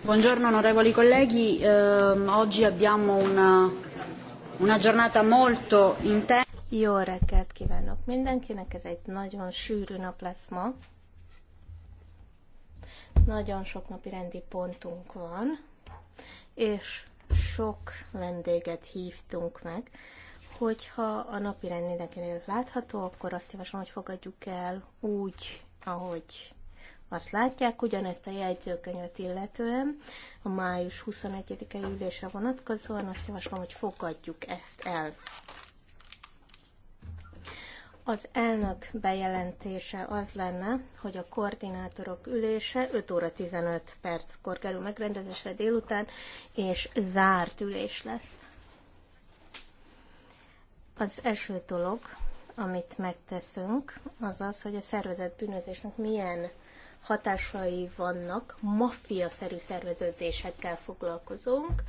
Buongiorno onorevoli colleghi, ehm, oggi abbiamo una, una giornata molto intensa. Jó reggelt kívánok mindenkinek, ez egy nagyon sűrű nap lesz ma. Nagyon sok napi rendi pontunk van, és sok vendéget hívtunk meg. Hogyha a napi rend mindenkinél látható, akkor azt javaslom, hogy fogadjuk el úgy, ahogy azt látják, ugyanezt a jegyzőkönyvet illetően, a május 21-e ülésre vonatkozóan, azt javaslom, hogy fogadjuk ezt el. Az elnök bejelentése az lenne, hogy a koordinátorok ülése 5 óra 15 perckor kerül megrendezésre délután, és zárt ülés lesz. Az első dolog, amit megteszünk, az az, hogy a szervezet bűnözésnek milyen hatásai vannak, maffia-szerű szerveződésekkel foglalkozunk,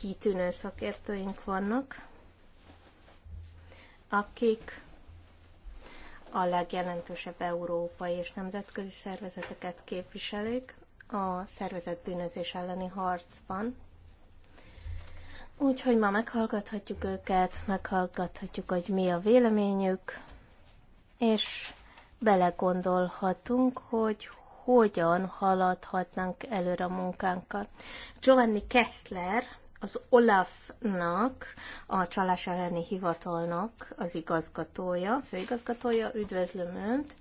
kitűnő szakértőink vannak, akik a legjelentősebb európai és nemzetközi szervezeteket képviselik a szervezett bűnözés elleni harcban. Úgyhogy ma meghallgathatjuk őket, meghallgathatjuk, hogy mi a véleményük, és belegondolhatunk, hogy hogyan haladhatnánk előre a munkánkkal. Giovanni Kessler, az Olafnak, a csalás elleni hivatalnak az igazgatója, főigazgatója, üdvözlöm Önt,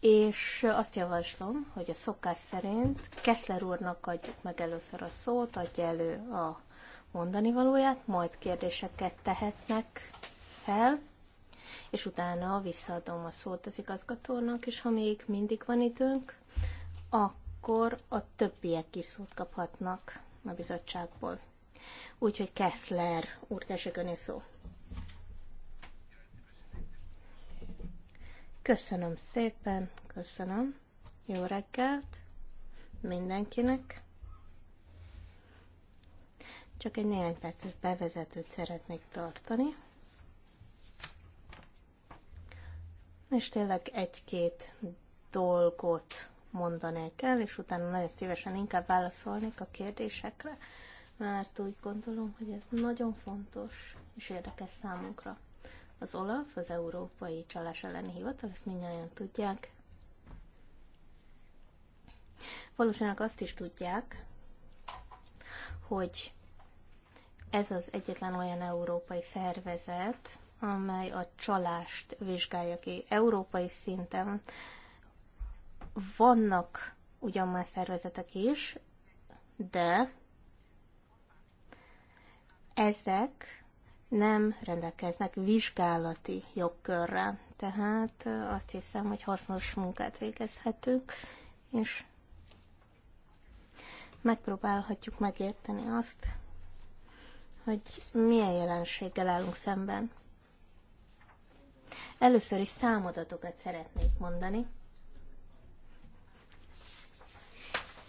és azt javaslom, hogy a szokás szerint Kessler úrnak adjuk meg először a szót, adja elő a mondani valóját, majd kérdéseket tehetnek fel, és utána visszaadom a szót az igazgatónak, és ha még mindig van időnk, akkor a többiek is szót kaphatnak a bizottságból. Úgyhogy Kessler úr, tessék öné szó. Köszönöm szépen, köszönöm. Jó reggelt mindenkinek. Csak egy néhány percet bevezetőt szeretnék tartani. És tényleg egy-két dolgot mondanék el, és utána nagyon szívesen inkább válaszolnék a kérdésekre, mert úgy gondolom, hogy ez nagyon fontos és érdekes számunkra. Az OLAF, az Európai Csalás elleni hivatal, ezt mindjárt tudják. Valószínűleg azt is tudják, hogy ez az egyetlen olyan európai szervezet, amely a csalást vizsgálja ki európai szinten, vannak ugyan már szervezetek is, de ezek nem rendelkeznek vizsgálati jogkörrel. Tehát azt hiszem, hogy hasznos munkát végezhetünk, és megpróbálhatjuk megérteni azt, hogy milyen jelenséggel állunk szemben. Először is számadatokat szeretnék mondani.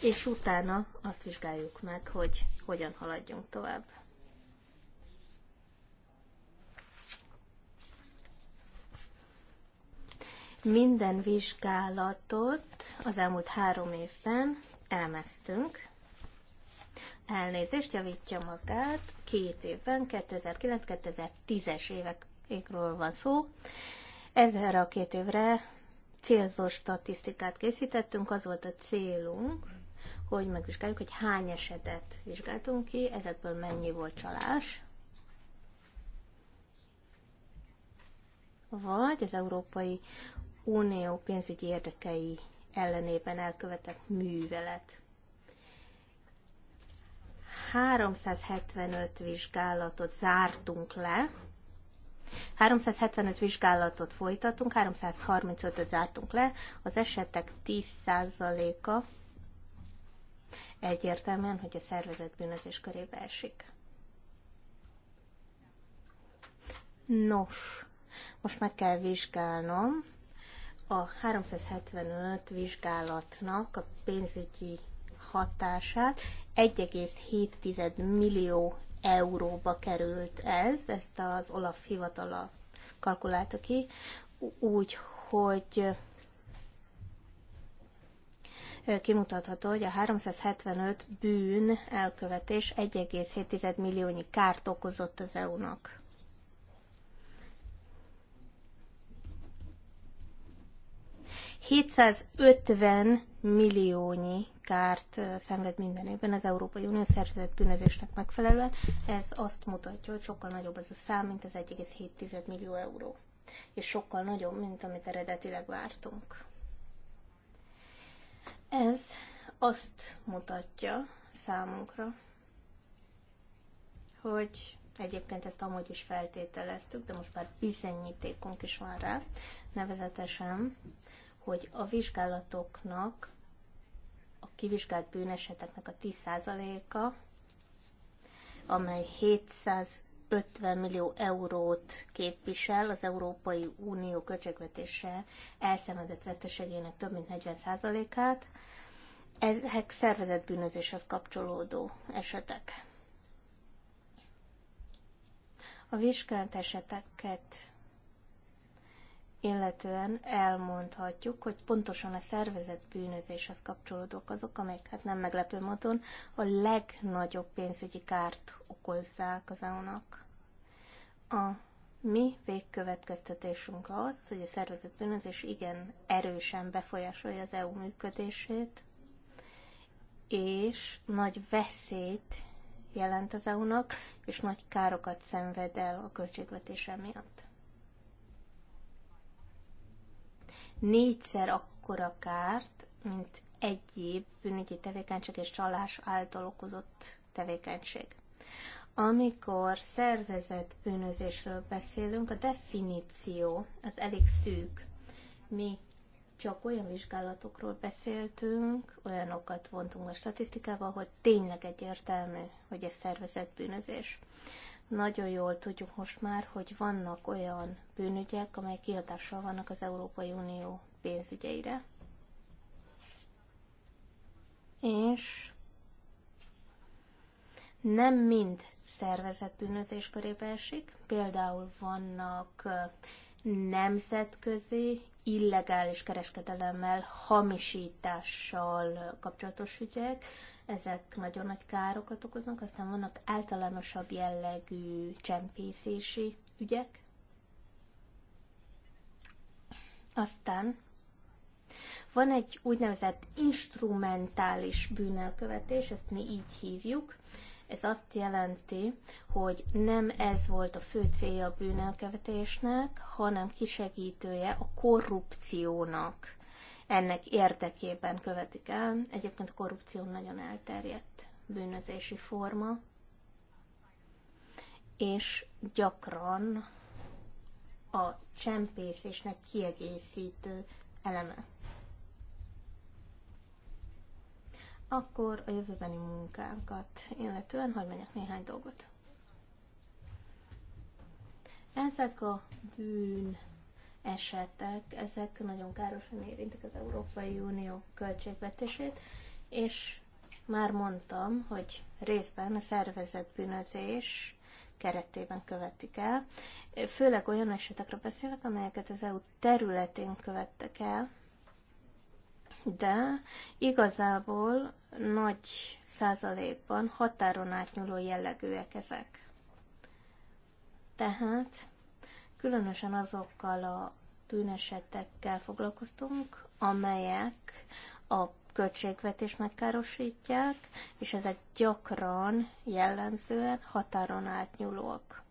és utána azt vizsgáljuk meg, hogy hogyan haladjunk tovább. Minden vizsgálatot az elmúlt három évben elmeztünk. Elnézést javítja magát, két évben, 2009-2010-es évekről van szó. Ezzel a két évre célzó statisztikát készítettünk, az volt a célunk, hogy megvizsgáljuk, hogy hány esetet vizsgáltunk ki, ezekből mennyi volt csalás, vagy az Európai Unió pénzügyi érdekei ellenében elkövetett művelet. 375 vizsgálatot zártunk le, 375 vizsgálatot folytatunk, 335-öt zártunk le, az esetek 10%-a Egyértelműen, hogy a szervezet bűnözés körébe esik. Nos, most meg kell vizsgálnom a 375 vizsgálatnak a pénzügyi hatását. 1,7 millió euróba került ez, ezt az Olaf hivatala kalkulálta ki, úgy, hogy kimutatható, hogy a 375 bűn elkövetés 1,7 milliónyi kárt okozott az EU-nak. ...750 milliónyi kárt szenved minden évben az Európai Unió szervezett bűnözésnek megfelelően. Ez azt mutatja, hogy sokkal nagyobb ez a szám, mint az 1,7 millió euró. És sokkal nagyobb, mint amit eredetileg vártunk. Ez azt mutatja számunkra, hogy egyébként ezt amúgy is feltételeztük, de most már bizonyítékunk is van rá, nevezetesen, hogy a vizsgálatoknak, a kivizsgált bűneseteknek a 10%-a, amely 700 50 millió eurót képvisel az Európai Unió költségvetése elszenvedett veszteségének több mint 40%-át. Ezek szervezett bűnözéshez kapcsolódó esetek. A vizsgált eseteket illetően elmondhatjuk, hogy pontosan a szervezett bűnözéshez kapcsolódók azok, amelyek hát nem meglepő módon a legnagyobb pénzügyi kárt okozzák az EU-nak. A mi végkövetkeztetésünk az, hogy a szervezett bűnözés igen erősen befolyásolja az EU működését, és nagy veszélyt jelent az EU-nak, és nagy károkat szenved el a költségvetése miatt. négyszer akkora kárt, mint egyéb bűnügyi tevékenység és csalás által okozott tevékenység. Amikor szervezett bűnözésről beszélünk, a definíció az elég szűk. Mi csak olyan vizsgálatokról beszéltünk, olyanokat vontunk a statisztikával, hogy tényleg egyértelmű, hogy ez szervezett bűnözés. Nagyon jól tudjuk most már, hogy vannak olyan bűnügyek, amelyek kihatással vannak az Európai Unió pénzügyeire. És nem mind szervezett bűnözés körébe esik, például vannak nemzetközi illegális kereskedelemmel, hamisítással kapcsolatos ügyek, ezek nagyon nagy károkat okoznak, aztán vannak általánosabb jellegű csempészési ügyek. Aztán van egy úgynevezett instrumentális bűnelkövetés, ezt mi így hívjuk. Ez azt jelenti, hogy nem ez volt a fő célja a bűnelkövetésnek, hanem kisegítője a korrupciónak ennek érdekében követik el. Egyébként a korrupció nagyon elterjedt bűnözési forma, és gyakran a csempészésnek kiegészítő eleme. Akkor a jövőbeni munkánkat illetően hagy menjek néhány dolgot. Ezek a bűn esetek, ezek nagyon károsan érintik az Európai Unió költségvetését, és már mondtam, hogy részben a szervezett bűnözés keretében követik el. Főleg olyan esetekre beszélek, amelyeket az EU területén követtek el, de igazából nagy százalékban határon átnyúló jellegűek ezek. Tehát Különösen azokkal a bűnesetekkel foglalkoztunk, amelyek a költségvetés megkárosítják, és ezek gyakran, jellemzően határon átnyúlóak.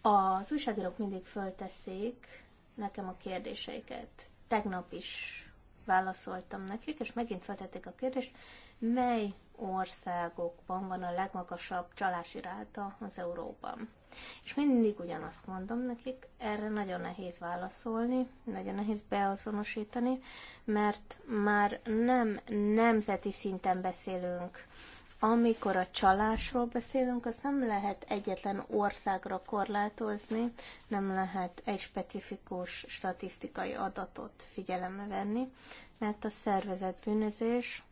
Az újságírók mindig fölteszik nekem a kérdéseiket. Tegnap is válaszoltam nekik, és megint feltették a kérdést, mely országokban van a legmagasabb csalási ráta az Euróban. És mindig ugyanazt mondom nekik, erre nagyon nehéz válaszolni, nagyon nehéz beazonosítani, mert már nem nemzeti szinten beszélünk. Amikor a csalásról beszélünk, azt nem lehet egyetlen országra korlátozni, nem lehet egy specifikus statisztikai adatot figyelembe venni, mert a szervezetbűnözés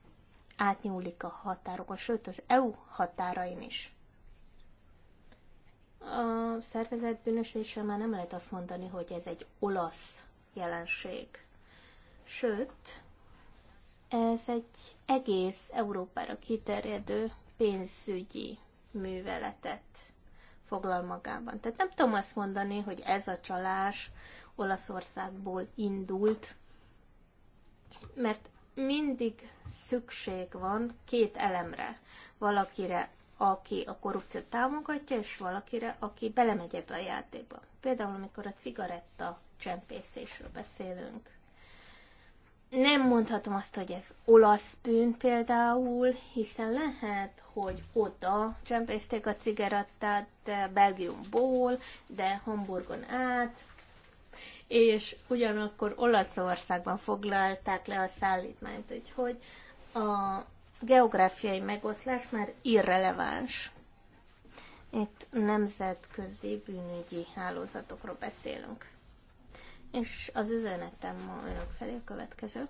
átnyúlik a határokon, sőt az EU határain is. A szervezet bűnösésre már nem lehet azt mondani, hogy ez egy olasz jelenség. Sőt, ez egy egész Európára kiterjedő pénzügyi műveletet foglal magában. Tehát nem tudom azt mondani, hogy ez a csalás Olaszországból indult, mert mindig szükség van két elemre. Valakire, aki a korrupciót támogatja, és valakire, aki belemegy ebbe a játékba. Például, amikor a cigaretta csempészésről beszélünk. Nem mondhatom azt, hogy ez olasz bűn például, hiszen lehet, hogy oda csempészték a cigarettát Belgiumból, de Hamburgon át, és ugyanakkor Olaszországban foglalták le a szállítmányt, úgyhogy a geográfiai megoszlás már irreleváns. Itt nemzetközi bűnügyi hálózatokról beszélünk. És az üzenetem ma önök felé a következő.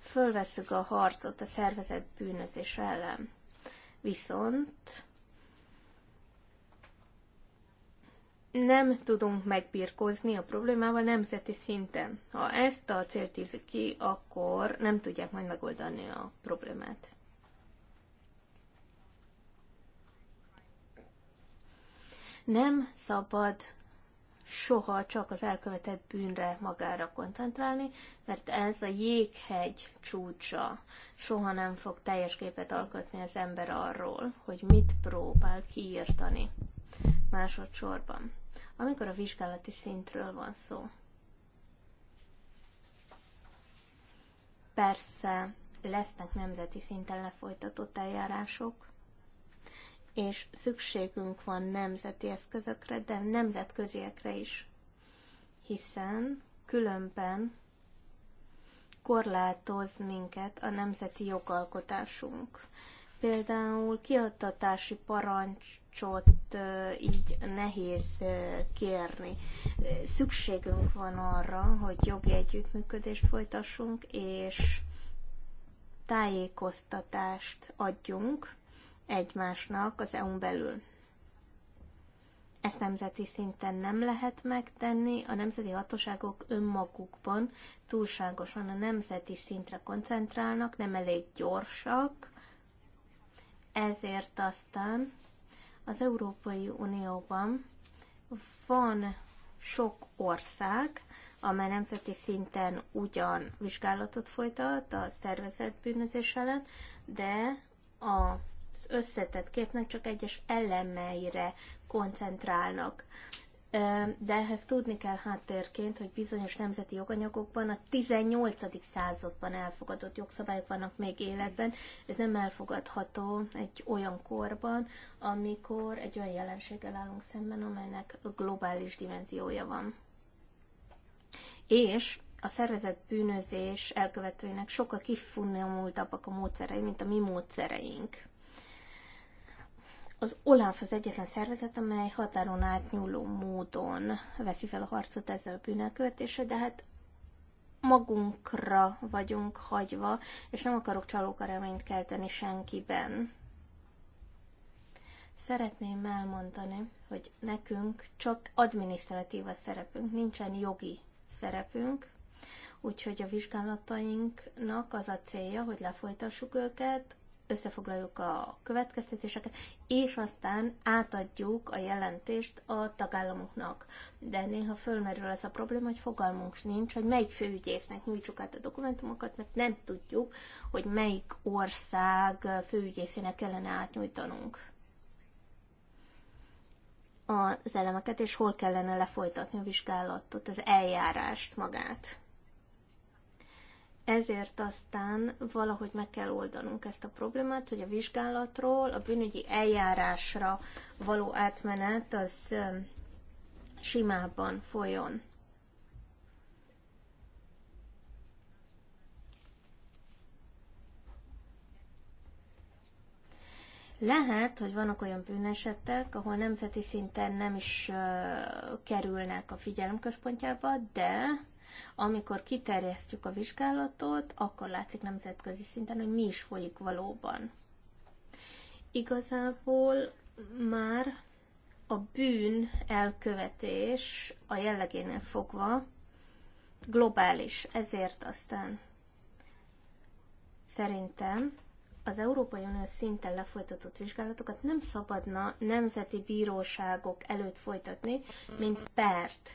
Fölveszük a harcot a szervezett bűnözés ellen. Viszont nem tudunk megbirkózni a problémával nemzeti szinten. Ha ezt a cél tűzik ki, akkor nem tudják majd megoldani a problémát. Nem szabad soha csak az elkövetett bűnre magára koncentrálni, mert ez a jéghegy csúcsa. Soha nem fog teljes képet alkotni az ember arról, hogy mit próbál kiírtani másodszorban amikor a vizsgálati szintről van szó. Persze lesznek nemzeti szinten lefolytatott eljárások, és szükségünk van nemzeti eszközökre, de nemzetköziekre is, hiszen különben korlátoz minket a nemzeti jogalkotásunk például kiadtatási parancsot így nehéz kérni. Szükségünk van arra, hogy jogi együttműködést folytassunk, és tájékoztatást adjunk egymásnak az EU-n belül. Ezt nemzeti szinten nem lehet megtenni, a nemzeti hatóságok önmagukban túlságosan a nemzeti szintre koncentrálnak, nem elég gyorsak, ezért aztán az Európai Unióban van sok ország, amely nemzeti szinten ugyan vizsgálatot folytat a szervezett bűnözés ellen, de az összetett képnek csak egyes elemeire koncentrálnak de ehhez tudni kell háttérként, hogy bizonyos nemzeti joganyagokban a 18. században elfogadott jogszabályok vannak még életben. Ez nem elfogadható egy olyan korban, amikor egy olyan jelenséggel állunk szemben, amelynek globális dimenziója van. És a szervezett bűnözés elkövetőinek sokkal kifinomultabbak a módszerei, mint a mi módszereink. Az OLAF az egyetlen szervezet, amely határon átnyúló módon veszi fel a harcot ezzel a bűnelkövetésre, de hát magunkra vagyunk hagyva, és nem akarok csalókareményt kelteni senkiben. Szeretném elmondani, hogy nekünk csak adminisztratív a szerepünk, nincsen jogi szerepünk, úgyhogy a vizsgálatainknak az a célja, hogy lefolytassuk őket, összefoglaljuk a következtetéseket, és aztán átadjuk a jelentést a tagállamoknak. De néha fölmerül ez a probléma, hogy fogalmunk nincs, hogy melyik főügyésznek nyújtsuk át a dokumentumokat, mert nem tudjuk, hogy melyik ország főügyészének kellene átnyújtanunk az elemeket, és hol kellene lefolytatni a vizsgálatot, az eljárást magát. Ezért aztán valahogy meg kell oldanunk ezt a problémát, hogy a vizsgálatról a bűnügyi eljárásra való átmenet az simában folyjon. Lehet, hogy vannak olyan bűnesetek, ahol nemzeti szinten nem is kerülnek a figyelem központjába, de amikor kiterjesztjük a vizsgálatot, akkor látszik nemzetközi szinten, hogy mi is folyik valóban. Igazából már a bűn elkövetés a jellegénél fogva globális, ezért aztán szerintem az Európai Unió szinten lefolytatott vizsgálatokat nem szabadna nemzeti bíróságok előtt folytatni, mint pert.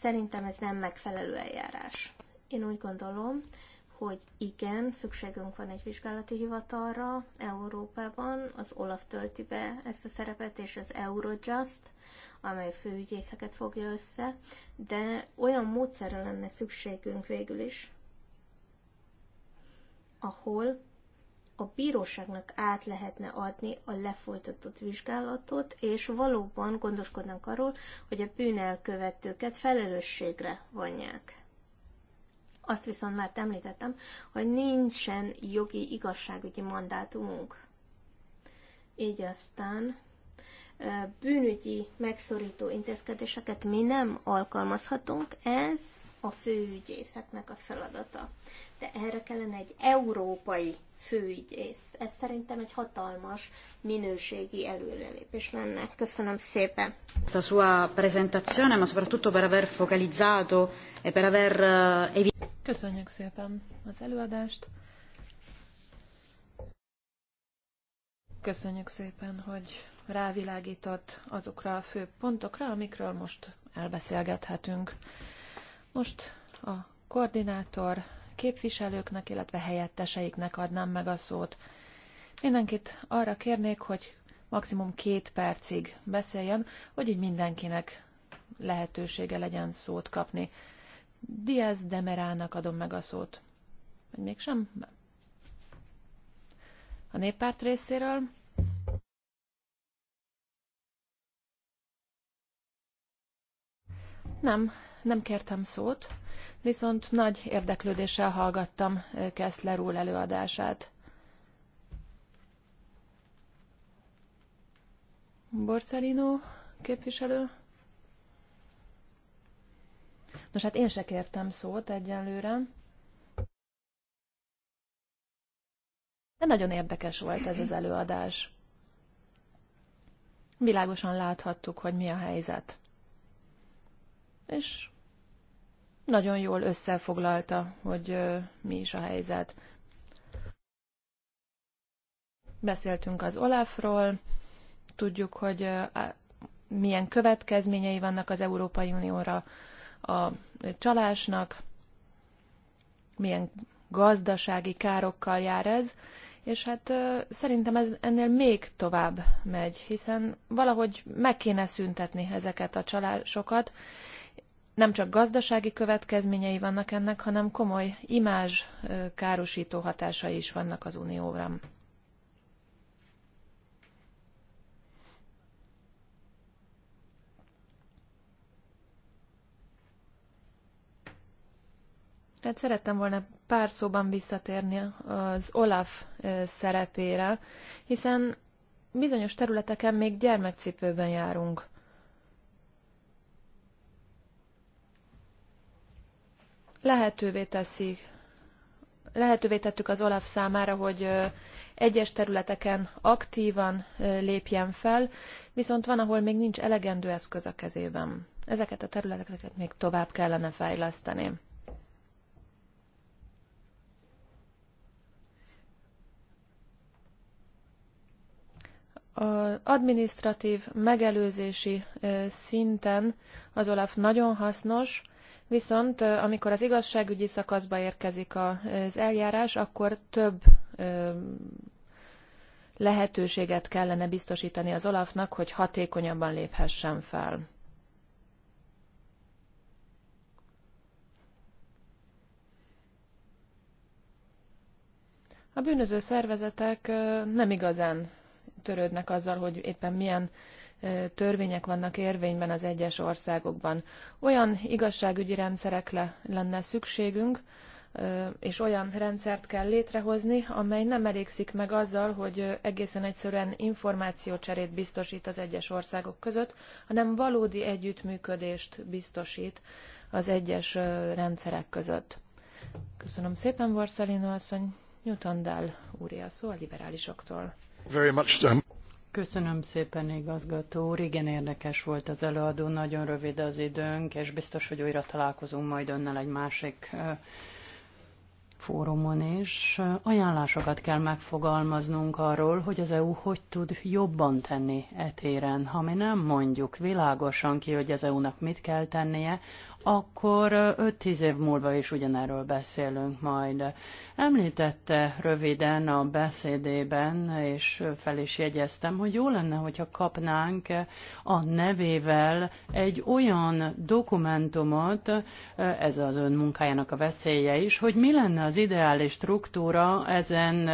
Szerintem ez nem megfelelő eljárás. Én úgy gondolom, hogy igen, szükségünk van egy vizsgálati hivatalra Európában, az Olaf tölti be ezt a szerepet, és az Eurojust, amely főügyészeket fogja össze, de olyan módszerre lenne szükségünk végül is, ahol a bíróságnak át lehetne adni a lefolytatott vizsgálatot, és valóban gondoskodnak arról, hogy a bűnelkövetőket felelősségre vonják. Azt viszont már említettem, hogy nincsen jogi igazságügyi mandátumunk. Így aztán bűnügyi megszorító intézkedéseket mi nem alkalmazhatunk, ez a főügyészetnek a feladata. De erre kellene egy európai főügyész. Ez szerintem egy hatalmas minőségi előrelépés lenne. Köszönöm szépen. Questa sua presentazione, ma soprattutto per aver focalizzato e per aver eh, Köszönjük szépen az előadást. Köszönjük szépen, hogy rávilágított azokra a fő pontokra, amikről most elbeszélgethetünk. Most a koordinátor képviselőknek, illetve helyetteseiknek adnám meg a szót. Mindenkit arra kérnék, hogy maximum két percig beszéljen, hogy így mindenkinek lehetősége legyen szót kapni. Diaz Demerának adom meg a szót. Vagy mégsem? A néppárt részéről Nem, nem kértem szót, viszont nagy érdeklődéssel hallgattam eh, Kessler úr előadását. Borsellino képviselő. Nos, hát én se kértem szót egyenlőre. De nagyon érdekes volt ez az előadás. Világosan láthattuk, hogy mi a helyzet. És nagyon jól összefoglalta, hogy mi is a helyzet. Beszéltünk az Olafról, tudjuk, hogy milyen következményei vannak az Európai Unióra a csalásnak, milyen gazdasági károkkal jár ez, és hát szerintem ez ennél még tovább megy, hiszen valahogy meg kéne szüntetni ezeket a csalásokat, nem csak gazdasági következményei vannak ennek, hanem komoly imázs károsító hatásai is vannak az unióra. Tehát szerettem volna pár szóban visszatérni az Olaf szerepére, hiszen bizonyos területeken még gyermekcipőben járunk. lehetővé lehetővé tettük az Olaf számára, hogy egyes területeken aktívan lépjen fel, viszont van, ahol még nincs elegendő eszköz a kezében. Ezeket a területeket még tovább kellene fejleszteni. Az administratív megelőzési szinten az Olaf nagyon hasznos, Viszont amikor az igazságügyi szakaszba érkezik az eljárás, akkor több lehetőséget kellene biztosítani az Olafnak, hogy hatékonyabban léphessen fel. A bűnöző szervezetek nem igazán törődnek azzal, hogy éppen milyen törvények vannak érvényben az egyes országokban. Olyan igazságügyi rendszerekre lenne szükségünk, és olyan rendszert kell létrehozni, amely nem elégszik meg azzal, hogy egészen egyszerűen információcserét biztosít az egyes országok között, hanem valódi együttműködést biztosít az egyes rendszerek között. Köszönöm szépen, Borszalino asszony. Newton Dahl úr a szó a liberálisoktól. Very much done. Köszönöm szépen, igazgató úr. Igen érdekes volt az előadó, nagyon rövid az időnk, és biztos, hogy újra találkozunk majd önnel egy másik fórumon is ajánlásokat kell megfogalmaznunk arról, hogy az EU hogy tud jobban tenni etéren. Ha mi nem mondjuk világosan ki, hogy az EU-nak mit kell tennie, akkor 5-10 év múlva is ugyanerről beszélünk majd. Említette röviden a beszédében, és fel is jegyeztem, hogy jó lenne, hogyha kapnánk a nevével egy olyan dokumentumot, ez az ön munkájának a veszélye is, hogy mi lenne az ideális struktúra ezen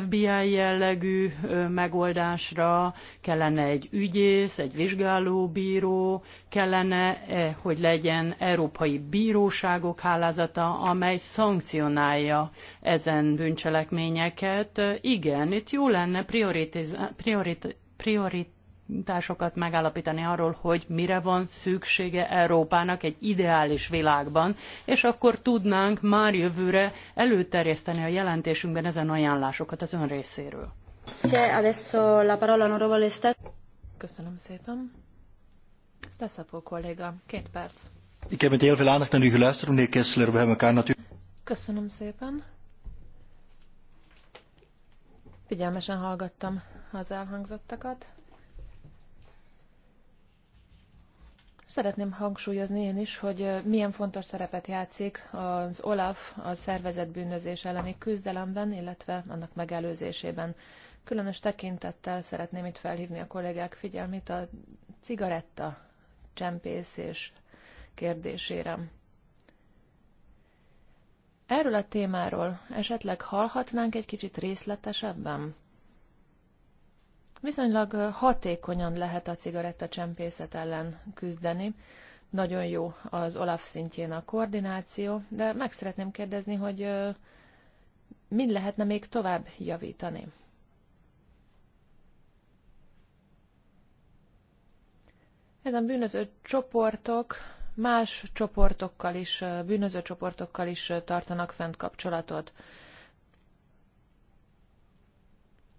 FBI jellegű megoldásra, kellene egy ügyész, egy vizsgálóbíró, kellene, eh, hogy legyen európai bíróságok hálázata, amely szankcionálja ezen bűncselekményeket. Igen, itt jó lenne prioritizálni priorit, társokat megállapítani arról, hogy mire van szüksége Európának egy ideális világban, és akkor tudnánk már jövőre előterjeszteni a jelentésünkben ezen ajánlásokat az ön részéről. Köszönöm szépen. Stessapó kolléga, két perc. Ik heb met heel veel aandacht naar u geluisterd, meneer Kessler. We hebben elkaar natuurlijk... Köszönöm szépen. Figyelmesen hallgattam az elhangzottakat. Szeretném hangsúlyozni én is, hogy milyen fontos szerepet játszik az OLAF a szervezett bűnözés elleni küzdelemben, illetve annak megelőzésében. Különös tekintettel szeretném itt felhívni a kollégák figyelmét a cigaretta csempészés kérdésére. Erről a témáról esetleg hallhatnánk egy kicsit részletesebben? Viszonylag hatékonyan lehet a cigarettacsempészet ellen küzdeni. Nagyon jó az OLAF szintjén a koordináció, de meg szeretném kérdezni, hogy mind lehetne még tovább javítani. Ezen bűnöző csoportok más csoportokkal is, bűnöző csoportokkal is tartanak fent kapcsolatot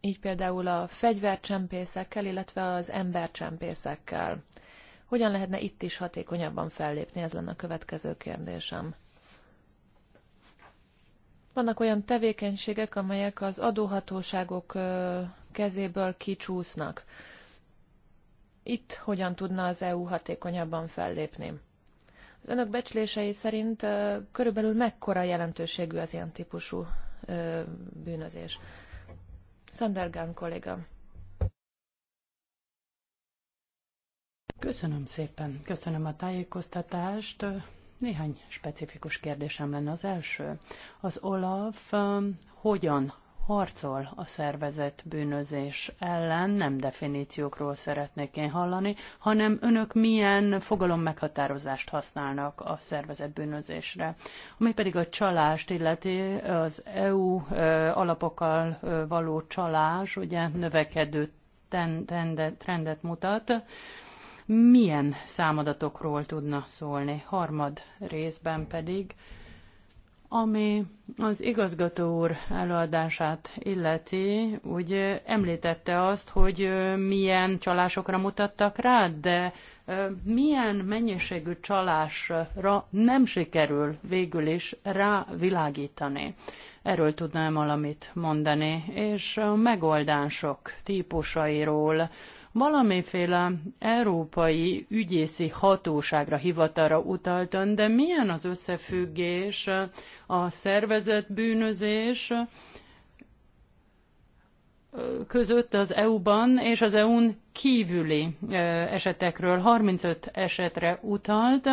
így például a fegyvercsempészekkel, illetve az embercsempészekkel. Hogyan lehetne itt is hatékonyabban fellépni, ez lenne a következő kérdésem. Vannak olyan tevékenységek, amelyek az adóhatóságok kezéből kicsúsznak. Itt hogyan tudna az EU hatékonyabban fellépni? Az önök becslései szerint körülbelül mekkora jelentőségű az ilyen típusú bűnözés? Szandergán kolléga. Köszönöm szépen. Köszönöm a tájékoztatást. Néhány specifikus kérdésem lenne az első. Az OLAF um, hogyan harcol a szervezet bűnözés ellen, nem definíciókról szeretnék én hallani, hanem önök milyen fogalom meghatározást használnak a szervezet bűnözésre. Ami pedig a csalást illeti, az EU alapokkal való csalás ugye növekedő trendet mutat. Milyen számadatokról tudna szólni? Harmad részben pedig ami az igazgató úr előadását illeti, úgy említette azt, hogy milyen csalásokra mutattak rá, de milyen mennyiségű csalásra nem sikerül végül is rávilágítani. Erről tudnám valamit mondani, és a megoldások típusairól, valamiféle európai ügyészi hatóságra, hivatalra utaltan, de milyen az összefüggés a szervezett bűnözés, között az EU-ban és az EU-n kívüli esetekről 35 esetre utalt,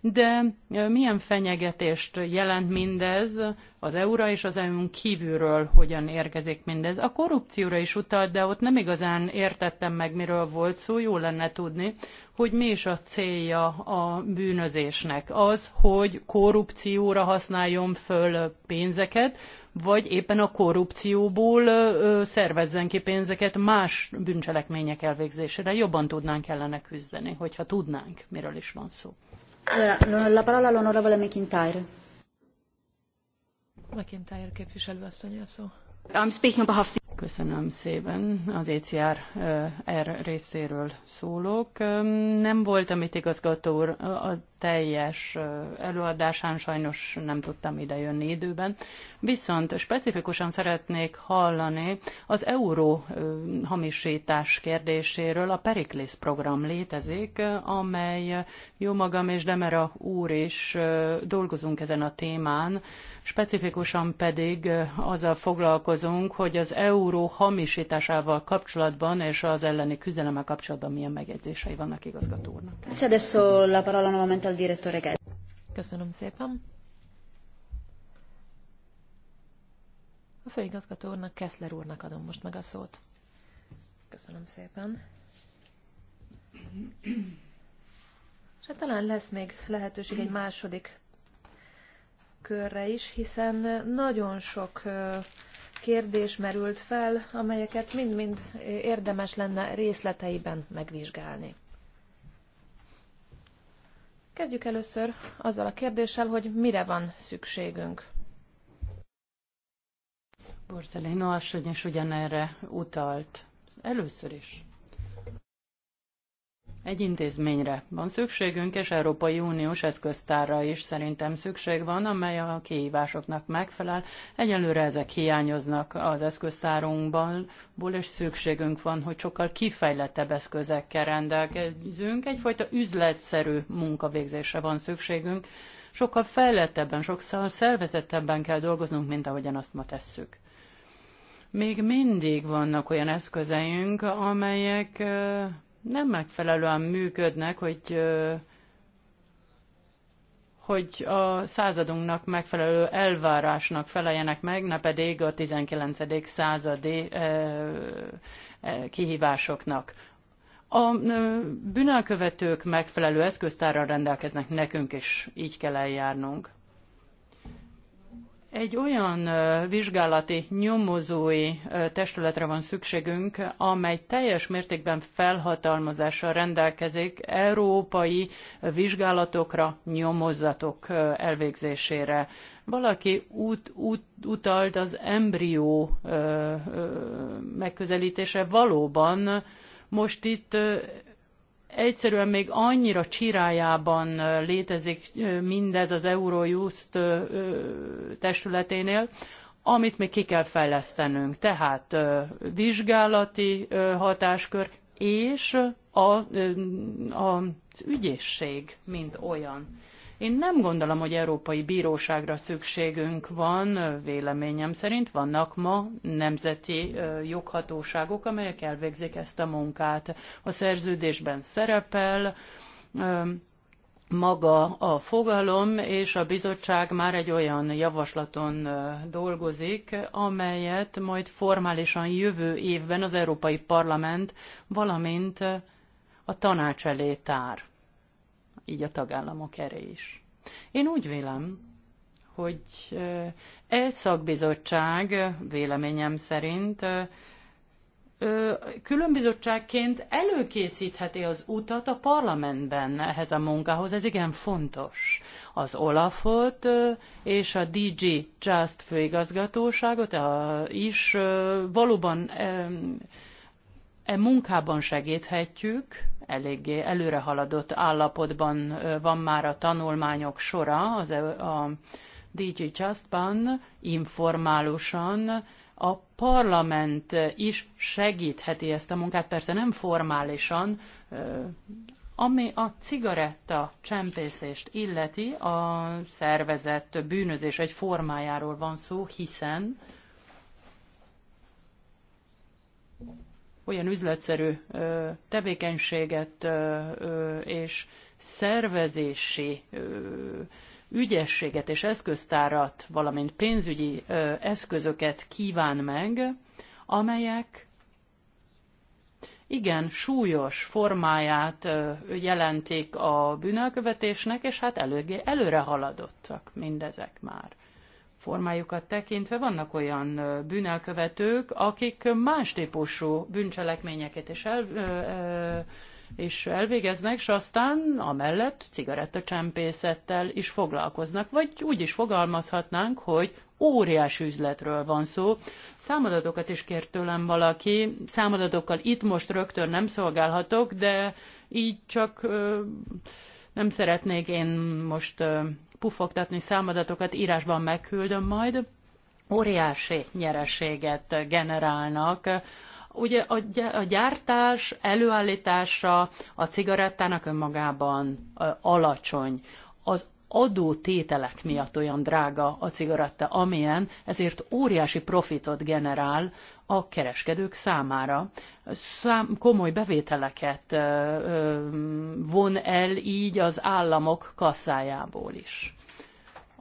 de milyen fenyegetést jelent mindez az EU-ra és az EU-n kívülről, hogyan érkezik mindez? A korrupcióra is utalt, de ott nem igazán értettem meg, miről volt szó, jó lenne tudni, hogy mi is a célja a bűnözésnek. Az, hogy korrupcióra használjon föl pénzeket, vagy éppen a korrupcióból szervezzen ki pénzeket más bűncselekmények elvégzésére. Jobban tudnánk kellene küzdeni, hogyha tudnánk, miről is van szó. La parola all'onorevole McIntyre. McIntyre képviselő asszony a szó. Köszönöm szépen. Az ECR eh, R részéről szólok. Nem voltam itt igazgató úr, az teljes előadásán, sajnos nem tudtam ide jönni időben. Viszont specifikusan szeretnék hallani az euró hamisítás kérdéséről. A Periklis program létezik, amely jó magam és Demera úr is dolgozunk ezen a témán, specifikusan pedig azzal foglalkozunk, hogy az euró hamisításával kapcsolatban és az elleni küzdelemmel kapcsolatban milyen megjegyzései vannak igazgatónak. Adesso la parola nuovamente al direttore Gatti. Köszönöm szépen. A főigazgató úrnak, Keszler úrnak adom most meg a szót. Köszönöm szépen. És hát talán lesz még lehetőség egy második körre is, hiszen nagyon sok kérdés merült fel, amelyeket mind-mind érdemes lenne részleteiben megvizsgálni. Kezdjük először azzal a kérdéssel, hogy mire van szükségünk. Borszelino asszony is ugyanerre utalt. Először is egy intézményre van szükségünk, és Európai Uniós eszköztárra is szerintem szükség van, amely a kihívásoknak megfelel. Egyelőre ezek hiányoznak az eszköztárunkban, és szükségünk van, hogy sokkal kifejlettebb eszközekkel rendelkezünk. Egyfajta üzletszerű munkavégzésre van szükségünk. Sokkal fejlettebben, sokszor szervezettebben kell dolgoznunk, mint ahogyan azt ma tesszük még mindig vannak olyan eszközeink, amelyek nem megfelelően működnek, hogy hogy a századunknak megfelelő elvárásnak feleljenek meg, ne pedig a 19. századi kihívásoknak. A bűnelkövetők megfelelő eszköztárral rendelkeznek nekünk, és így kell eljárnunk egy olyan vizsgálati, nyomozói testületre van szükségünk, amely teljes mértékben felhatalmazással rendelkezik európai vizsgálatokra, nyomozatok elvégzésére. Valaki út, út, utalt az embrió megközelítése valóban most itt egyszerűen még annyira csirájában létezik mindez az Eurojust testületénél, amit még ki kell fejlesztenünk. Tehát vizsgálati hatáskör és a, az ügyészség, mint olyan. Én nem gondolom, hogy Európai Bíróságra szükségünk van, véleményem szerint vannak ma nemzeti joghatóságok, amelyek elvégzik ezt a munkát. A szerződésben szerepel, maga a fogalom, és a bizottság már egy olyan javaslaton dolgozik, amelyet majd formálisan jövő évben az Európai Parlament, valamint a tanács elé tár így a tagállamok erre is. Én úgy vélem, hogy e szakbizottság véleményem szerint különbizottságként előkészítheti az utat a parlamentben ehhez a munkához, ez igen fontos. Az Olafot és a DG Just főigazgatóságot is valóban e munkában segíthetjük, eléggé előrehaladott állapotban van már a tanulmányok sora az, e a DG Justban informálusan, a parlament is segítheti ezt a munkát, persze nem formálisan, ami a cigaretta csempészést illeti, a szervezett bűnözés egy formájáról van szó, hiszen olyan üzletszerű tevékenységet és szervezési ügyességet és eszköztárat, valamint pénzügyi eszközöket kíván meg, amelyek igen súlyos formáját jelentik a bűnelkövetésnek, és hát előre haladottak mindezek már formájukat tekintve vannak olyan bűnelkövetők, akik más típusú bűncselekményeket is, el, és elvégeznek, és aztán amellett cigarettacsempészettel is foglalkoznak, vagy úgy is fogalmazhatnánk, hogy óriási üzletről van szó. Számadatokat is kért tőlem valaki, számadatokkal itt most rögtön nem szolgálhatok, de így csak nem szeretnék én most pufogtatni számadatokat, írásban megküldöm majd. Óriási nyereséget generálnak ugye a, gyártás előállítása a cigarettának önmagában alacsony. Az adó tételek miatt olyan drága a cigaretta, amilyen, ezért óriási profitot generál a kereskedők számára. Szám, komoly bevételeket ö, ö, von el így az államok kasszájából is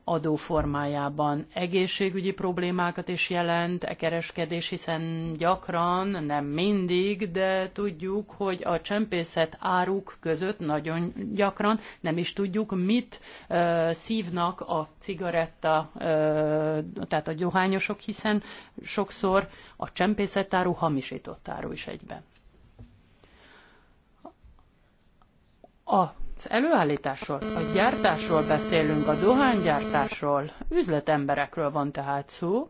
adó formájában egészségügyi problémákat is jelent a e kereskedés, hiszen gyakran, nem mindig, de tudjuk, hogy a csempészet áruk között nagyon gyakran nem is tudjuk, mit ö, szívnak a cigaretta, ö, tehát a dohányosok, hiszen sokszor a csempészet áru hamisított áru is egyben. A az előállításról, a gyártásról beszélünk, a dohánygyártásról, üzletemberekről van tehát szó,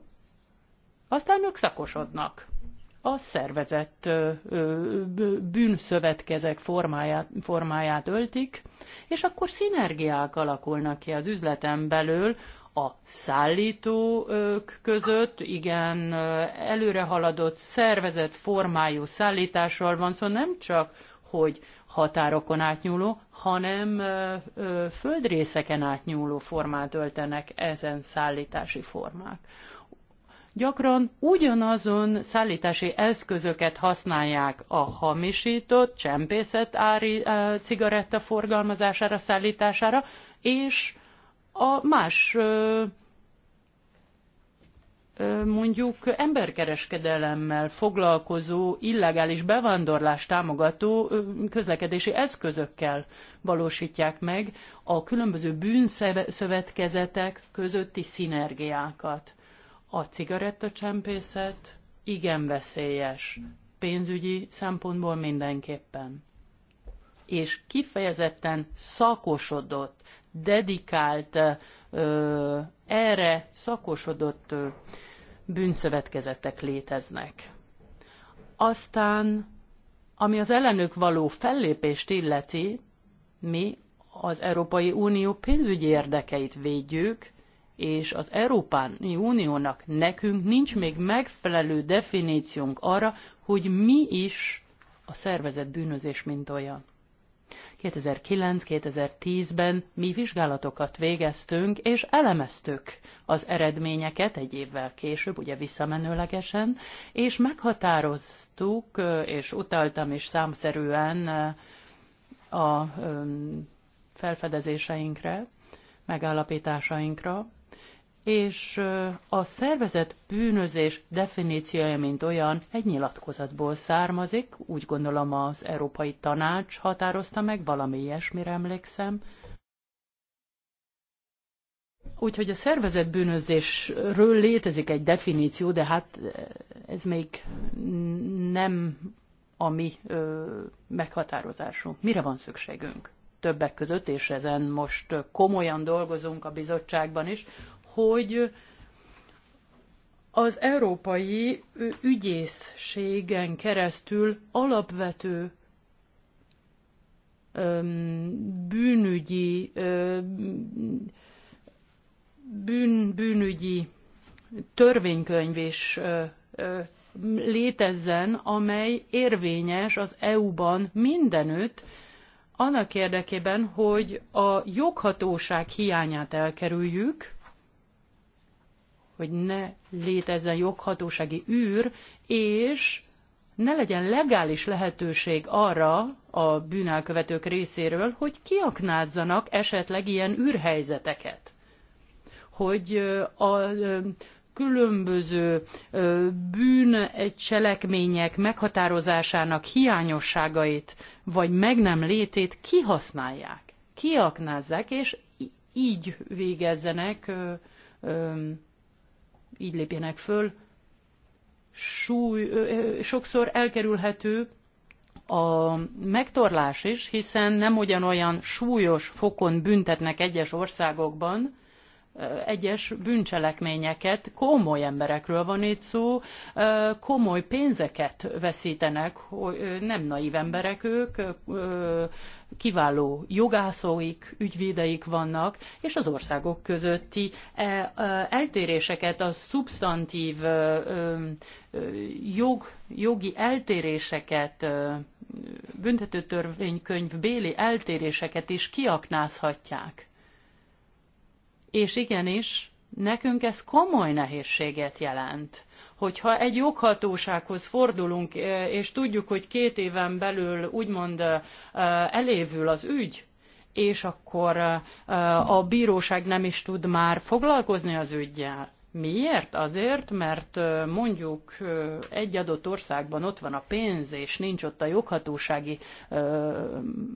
aztán ők szakosodnak a szervezett bűnszövetkezek formáját, formáját öltik, és akkor szinergiák alakulnak ki az üzleten belül, a szállítók között, igen, előrehaladott szervezett formájú szállításról van szó, szóval nem csak, hogy határokon átnyúló, hanem földrészeken átnyúló formát öltenek ezen szállítási formák. Gyakran ugyanazon szállítási eszközöket használják a hamisított, csempészet ári cigaretta forgalmazására, szállítására, és a más e, mondjuk emberkereskedelemmel foglalkozó, illegális bevándorlást támogató közlekedési eszközökkel valósítják meg a különböző bűnszövetkezetek közötti szinergiákat. A cigarettacsempészet igen veszélyes, pénzügyi szempontból mindenképpen. És kifejezetten szakosodott, dedikált, ö, erre szakosodott ö, bűnszövetkezetek léteznek. Aztán, ami az ellenük való fellépést illeti, mi az Európai Unió pénzügyi érdekeit védjük, és az Európai Uniónak nekünk nincs még megfelelő definíciónk arra, hogy mi is a szervezett bűnözés mint olyan. 2009-2010-ben mi vizsgálatokat végeztünk, és elemeztük az eredményeket egy évvel később, ugye visszamenőlegesen, és meghatároztuk, és utaltam is számszerűen a felfedezéseinkre, megállapításainkra, és a szervezet bűnözés definíciója, mint olyan, egy nyilatkozatból származik, úgy gondolom az Európai Tanács határozta meg, valami ilyesmire emlékszem. Úgyhogy a szervezet bűnözésről létezik egy definíció, de hát ez még nem a mi ö, meghatározásunk. Mire van szükségünk? többek között, és ezen most komolyan dolgozunk a bizottságban is, hogy az európai ügyészségen keresztül alapvető bűnügyi, bűn, bűnügyi törvénykönyv is létezzen, amely érvényes az EU-ban mindenütt, annak érdekében, hogy a joghatóság hiányát elkerüljük, hogy ne létezzen joghatósági űr, és ne legyen legális lehetőség arra a bűnelkövetők részéről, hogy kiaknázzanak esetleg ilyen űrhelyzeteket. Hogy a különböző bűncselekmények meghatározásának hiányosságait, vagy meg nem létét kihasználják, kiaknázzák, és így végezzenek így lépjenek föl. Súly, sokszor elkerülhető a megtorlás is, hiszen nem ugyanolyan súlyos fokon büntetnek egyes országokban, egyes bűncselekményeket. Komoly emberekről van itt szó, komoly pénzeket veszítenek, hogy nem naív emberek ők, kiváló jogászóik, ügyvédeik vannak, és az országok közötti e, eltéréseket, a szubstantív jog, jogi eltéréseket, büntetőtörvénykönyv béli eltéréseket is kiaknázhatják és igenis, nekünk ez komoly nehézséget jelent. Hogyha egy joghatósághoz fordulunk, e, és tudjuk, hogy két éven belül úgymond e, elévül az ügy, és akkor e, a bíróság nem is tud már foglalkozni az ügyjel. Miért? Azért, mert mondjuk egy adott országban ott van a pénz, és nincs ott a joghatósági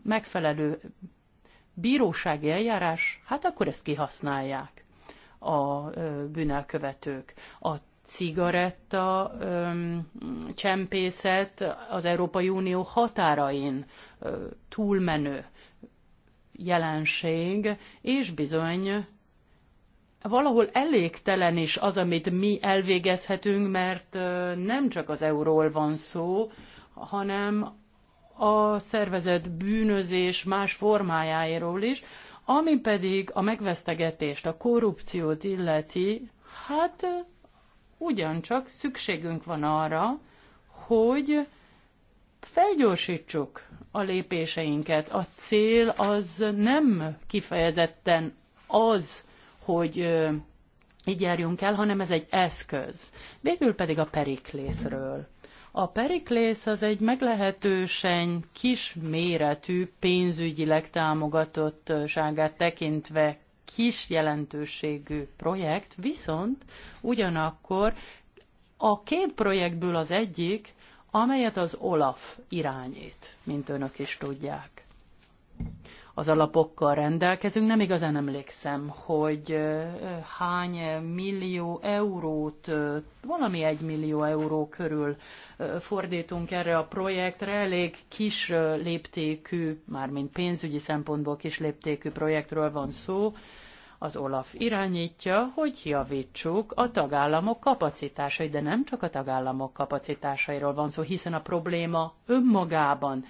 megfelelő bírósági eljárás, hát akkor ezt kihasználják a bűnelkövetők. A cigaretta csempészet az Európai Unió határain túlmenő jelenség, és bizony valahol elégtelen is az, amit mi elvégezhetünk, mert nem csak az euról van szó, hanem a szervezett bűnözés más formájáról is, ami pedig a megvesztegetést, a korrupciót illeti, hát ugyancsak szükségünk van arra, hogy felgyorsítsuk a lépéseinket. A cél az nem kifejezetten az, hogy így járjunk el, hanem ez egy eszköz. Végül pedig a periklészről a Periklész az egy meglehetősen kis méretű, pénzügyileg támogatottságát tekintve kis jelentőségű projekt, viszont ugyanakkor a két projektből az egyik, amelyet az OLAF irányít, mint önök is tudják az alapokkal rendelkezünk. Nem igazán emlékszem, hogy hány millió eurót, valami egy millió euró körül fordítunk erre a projektre. Elég kis léptékű, mármint pénzügyi szempontból kis léptékű projektről van szó. Az OLAF irányítja, hogy javítsuk a tagállamok kapacitásait, de nem csak a tagállamok kapacitásairól van szó, hiszen a probléma önmagában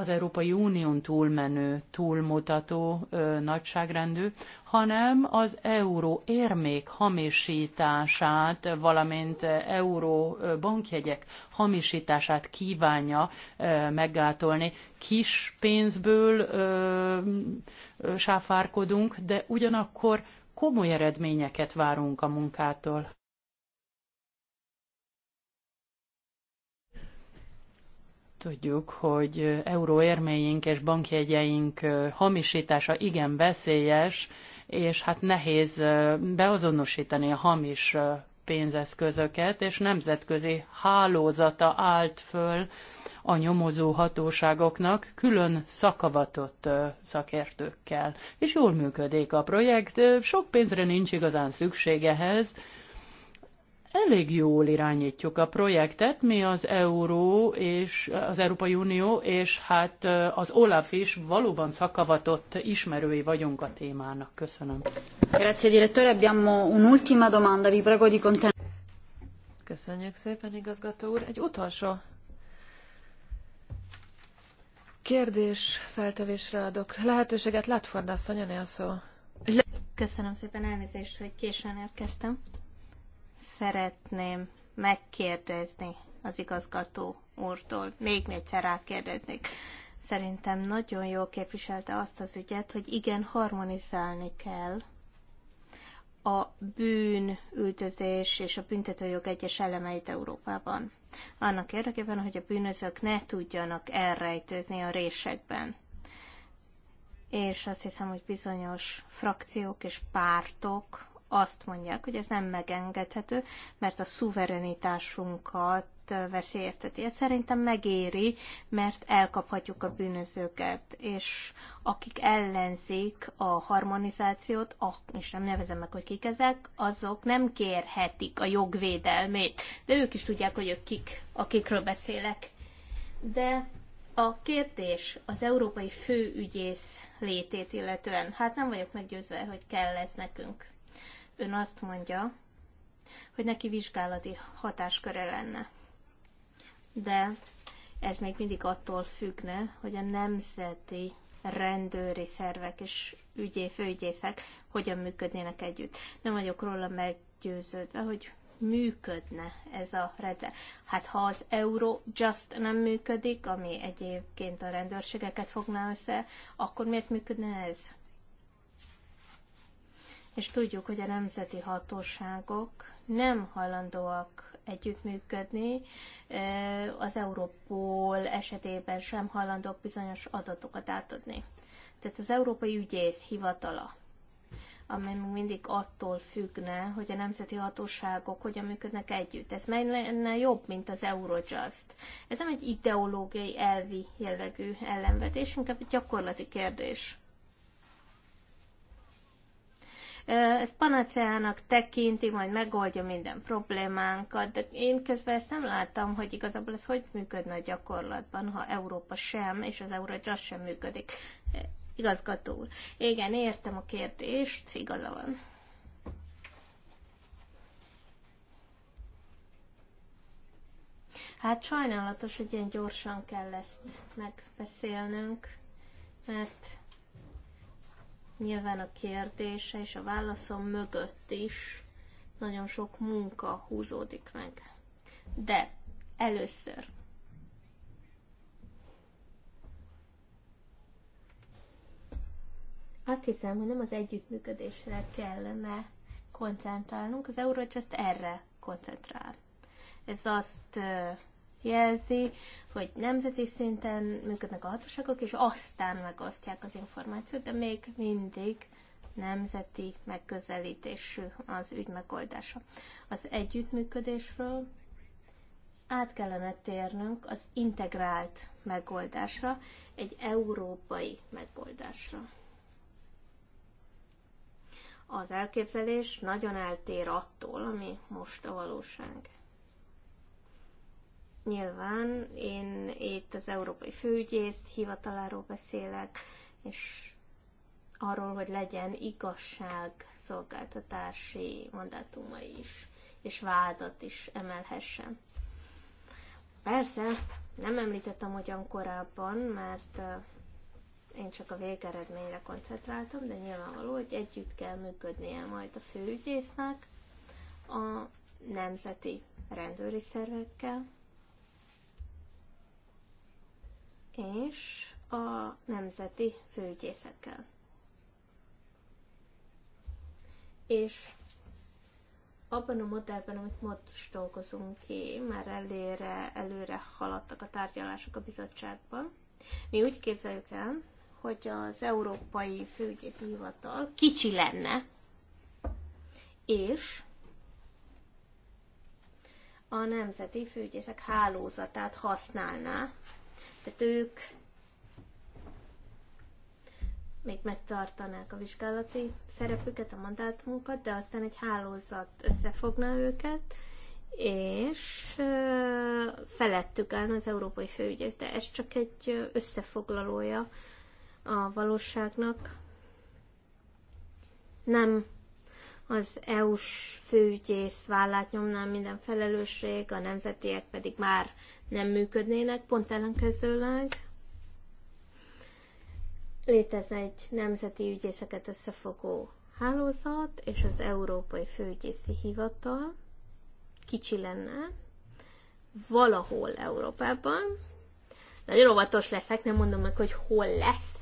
az Európai Unión túlmenő, túlmutató ö, nagyságrendű, hanem az euró érmék hamisítását, valamint euró bankjegyek hamisítását kívánja ö, meggátolni. Kis pénzből ö, ö, sáfárkodunk, de ugyanakkor komoly eredményeket várunk a munkától. Tudjuk, hogy euróérméink és bankjegyeink hamisítása igen veszélyes, és hát nehéz beazonosítani a hamis pénzeszközöket, és nemzetközi hálózata állt föl a nyomozó hatóságoknak külön szakavatott szakértőkkel. És jól működik a projekt, sok pénzre nincs igazán szükség ehhez, elég jól irányítjuk a projektet, mi az Euró és az Európai Unió, és hát az Olaf is valóban szakavatott ismerői vagyunk a témának. Köszönöm. Grazie direttore, abbiamo un'ultima domanda, vi prego di contenere. Köszönjük szépen, igazgató úr. Egy utolsó kérdés feltevésre adok lehetőséget. Latford asszony, a szó. Köszönöm szépen elnézést, hogy későn érkeztem szeretném megkérdezni az igazgató úrtól. Még egyszer rákérdeznék. Szerintem nagyon jól képviselte azt az ügyet, hogy igen, harmonizálni kell a bűnüldözés és a büntetőjog egyes elemeit Európában. Annak érdekében, hogy a bűnözők ne tudjanak elrejtőzni a résekben. És azt hiszem, hogy bizonyos frakciók és pártok azt mondják, hogy ez nem megengedhető, mert a szuverenitásunkat veszélyezteti. Ez szerintem megéri, mert elkaphatjuk a bűnözőket, és akik ellenzik a harmonizációt, és nem nevezem meg, hogy kik ezek, azok nem kérhetik a jogvédelmét, de ők is tudják, hogy ők kik, akikről beszélek. De a kérdés az európai főügyész létét illetően, hát nem vagyok meggyőzve, hogy kell ez nekünk ön azt mondja, hogy neki vizsgálati hatásköre lenne. De ez még mindig attól függne, hogy a nemzeti rendőri szervek és ügyé, főügyészek hogyan működnének együtt. Nem vagyok róla meggyőződve, hogy működne ez a rendszer. Hát ha az Eurojust nem működik, ami egyébként a rendőrségeket fogná össze, akkor miért működne ez? és tudjuk, hogy a nemzeti hatóságok nem hajlandóak együttműködni, az Európol esetében sem hajlandók bizonyos adatokat átadni. Tehát az Európai Ügyész hivatala, amely mindig attól függne, hogy a nemzeti hatóságok hogyan működnek együtt. Ez meg lenne jobb, mint az Eurojust. Ez nem egy ideológiai, elvi jellegű ellenvetés, inkább egy gyakorlati kérdés. Ez panaceának tekinti, majd megoldja minden problémánkat, de én közben ezt nem láttam, hogy igazából ez hogy működne a gyakorlatban, ha Európa sem, és az az sem működik. Igazgató úr. Igen, értem a kérdést, igaza van. Hát sajnálatos, hogy ilyen gyorsan kell ezt megbeszélnünk, mert Nyilván a kérdése és a válaszom mögött is nagyon sok munka húzódik meg. De először azt hiszem, hogy nem az együttműködésre kellene koncentrálnunk, az Eurojust erre koncentrál. Ez azt jelzi, hogy nemzeti szinten működnek a hatóságok, és aztán megosztják az információt, de még mindig nemzeti megközelítésű az ügy megoldása. Az együttműködésről át kellene térnünk az integrált megoldásra, egy európai megoldásra. Az elképzelés nagyon eltér attól, ami most a valóság. Nyilván én itt az Európai Főügyész hivataláról beszélek, és arról, hogy legyen igazság szolgáltatási mandátuma is, és vádat is emelhessen. Persze, nem említettem hogyan korábban, mert én csak a végeredményre koncentráltam, de nyilvánvaló, hogy együtt kell működnie majd a főügyésznek a nemzeti rendőri szervekkel, és a nemzeti főügyészekkel. És abban a modellben, amit most dolgozunk ki, már előre, előre haladtak a tárgyalások a bizottságban. Mi úgy képzeljük el, hogy az Európai Főügyészi Hivatal kicsi lenne, és a Nemzeti Főügyészek hálózatát használná tehát ők még megtartanák a vizsgálati szerepüket, a mandátumokat, de aztán egy hálózat összefogna őket, és felettük állna az európai főügyész, de ez csak egy összefoglalója a valóságnak. Nem az EU-s főügyész vállát nyomná minden felelősség, a nemzetiek pedig már nem működnének, pont ellenkezőleg. Létezne egy nemzeti ügyészeket összefogó hálózat, és az Európai Főügyészi Hivatal kicsi lenne, valahol Európában. Nagyon óvatos leszek, nem mondom meg, hogy hol lesz,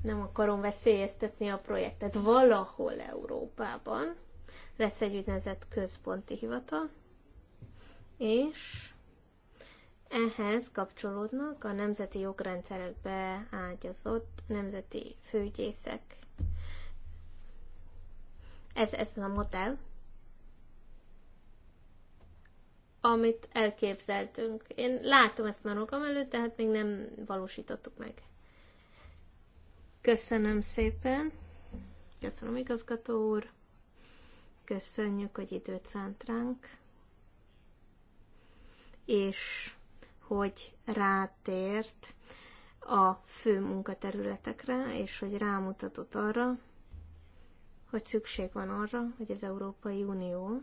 nem akarom veszélyeztetni a projektet. Valahol Európában lesz egy úgynevezett központi hivatal, és ehhez kapcsolódnak a nemzeti jogrendszerekbe ágyazott nemzeti főgyészek. Ez, ez a modell, amit elképzeltünk. Én látom ezt már magam előtt, tehát még nem valósítottuk meg. Köszönöm szépen. Köszönöm, igazgató úr. Köszönjük, hogy időt szánt ránk. És hogy rátért a fő munkaterületekre, és hogy rámutatott arra, hogy szükség van arra, hogy az Európai Unió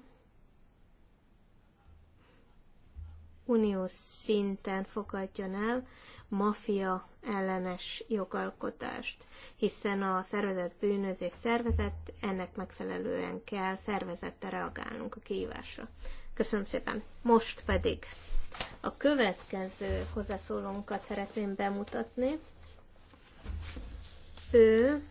uniós szinten fogadjon el mafia ellenes jogalkotást, hiszen a szervezett bűnözés szervezet, ennek megfelelően kell szervezette reagálnunk a kihívásra. Köszönöm szépen. Most pedig a következő hozzászólónkat szeretném bemutatni. Ő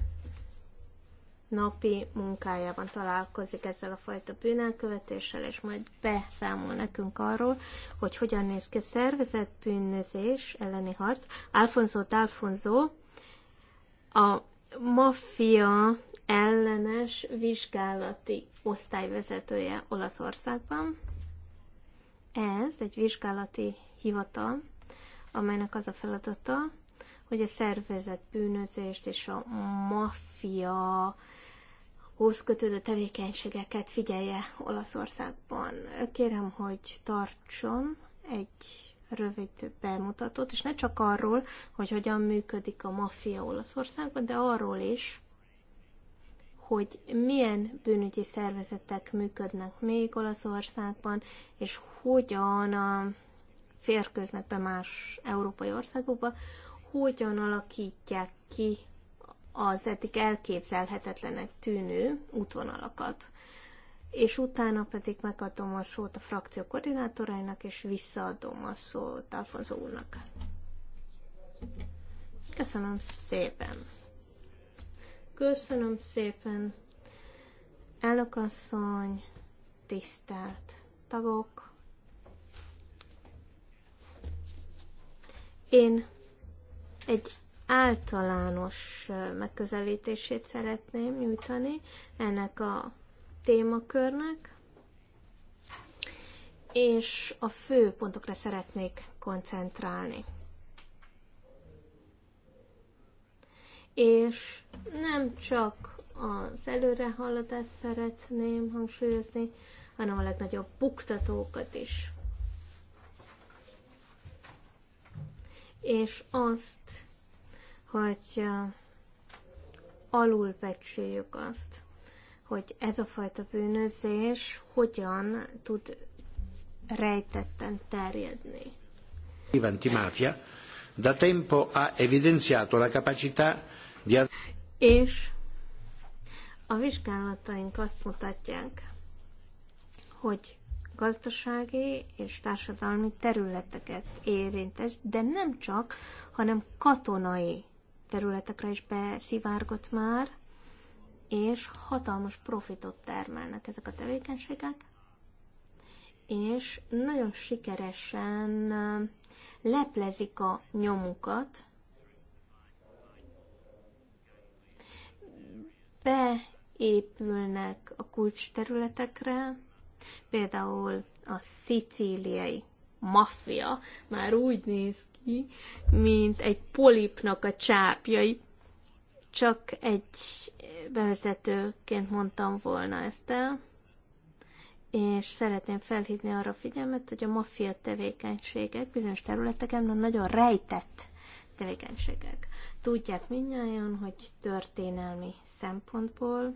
napi munkájában találkozik ezzel a fajta bűnelkövetéssel, és majd beszámol nekünk arról, hogy hogyan néz ki a szervezett bűnözés elleni harc. Alfonso D'Alfonso a maffia ellenes vizsgálati osztályvezetője Olaszországban. Ez egy vizsgálati hivatal, amelynek az a feladata, hogy a szervezett bűnözést és a maffia hoz kötődő tevékenységeket figyelje Olaszországban. Kérem, hogy tartson egy rövid bemutatót, és ne csak arról, hogy hogyan működik a maffia Olaszországban, de arról is, hogy milyen bűnügyi szervezetek működnek még Olaszországban, és hogyan a férköznek be más európai országokba, hogyan alakítják ki az eddig elképzelhetetlenek tűnő útvonalakat. És utána pedig megadom a szót a frakció koordinátorainak, és visszaadom a szót Alfonso úrnak. Köszönöm szépen! Köszönöm szépen, elnökasszony, tisztelt tagok. Én egy általános megközelítését szeretném nyújtani ennek a témakörnek, és a fő pontokra szeretnék koncentrálni. És nem csak az előrehaladást szeretném hangsúlyozni, hanem a legnagyobb buktatókat is. És azt, hogy alulbecsüljük azt, hogy ez a fajta bűnözés hogyan tud rejtetten terjedni. Antimafia da tempo ha evidenziato la capacità di... És a vizsgálataink azt mutatják, hogy gazdasági és társadalmi területeket érint ez, de nem csak, hanem katonai területekre is beszivárgott már, és hatalmas profitot termelnek ezek a tevékenységek, és nagyon sikeresen leplezik a nyomukat, beépülnek a kulcs területekre, például a szicíliai maffia már úgy néz mint egy polipnak a csápjai. Csak egy bevezetőként mondtam volna ezt el, és szeretném felhívni arra a figyelmet, hogy a maffia tevékenységek bizonyos területeken nagyon rejtett tevékenységek. Tudják mindnyáján, hogy történelmi szempontból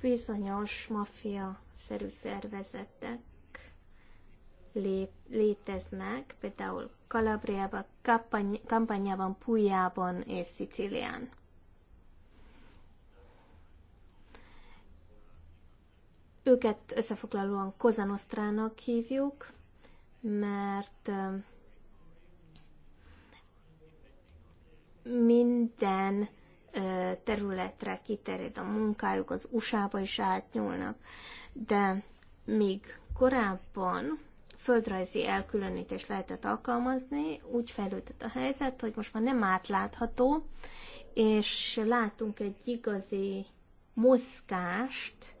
bizonyos maffia szerű szervezetek lép, léteznek, például Kalabriában, Kampanyában, Pujában és Szicilián. Őket összefoglalóan Kozanosztrának hívjuk, mert minden területre kiterjed a munkájuk, az USA-ba is átnyúlnak, de még korábban földrajzi elkülönítést lehetett alkalmazni, úgy fejlődött a helyzet, hogy most már nem átlátható, és látunk egy igazi mozgást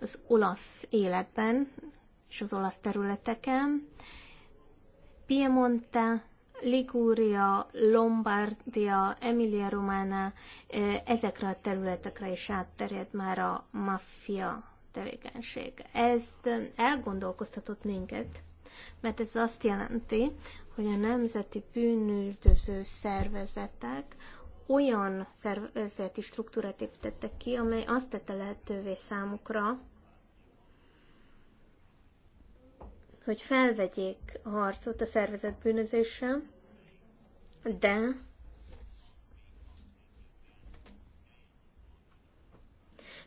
az olasz életben és az olasz területeken. Piemonte, Ligúria, Lombardia, Emilia Romana, eh, ezekre a területekre is átterjed már a maffia tevékenység. Ez elgondolkoztatott minket, mert ez azt jelenti, hogy a nemzeti bűnüldöző szervezetek olyan szervezeti struktúrát építettek ki, amely azt tette lehetővé számukra, hogy felvegyék a harcot a szervezet bűnözéssel, de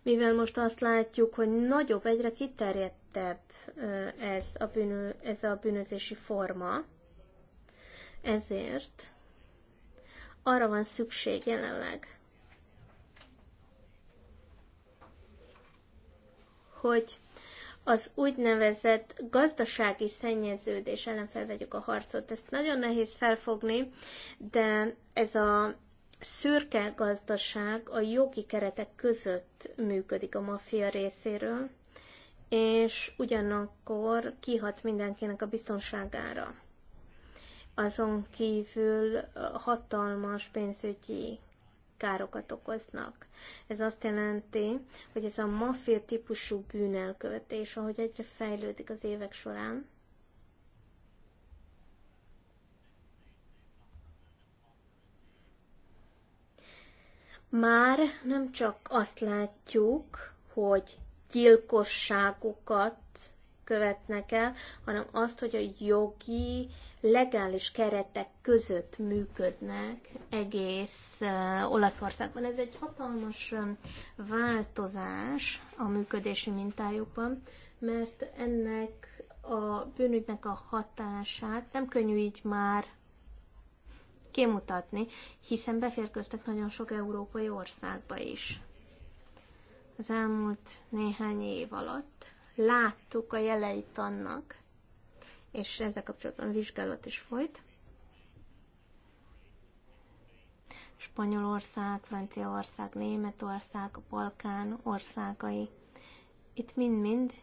mivel most azt látjuk, hogy nagyobb, egyre kiterjedtebb ez a, bűnő, ez a bűnözési forma, ezért arra van szükség jelenleg, hogy az úgynevezett gazdasági szennyeződés ellen felvegyük a harcot. Ezt nagyon nehéz felfogni, de ez a szürke gazdaság a jogi keretek között működik a maffia részéről, és ugyanakkor kihat mindenkinek a biztonságára. Azon kívül hatalmas pénzügyi károkat okoznak. Ez azt jelenti, hogy ez a maffia típusú bűnelkövetés, ahogy egyre fejlődik az évek során, már nem csak azt látjuk, hogy gyilkosságokat követnek el, hanem azt, hogy a jogi, legális keretek között működnek egész Olaszországban. Ez egy hatalmas változás a működési mintájukban, mert ennek a bűnügynek a hatását nem könnyű így már kimutatni, hiszen beférköztek nagyon sok európai országba is. Az elmúlt néhány év alatt láttuk a jeleit annak, és ezzel kapcsolatban vizsgálat is folyt. Spanyolország, Franciaország, Németország, a Balkán országai. Itt mind-mind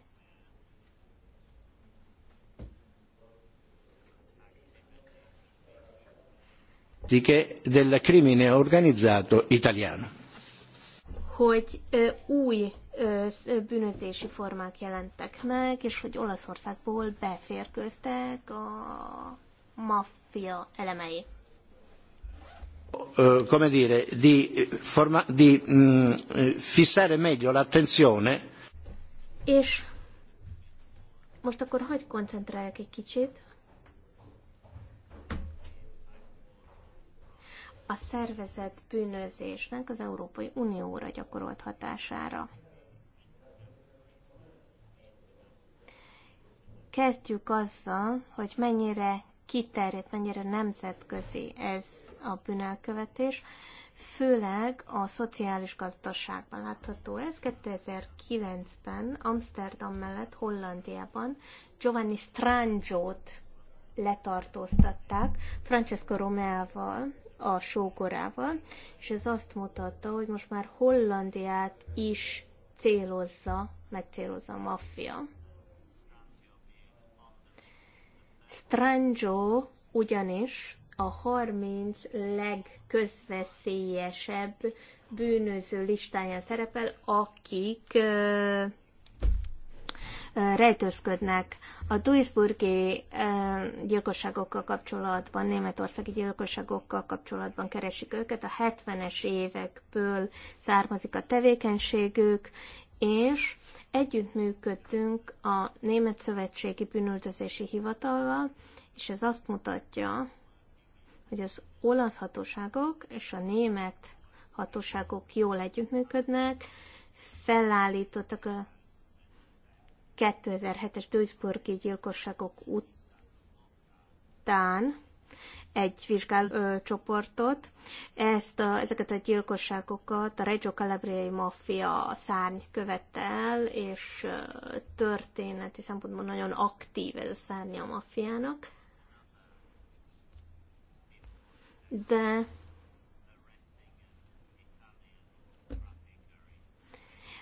del crimine organizzato italiano. Hogy ö, új ö, bűnözési formák jelentek meg, és hogy Olaszországból beférkőztek a maffia elemei. come dire, di, forma, di mh, mm, fissare meglio l'attenzione. És most akkor hagyj koncentráljak egy kicsit a szervezett bűnözésnek az Európai Unióra gyakorolt hatására. Kezdjük azzal, hogy mennyire kiterjedt, mennyire nemzetközi ez a bűnelkövetés, főleg a szociális gazdaságban látható ez. 2009-ben Amsterdam mellett Hollandiában Giovanni Strangiót letartóztatták Francesco Romeával, a sógorával, és ez azt mutatta, hogy most már Hollandiát is célozza, megcélozza a maffia. Strangio ugyanis a 30 legközveszélyesebb bűnöző listáján szerepel, akik rejtőzködnek. A Duisburgi gyilkosságokkal kapcsolatban, németországi gyilkosságokkal kapcsolatban keresik őket. A 70-es évekből származik a tevékenységük, és együttműködtünk a Német Szövetségi Bűnöldözési Hivatallal, és ez azt mutatja, hogy az olasz hatóságok és a német hatóságok jól együttműködnek, felállítottak a 2007-es Duisburgi gyilkosságok után egy vizsgálócsoportot. Ezt a, ezeket a gyilkosságokat a Reggio Calabriai maffia szárny követte el, és történeti szempontból nagyon aktív ez a szárnya a maffiának. De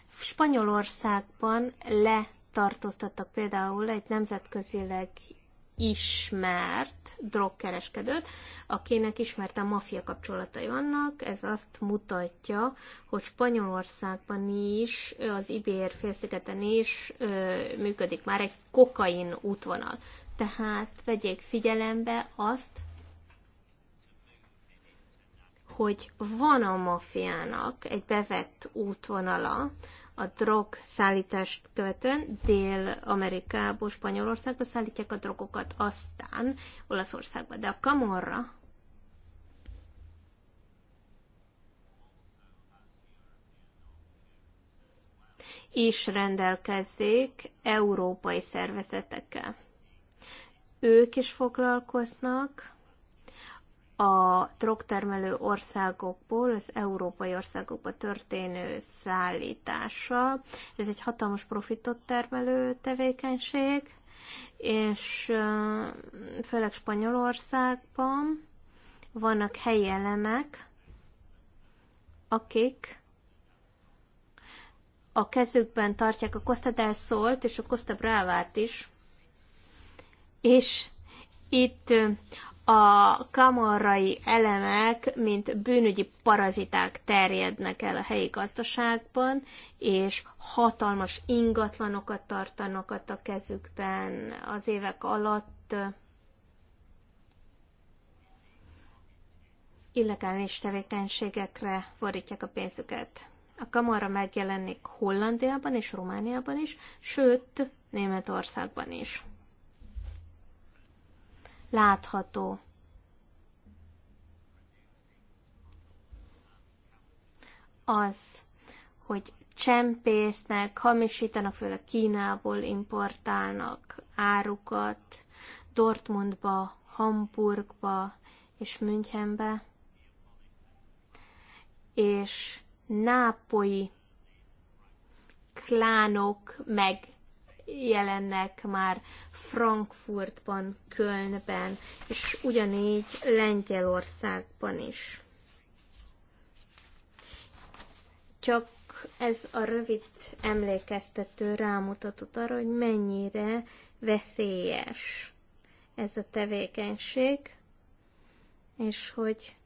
Spanyolországban le tartóztattak például egy nemzetközileg ismert drogkereskedőt, akinek ismerte a mafia kapcsolatai vannak. Ez azt mutatja, hogy Spanyolországban is, az Ibér félszigeten is ö, működik már egy kokain útvonal. Tehát vegyék figyelembe azt, hogy van a mafiának egy bevett útvonala, a drog szállítást követően Dél-Amerikából Spanyolországba szállítják a drogokat, aztán Olaszországba. De a kamorra is rendelkezzék európai szervezetekkel. Ők is foglalkoznak a drogtermelő országokból az európai országokba történő szállítása. Ez egy hatalmas profitot termelő tevékenység, és főleg Spanyolországban vannak helyi elemek, akik a kezükben tartják a Costa del Solt és a Costa Bravát is, és itt a kamorrai elemek, mint bűnügyi paraziták terjednek el a helyi gazdaságban, és hatalmas ingatlanokat tartanak a kezükben az évek alatt. Illegális tevékenységekre fordítják a pénzüket. A kamara megjelenik Hollandiában és Romániában is, sőt Németországban is látható. Az, hogy csempésznek, hamisítanak, főleg Kínából importálnak árukat, Dortmundba, Hamburgba és Münchenbe, és nápoi klánok meg jelennek már Frankfurtban, Kölnben, és ugyanígy Lengyelországban is. Csak ez a rövid emlékeztető rámutatott arra, hogy mennyire veszélyes ez a tevékenység, és hogy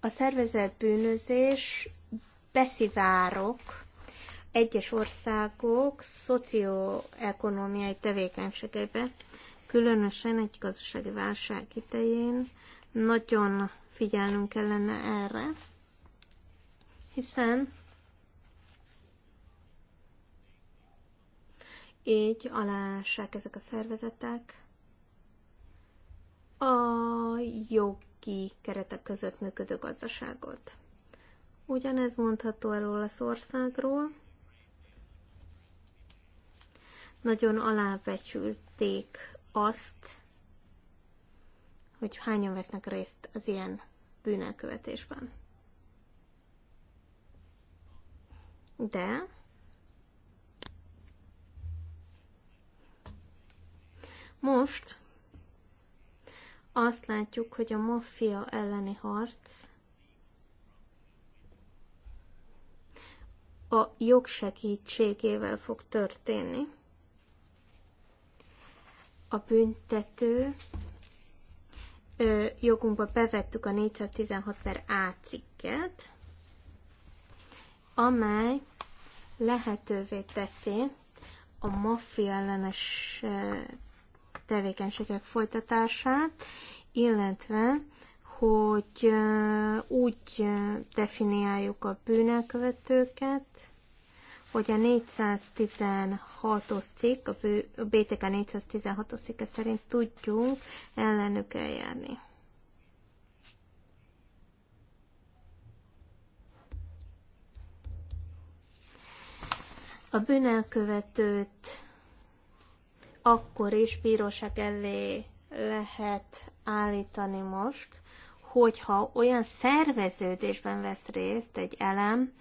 a szervezett bűnözés beszivárok egyes országok szocioekonomiai tevékenységeiben, különösen egy gazdasági válság idején nagyon figyelnünk kellene erre, hiszen így alássák ezek a szervezetek a jogi keretek között működő gazdaságot. Ugyanez mondható el Olaszországról, nagyon alábecsülték azt, hogy hányan vesznek részt az ilyen bűnelkövetésben. De most azt látjuk, hogy a maffia elleni harc a jogsegítségével fog történni a büntető jogunkba bevettük a 416 per A cikket, amely lehetővé teszi a maffia ellenes tevékenységek folytatását, illetve hogy úgy definiáljuk a bűnelkövetőket, hogy a 416-os cikk, a BTK 416-os cikke szerint tudjunk ellenük eljárni. A bűnelkövetőt akkor is bíróság elé lehet állítani most, hogyha olyan szerveződésben vesz részt egy elem,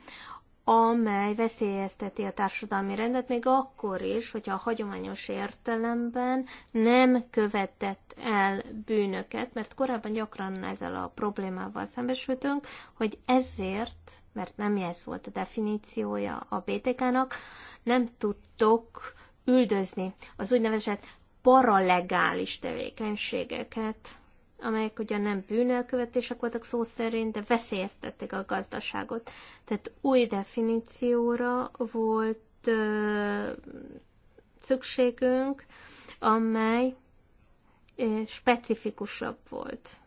amely veszélyezteti a társadalmi rendet, még akkor is, hogyha a hagyományos értelemben nem követett el bűnöket, mert korábban gyakran ezzel a problémával szembesültünk, hogy ezért, mert nem ez volt a definíciója a BTK-nak, nem tudtok üldözni az úgynevezett paralegális tevékenységeket amelyek ugyan nem bűnelkövetések voltak szó szerint, de veszélyeztették a gazdaságot. Tehát új definícióra volt ö, szükségünk, amely ö, specifikusabb volt.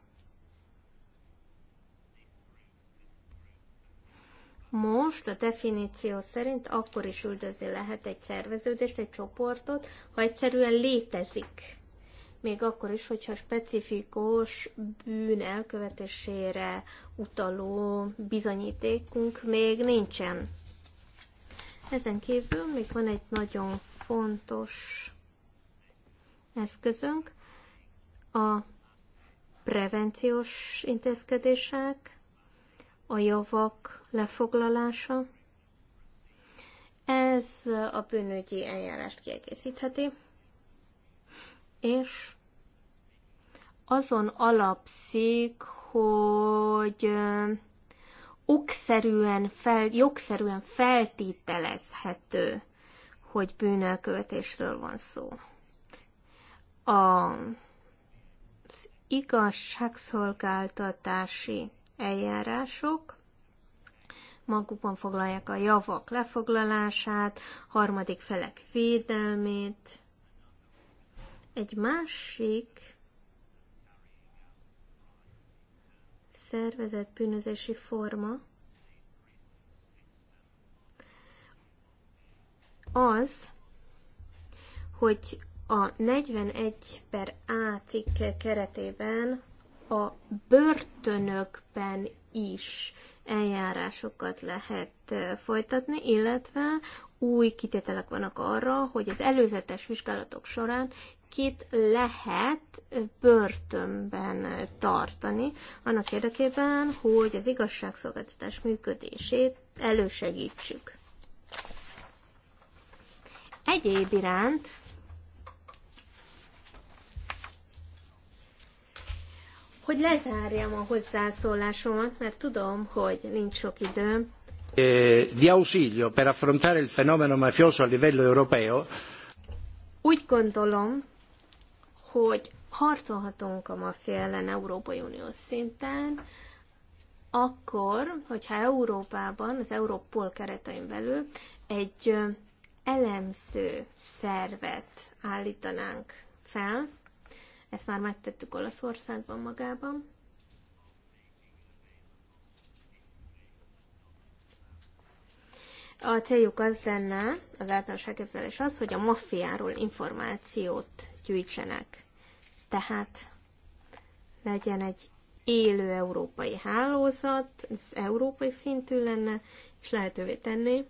Most a definíció szerint akkor is üldözni lehet egy szerveződést, egy csoportot, ha egyszerűen létezik még akkor is, hogyha specifikus bűn elkövetésére utaló bizonyítékunk még nincsen. Ezen kívül még van egy nagyon fontos eszközünk, a prevenciós intézkedések, a javak lefoglalása. Ez a bűnügyi eljárást kiegészítheti, és azon alapszik, hogy okszerűen, fel, jogszerűen feltételezhető, hogy bűnelkövetésről van szó. A az igazságszolgáltatási eljárások magukban foglalják a javak lefoglalását, harmadik felek védelmét. Egy másik szervezett bűnözési forma az, hogy a 41 per A cikke keretében a börtönökben is eljárásokat lehet folytatni, illetve új kitételek vannak arra, hogy az előzetes vizsgálatok során valakit lehet börtönben tartani, annak érdekében, hogy az igazságszolgáltatás működését elősegítsük. Egyéb iránt hogy lezárjam a hozzászólásomat, mert tudom, hogy nincs sok időm. Eh, di ausilio per affrontare il fenomeno mafioso a livello europeo. Úgy gondolom, hogy harcolhatunk a maffia ellen Európai Unió szinten, akkor, hogyha Európában, az Európol keretein belül egy elemző szervet állítanánk fel, ezt már megtettük Olaszországban magában, A céljuk az lenne, az általános elképzelés az, hogy a maffiáról információt gyűjtsenek. Tehát legyen egy élő európai hálózat, ez európai szintű lenne, és lehetővé tenni,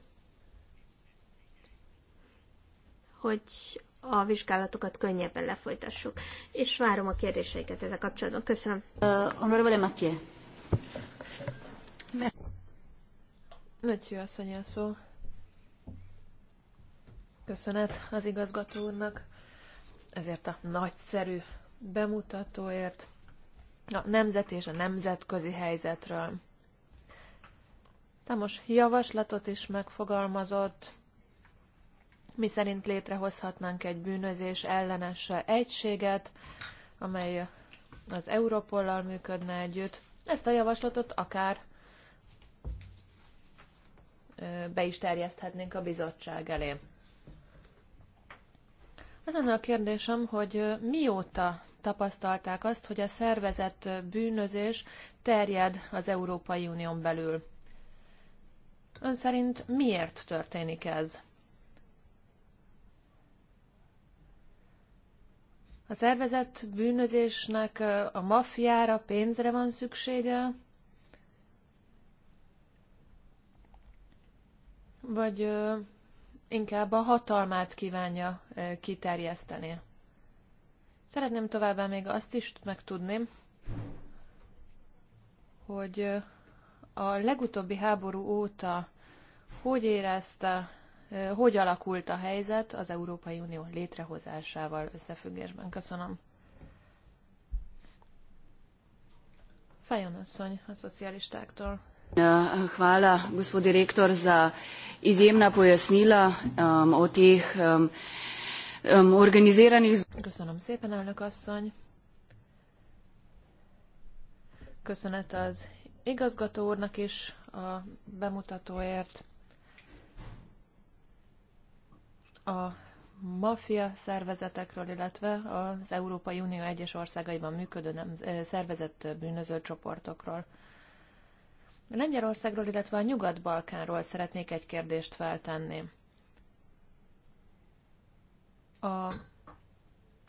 hogy a vizsgálatokat könnyebben lefolytassuk. És várom a kérdéseiket ezzel kapcsolatban. Köszönöm. Uh, Honorable Mathieu. Mathieu asszony a szó. Köszönet az igazgató úrnak ezért a nagyszerű bemutatóért a nemzet és a nemzetközi helyzetről. Számos javaslatot is megfogalmazott, miszerint létrehozhatnánk egy bűnözés ellenes egységet, amely az Európollal működne együtt. Ezt a javaslatot akár be is terjeszthetnénk a bizottság elé. Az a kérdésem, hogy mióta tapasztalták azt, hogy a szervezett bűnözés terjed az Európai Unión belül? Ön szerint miért történik ez? A szervezett bűnözésnek a maffiára pénzre van szüksége? Vagy inkább a hatalmát kívánja kiterjeszteni. Szeretném továbbá még azt is megtudni, hogy a legutóbbi háború óta hogy érezte, hogy alakult a helyzet az Európai Unió létrehozásával összefüggésben. Köszönöm. Fejon asszony a szocialistáktól. Hvala, gospod direktor, za izjemna pojasnila um, o teh um, um, organiziranih... Köszönöm szépen, elnök asszony. Köszönet az igazgató úrnak is a bemutatóért. A maffia szervezetekről, illetve az Európai Unió egyes országaiban működő nem, szervezett bűnöző csoportokról. Lengyelországról, illetve a Nyugat-Balkánról szeretnék egy kérdést feltenni. A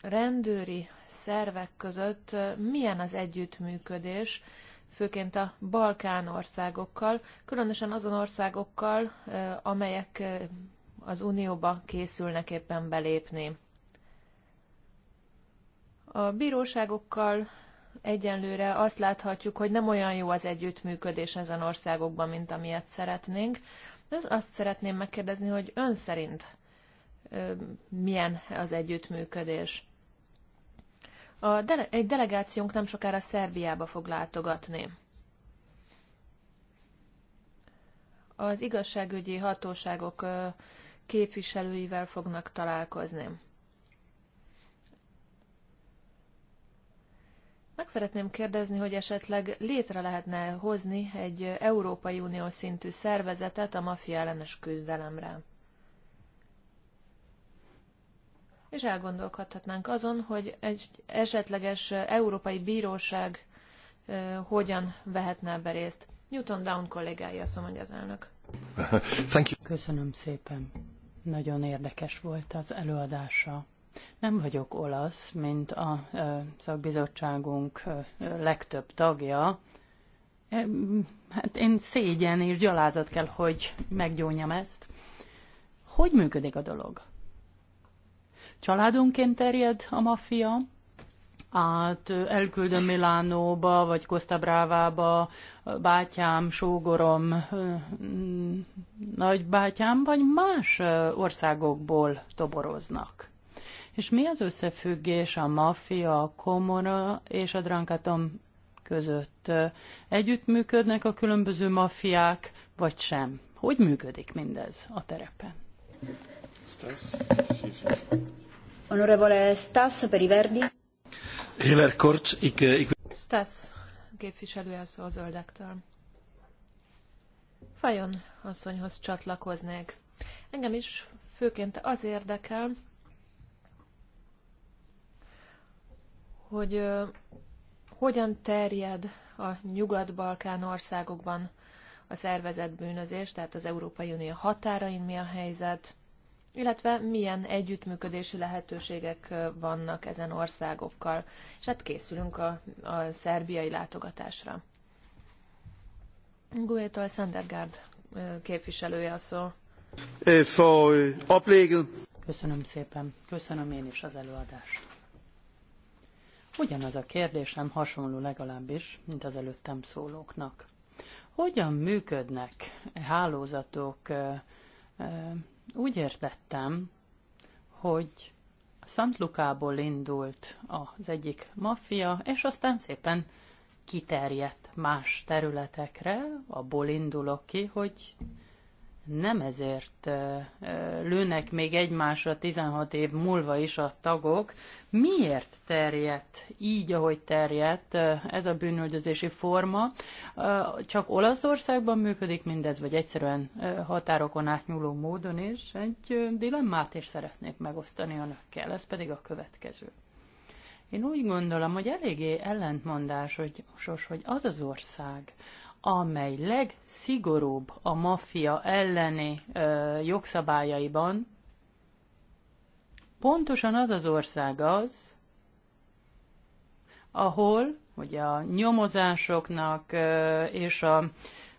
rendőri szervek között milyen az együttműködés, főként a Balkán országokkal, különösen azon országokkal, eh, amelyek eh, az Unióba készülnek éppen belépni. A bíróságokkal egyenlőre azt láthatjuk, hogy nem olyan jó az együttműködés ezen országokban, mint amilyet szeretnénk. Ez azt szeretném megkérdezni, hogy ön szerint ö, milyen az együttműködés? A dele- egy delegációnk nem sokára Szerbiába fog látogatni. Az igazságügyi hatóságok ö, képviselőivel fognak találkozni. Meg szeretném kérdezni, hogy esetleg létre lehetne hozni egy Európai Unió szintű szervezetet a mafia ellenes küzdelemre. És elgondolkodhatnánk azon, hogy egy esetleges Európai Bíróság hogyan vehetne ebbe részt. Newton Down kollégája, szó mondja az elnök. Thank you. Köszönöm szépen. Nagyon érdekes volt az előadása. Nem vagyok olasz, mint a szakbizottságunk legtöbb tagja. Hát én szégyen és gyalázat kell, hogy meggyónjam ezt. Hogy működik a dolog? Családunként terjed a maffia, át elküldöm Milánóba, vagy Costa Brávába, bátyám, sógorom, nagybátyám, vagy más országokból toboroznak. És mi az összefüggés a maffia, a komora és a drankatom között? Együttműködnek a különböző maffiák, vagy sem? Hogy működik mindez a terepen? Honorevole Stas, per i Verdi. Ik, eh, ik... Stas, képviselő szó a zöldektől. Fajon asszonyhoz csatlakoznék. Engem is főként az érdekel, hogy hogyan terjed a nyugat-balkán országokban a szervezett bűnözés, tehát az Európai Unió határain mi a helyzet, illetve milyen együttműködési lehetőségek vannak ezen országokkal. És hát készülünk a, a szerbiai látogatásra. Guétól Szendergárd képviselője a szó. Köszönöm szépen. Köszönöm én is az előadást. Ugyanaz a kérdésem hasonló legalábbis, mint az előttem szólóknak. Hogyan működnek e hálózatok? Úgy értettem, hogy Szent Lukából indult az egyik maffia, és aztán szépen kiterjedt más területekre, abból indulok ki, hogy nem ezért lőnek még egymásra 16 év múlva is a tagok. Miért terjedt így, ahogy terjedt ez a bűnöldözési forma? Csak Olaszországban működik mindez, vagy egyszerűen határokon átnyúló módon is? Egy dilemmát is szeretnék megosztani önökkel, ez pedig a következő. Én úgy gondolom, hogy eléggé ellentmondás, hogy, sos, hogy az az ország, amely legszigorúbb a maffia elleni ö, jogszabályaiban, pontosan az az ország az, ahol ugye a nyomozásoknak ö, és a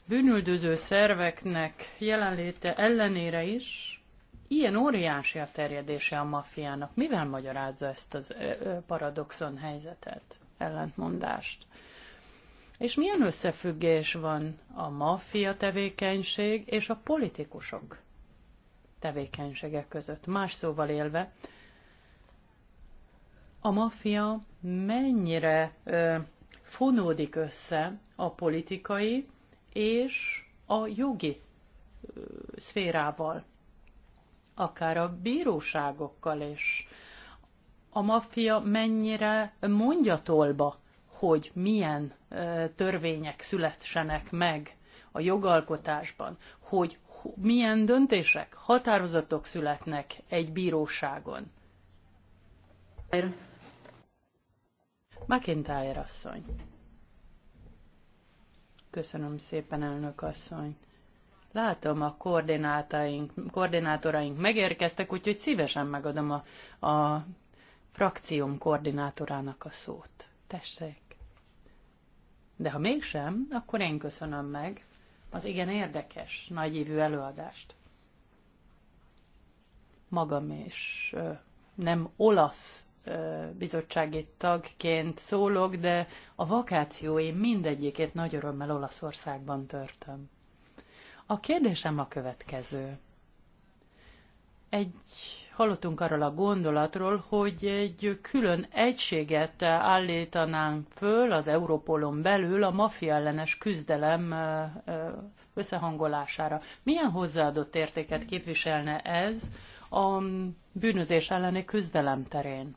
bűnüldöző szerveknek jelenléte ellenére is ilyen óriási a terjedése a maffiának. Mivel magyarázza ezt a paradoxon helyzetet, ellentmondást? És milyen összefüggés van a maffia tevékenység és a politikusok tevékenysége között? Más szóval élve, a maffia mennyire ö, fonódik össze a politikai és a jogi ö, szférával, akár a bíróságokkal és A maffia mennyire mondja tolba hogy milyen törvények születsenek meg a jogalkotásban, hogy milyen döntések, határozatok születnek egy bíróságon. McIntyre asszony. Köszönöm szépen, elnök asszony. Látom, a koordinátaink, koordinátoraink megérkeztek, úgyhogy szívesen megadom a, a frakcióm koordinátorának a szót. Tessék. De ha mégsem, akkor én köszönöm meg az igen érdekes, nagyívű előadást. Magam is nem olasz bizottsági tagként szólok, de a vakációim mindegyikét nagy örömmel Olaszországban törtöm. A kérdésem a következő. Egy Hallottunk arról a gondolatról, hogy egy külön egységet állítanánk föl az Európolon belül a maffia ellenes küzdelem összehangolására. Milyen hozzáadott értéket képviselne ez a bűnözés elleni küzdelem terén?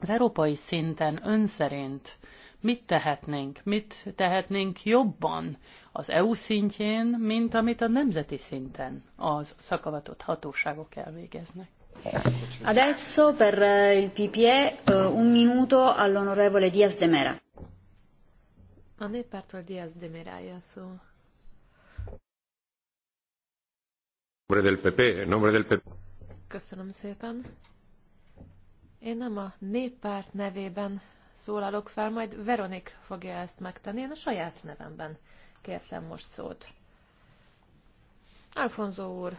Az európai szinten ön szerint mit tehetnénk, mit tehetnénk jobban az EU szintjén, mint amit a nemzeti szinten az szakavatott hatóságok elvégeznek. Adesso per eh, il PPE eh, un minuto all'onorevole Diaz de Mera. A néppártól Diaz de Mera, PP-n, Merája szó. E, e. Köszönöm szépen. Én nem a néppárt nevében szólalok fel, majd Veronik fogja ezt megtenni. Én a saját nevemben kértem most szót. Alfonso úr,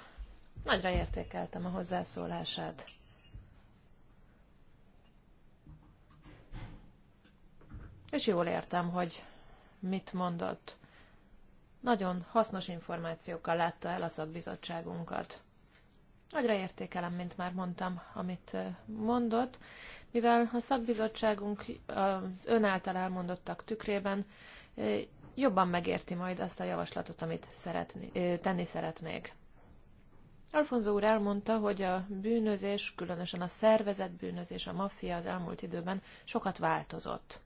Nagyra értékeltem a hozzászólását. És jól értem, hogy mit mondott. Nagyon hasznos információkkal látta el a szakbizottságunkat. Nagyra értékelem, mint már mondtam, amit mondott, mivel a szakbizottságunk az ön által elmondottak tükrében jobban megérti majd azt a javaslatot, amit szeretni, tenni szeretnék. Alfonso úr elmondta, hogy a bűnözés, különösen a szervezett bűnözés, a maffia az elmúlt időben sokat változott.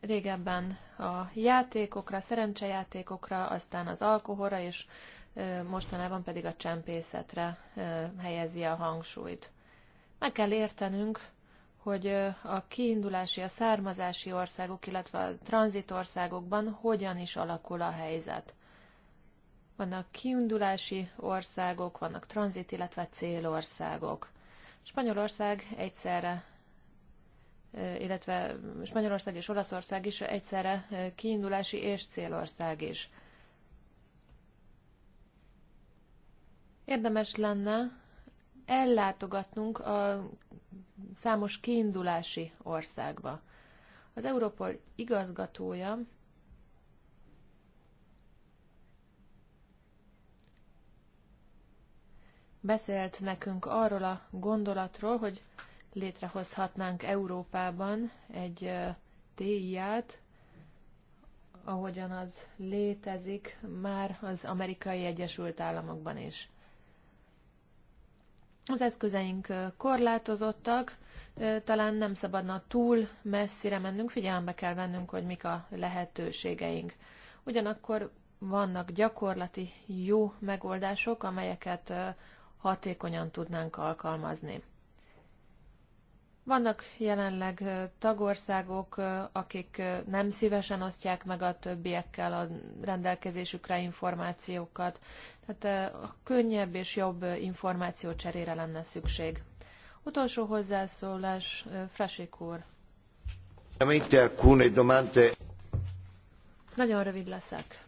Régebben a játékokra, szerencsejátékokra, aztán az alkoholra, és mostanában pedig a csempészetre helyezi a hangsúlyt. Meg kell értenünk, hogy a kiindulási, a származási országok, illetve a tranzitországokban hogyan is alakul a helyzet. Vannak kiindulási országok, vannak tranzit, illetve célországok. Spanyolország egyszerre illetve Spanyolország és Olaszország is egyszerre kiindulási és célország is. Érdemes lenne ellátogatnunk a számos kiindulási országba. Az Európol igazgatója beszélt nekünk arról a gondolatról, hogy létrehozhatnánk Európában egy ti ahogyan az létezik már az amerikai Egyesült Államokban is. Az eszközeink korlátozottak, talán nem szabadna túl messzire mennünk, figyelembe kell vennünk, hogy mik a lehetőségeink. Ugyanakkor vannak gyakorlati jó megoldások, amelyeket hatékonyan tudnánk alkalmazni. Vannak jelenleg tagországok, akik nem szívesen osztják meg a többiekkel a rendelkezésükre információkat, tehát könnyebb és jobb információcserére lenne szükség. Utolsó hozzászólás, Fresik úr. Nagyon rövid leszek.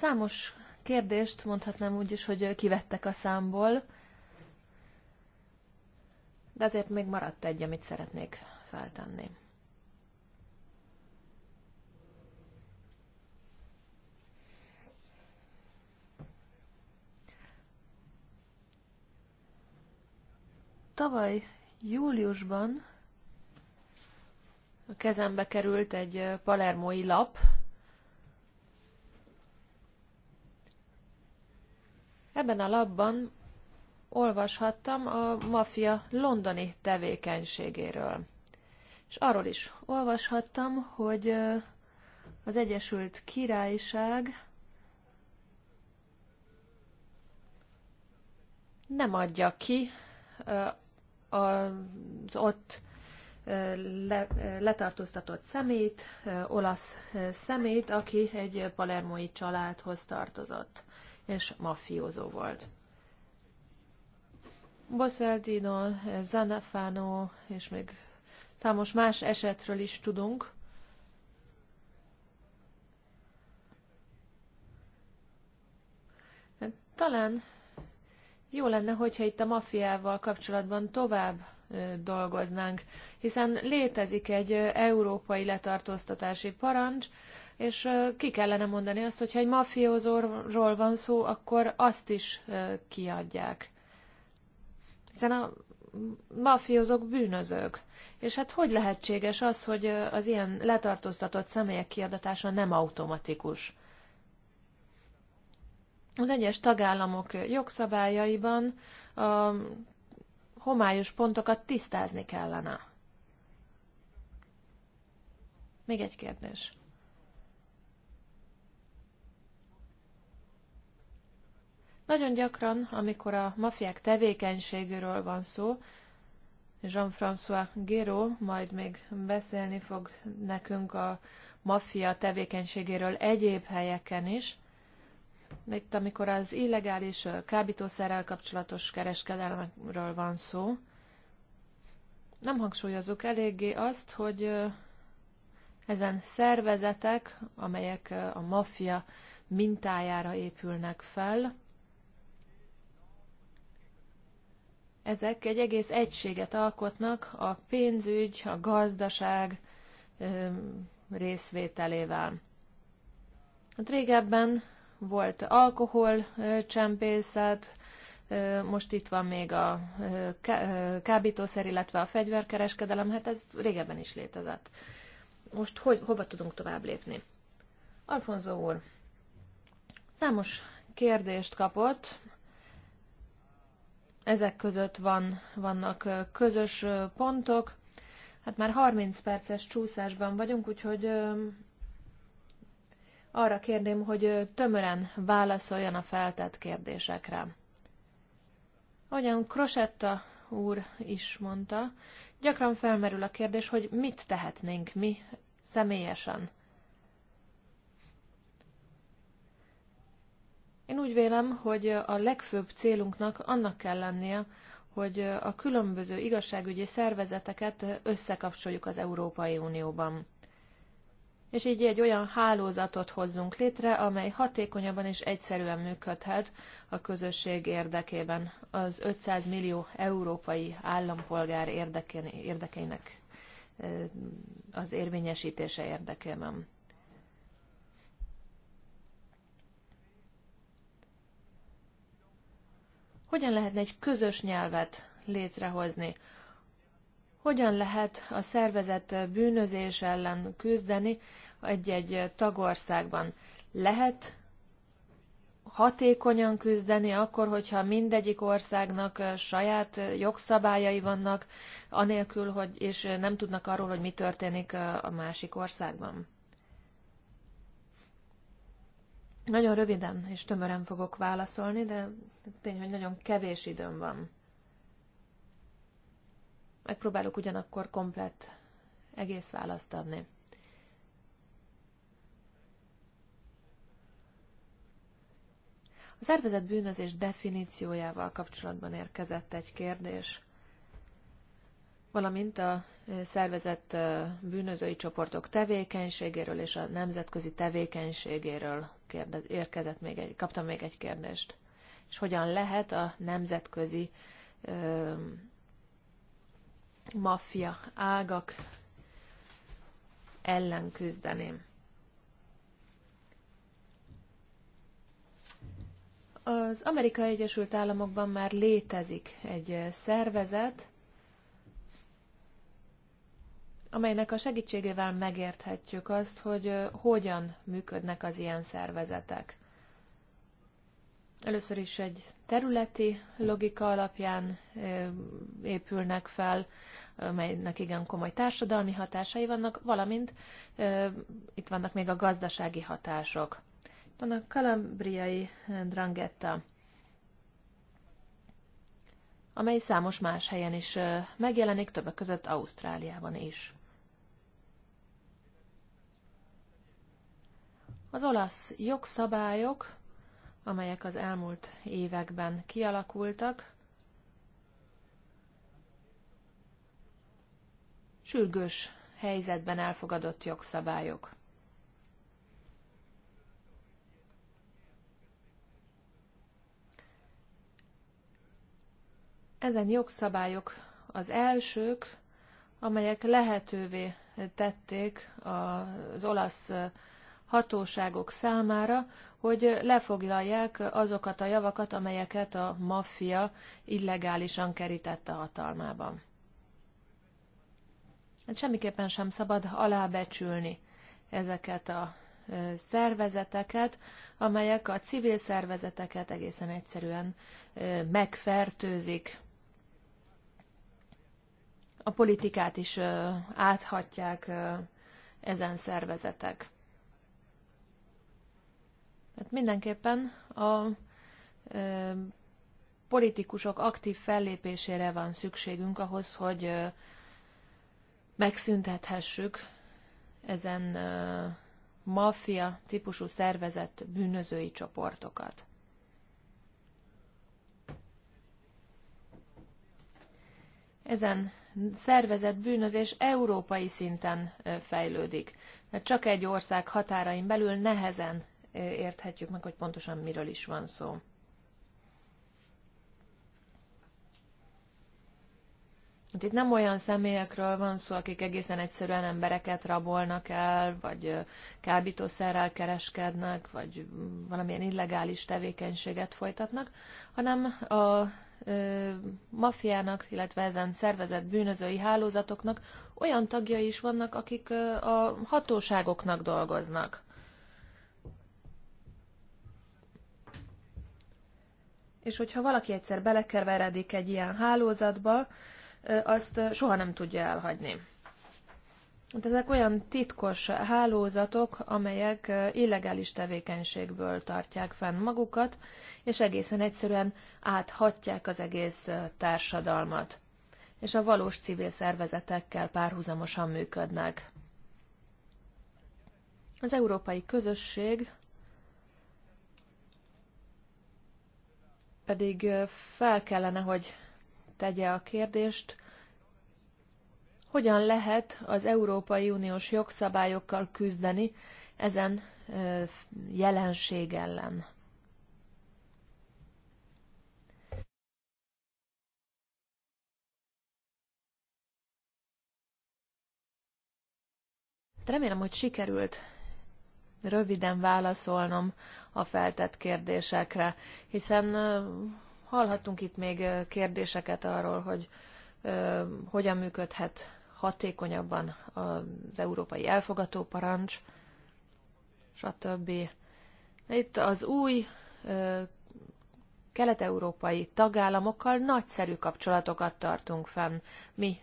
Számos kérdést mondhatnám úgy is, hogy kivettek a számból de azért még maradt egy, amit szeretnék feltenni. Tavaly júliusban a kezembe került egy palermói lap. Ebben a lapban olvashattam a maffia londoni tevékenységéről. És arról is olvashattam, hogy az Egyesült Királyság nem adja ki az ott letartóztatott szemét, olasz szemét, aki egy palermói családhoz tartozott, és mafiózó volt. Boszeldino, Zanafano és még számos más esetről is tudunk. Talán jó lenne, hogyha itt a mafiával kapcsolatban tovább dolgoznánk, hiszen létezik egy európai letartóztatási parancs, és ki kellene mondani azt, hogyha egy mafiózóról van szó, akkor azt is kiadják hiszen a mafiózók bűnözők. És hát hogy lehetséges az, hogy az ilyen letartóztatott személyek kiadatása nem automatikus? Az egyes tagállamok jogszabályaiban a homályos pontokat tisztázni kellene. Még egy kérdés. Nagyon gyakran, amikor a mafiák tevékenységéről van szó, Jean-François Gero majd még beszélni fog nekünk a maffia tevékenységéről egyéb helyeken is. Itt, amikor az illegális kábítószerrel kapcsolatos kereskedelmekről van szó, nem hangsúlyozunk eléggé azt, hogy ezen szervezetek, amelyek a maffia mintájára épülnek fel, Ezek egy egész egységet alkotnak a pénzügy, a gazdaság részvételével. Hát régebben volt alkoholcsempészet, most itt van még a kábítószer, illetve a fegyverkereskedelem, hát ez régebben is létezett. Most hogy, hova tudunk tovább lépni? Alfonso úr, számos kérdést kapott ezek között van, vannak közös pontok. Hát már 30 perces csúszásban vagyunk, úgyhogy arra kérném, hogy tömören válaszoljon a feltett kérdésekre. Ahogyan Krosetta úr is mondta, gyakran felmerül a kérdés, hogy mit tehetnénk mi személyesen. Én úgy vélem, hogy a legfőbb célunknak annak kell lennie, hogy a különböző igazságügyi szervezeteket összekapcsoljuk az Európai Unióban. És így egy olyan hálózatot hozzunk létre, amely hatékonyabban és egyszerűen működhet a közösség érdekében, az 500 millió európai állampolgár érdekeinek az érvényesítése érdekében. Hogyan lehetne egy közös nyelvet létrehozni? Hogyan lehet a szervezet bűnözés ellen küzdeni egy-egy tagországban? Lehet hatékonyan küzdeni, akkor, hogyha mindegyik országnak saját jogszabályai vannak, anélkül, hogy, és nem tudnak arról, hogy mi történik a másik országban. Nagyon röviden és tömören fogok válaszolni, de tény, hogy nagyon kevés időm van. Megpróbálok ugyanakkor komplet egész választ adni. A szervezet bűnözés definíciójával kapcsolatban érkezett egy kérdés, valamint a szervezett bűnözői csoportok tevékenységéről és a nemzetközi tevékenységéről kérdez, érkezett még egy, kaptam még egy kérdést. És hogyan lehet a nemzetközi ö, maffia ágak ellen küzdeni? Az Amerikai Egyesült Államokban már létezik egy szervezet, amelynek a segítségével megérthetjük azt, hogy hogyan működnek az ilyen szervezetek. Először is egy területi logika alapján épülnek fel, melynek igen komoly társadalmi hatásai vannak, valamint itt vannak még a gazdasági hatások. van a kalambriai drangetta amely számos más helyen is megjelenik, többek között Ausztráliában is. Az olasz jogszabályok, amelyek az elmúlt években kialakultak, sürgős helyzetben elfogadott jogszabályok. Ezen jogszabályok az elsők, amelyek lehetővé tették az olasz hatóságok számára, hogy lefoglalják azokat a javakat, amelyeket a maffia illegálisan kerítette hatalmában. Hát semmiképpen sem szabad alábecsülni ezeket a szervezeteket, amelyek a civil szervezeteket egészen egyszerűen megfertőzik a politikát is áthatják ezen szervezetek. Tehát mindenképpen a politikusok aktív fellépésére van szükségünk ahhoz, hogy megszüntethessük ezen maffia típusú szervezet bűnözői csoportokat. Ezen szervezett bűnözés európai szinten fejlődik. Mert csak egy ország határain belül nehezen érthetjük meg, hogy pontosan miről is van szó. Hát itt nem olyan személyekről van szó, akik egészen egyszerűen embereket rabolnak el, vagy kábítószerrel kereskednek, vagy mm, valamilyen illegális tevékenységet folytatnak, hanem a mafiának, illetve ezen szervezett bűnözői hálózatoknak olyan tagjai is vannak, akik a hatóságoknak dolgoznak. És hogyha valaki egyszer belekeveredik egy ilyen hálózatba, azt soha nem tudja elhagyni. Hát ezek olyan titkos hálózatok, amelyek illegális tevékenységből tartják fenn magukat, és egészen egyszerűen áthatják az egész társadalmat. És a valós civil szervezetekkel párhuzamosan működnek. Az európai közösség pedig fel kellene, hogy tegye a kérdést, hogyan lehet az Európai Uniós jogszabályokkal küzdeni ezen jelenség ellen. Remélem, hogy sikerült röviden válaszolnom a feltett kérdésekre, hiszen hallhattunk itt még kérdéseket arról, hogy hogyan működhet hatékonyabban az európai elfogató parancs, stb. Itt az új kelet-európai tagállamokkal nagyszerű kapcsolatokat tartunk fenn. Mi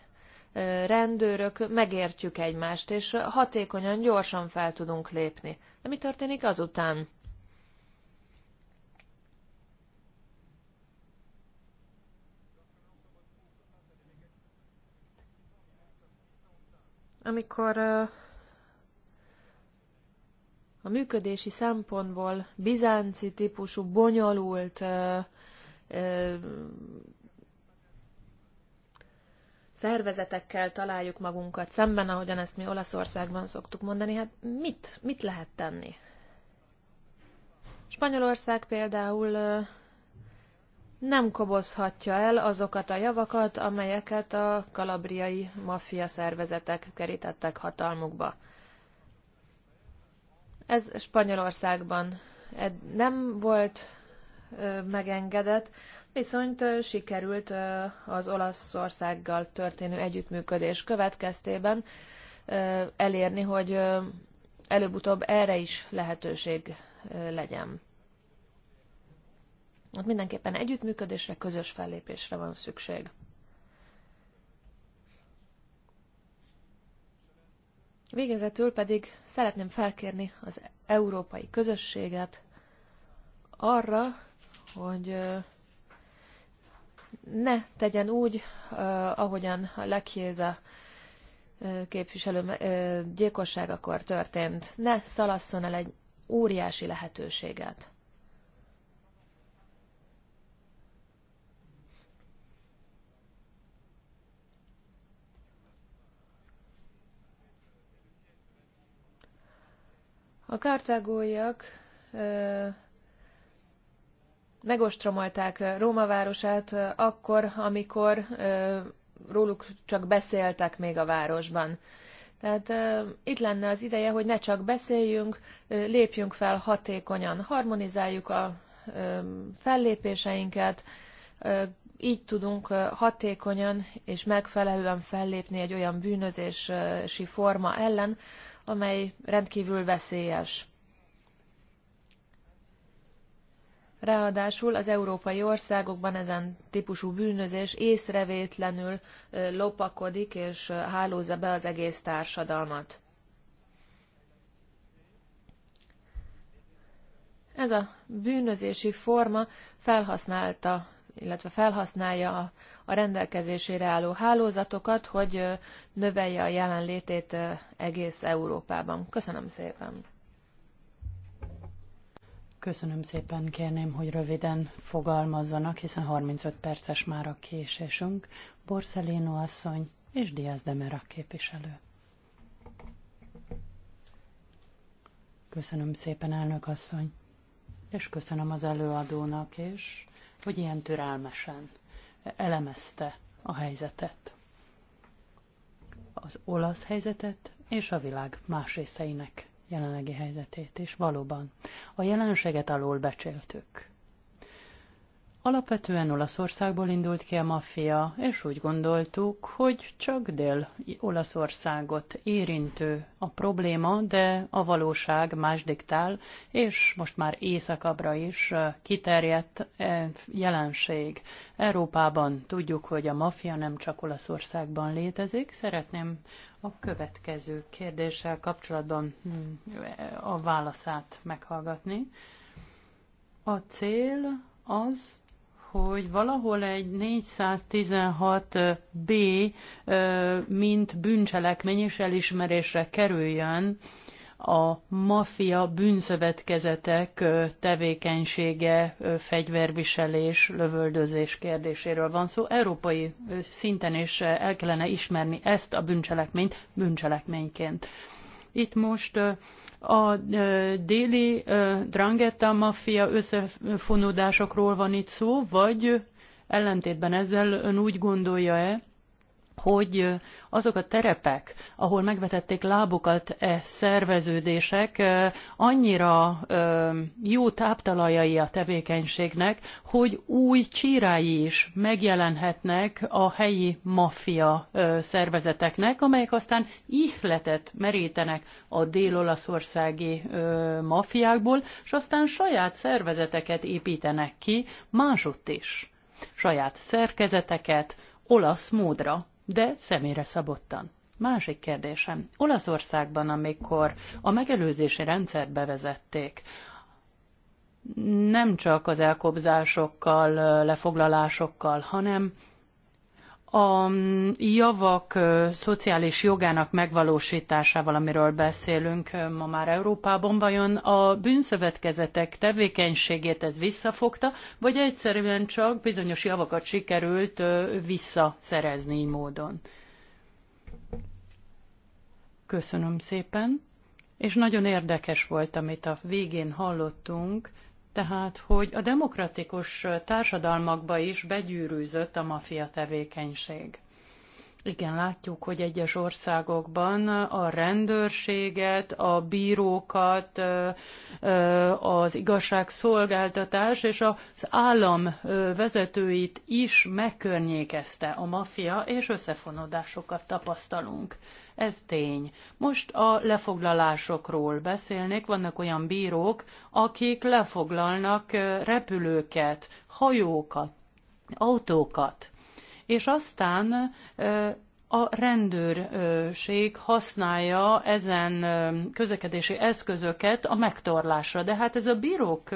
rendőrök megértjük egymást, és hatékonyan, gyorsan fel tudunk lépni. De mi történik azután? amikor a működési szempontból bizánci típusú, bonyolult szervezetekkel találjuk magunkat szemben, ahogyan ezt mi Olaszországban szoktuk mondani, hát mit, mit lehet tenni? Spanyolország például nem kobozhatja el azokat a javakat, amelyeket a kalabriai maffia szervezetek kerítettek hatalmukba. Ez Spanyolországban nem volt megengedett, viszont sikerült az Olaszországgal történő együttműködés következtében elérni, hogy előbb-utóbb erre is lehetőség legyen. Ott mindenképpen együttműködésre, közös fellépésre van szükség. Végezetül pedig szeretném felkérni az európai közösséget arra, hogy ne tegyen úgy, ahogyan a Lekéza képviselő gyilkosságakor történt. Ne szalasszon el egy óriási lehetőséget. A kártágóiak megostromolták Róma városát akkor, amikor róluk csak beszéltek még a városban. Tehát uh, itt lenne az ideje, hogy ne csak beszéljünk, uh, lépjünk fel hatékonyan, harmonizáljuk a uh, fellépéseinket, uh, így tudunk uh, hatékonyan és megfelelően fellépni egy olyan bűnözési forma ellen, amely rendkívül veszélyes. Ráadásul az európai országokban ezen típusú bűnözés észrevétlenül lopakodik és hálózza be az egész társadalmat. Ez a bűnözési forma felhasználta, illetve felhasználja a a rendelkezésére álló hálózatokat, hogy növelje a jelenlétét egész Európában. Köszönöm szépen! Köszönöm szépen, kérném, hogy röviden fogalmazzanak, hiszen 35 perces már a késésünk. Borszelino asszony és Diaz Demera képviselő. Köszönöm szépen, elnök asszony, és köszönöm az előadónak is, hogy ilyen türelmesen elemezte a helyzetet. Az olasz helyzetet és a világ más részeinek jelenlegi helyzetét, és valóban a jelenséget alól becséltük. Alapvetően Olaszországból indult ki a maffia, és úgy gondoltuk, hogy csak Dél-Olaszországot érintő a probléma, de a valóság más diktál, és most már északabbra is kiterjedt jelenség. Európában tudjuk, hogy a maffia nem csak Olaszországban létezik. Szeretném a következő kérdéssel kapcsolatban hm, a válaszát meghallgatni. A cél az, hogy valahol egy 416b mint bűncselekmény is elismerésre kerüljön a maffia bűnszövetkezetek tevékenysége, fegyverviselés, lövöldözés kérdéséről van szó. Európai szinten is el kellene ismerni ezt a bűncselekményt bűncselekményként. Itt most a déli drangetta maffia összefonódásokról van itt szó, vagy ellentétben ezzel ön úgy gondolja-e, hogy azok a terepek, ahol megvetették lábukat e szerveződések, annyira jó táptalajai a tevékenységnek, hogy új csírái is megjelenhetnek a helyi maffia szervezeteknek, amelyek aztán ihletet merítenek a dél-olaszországi maffiákból, és aztán saját szervezeteket építenek ki másutt is. Saját szerkezeteket, olasz módra de személyre szabottan. Másik kérdésem. Olaszországban, amikor a megelőzési rendszert bevezették, nem csak az elkobzásokkal, lefoglalásokkal, hanem a javak szociális jogának megvalósításával, amiről beszélünk ma már Európában, vajon a bűnszövetkezetek tevékenységét ez visszafogta, vagy egyszerűen csak bizonyos javakat sikerült visszaszerezni így módon? Köszönöm szépen, és nagyon érdekes volt, amit a végén hallottunk tehát, hogy a demokratikus társadalmakba is begyűrűzött a mafia tevékenység. Igen, látjuk, hogy egyes országokban a rendőrséget, a bírókat, az igazságszolgáltatás és az állam vezetőit is megkörnyékezte a maffia, és összefonódásokat tapasztalunk. Ez tény. Most a lefoglalásokról beszélnék. Vannak olyan bírók, akik lefoglalnak repülőket, hajókat, autókat és aztán a rendőrség használja ezen közlekedési eszközöket a megtorlásra. De hát ez a bírók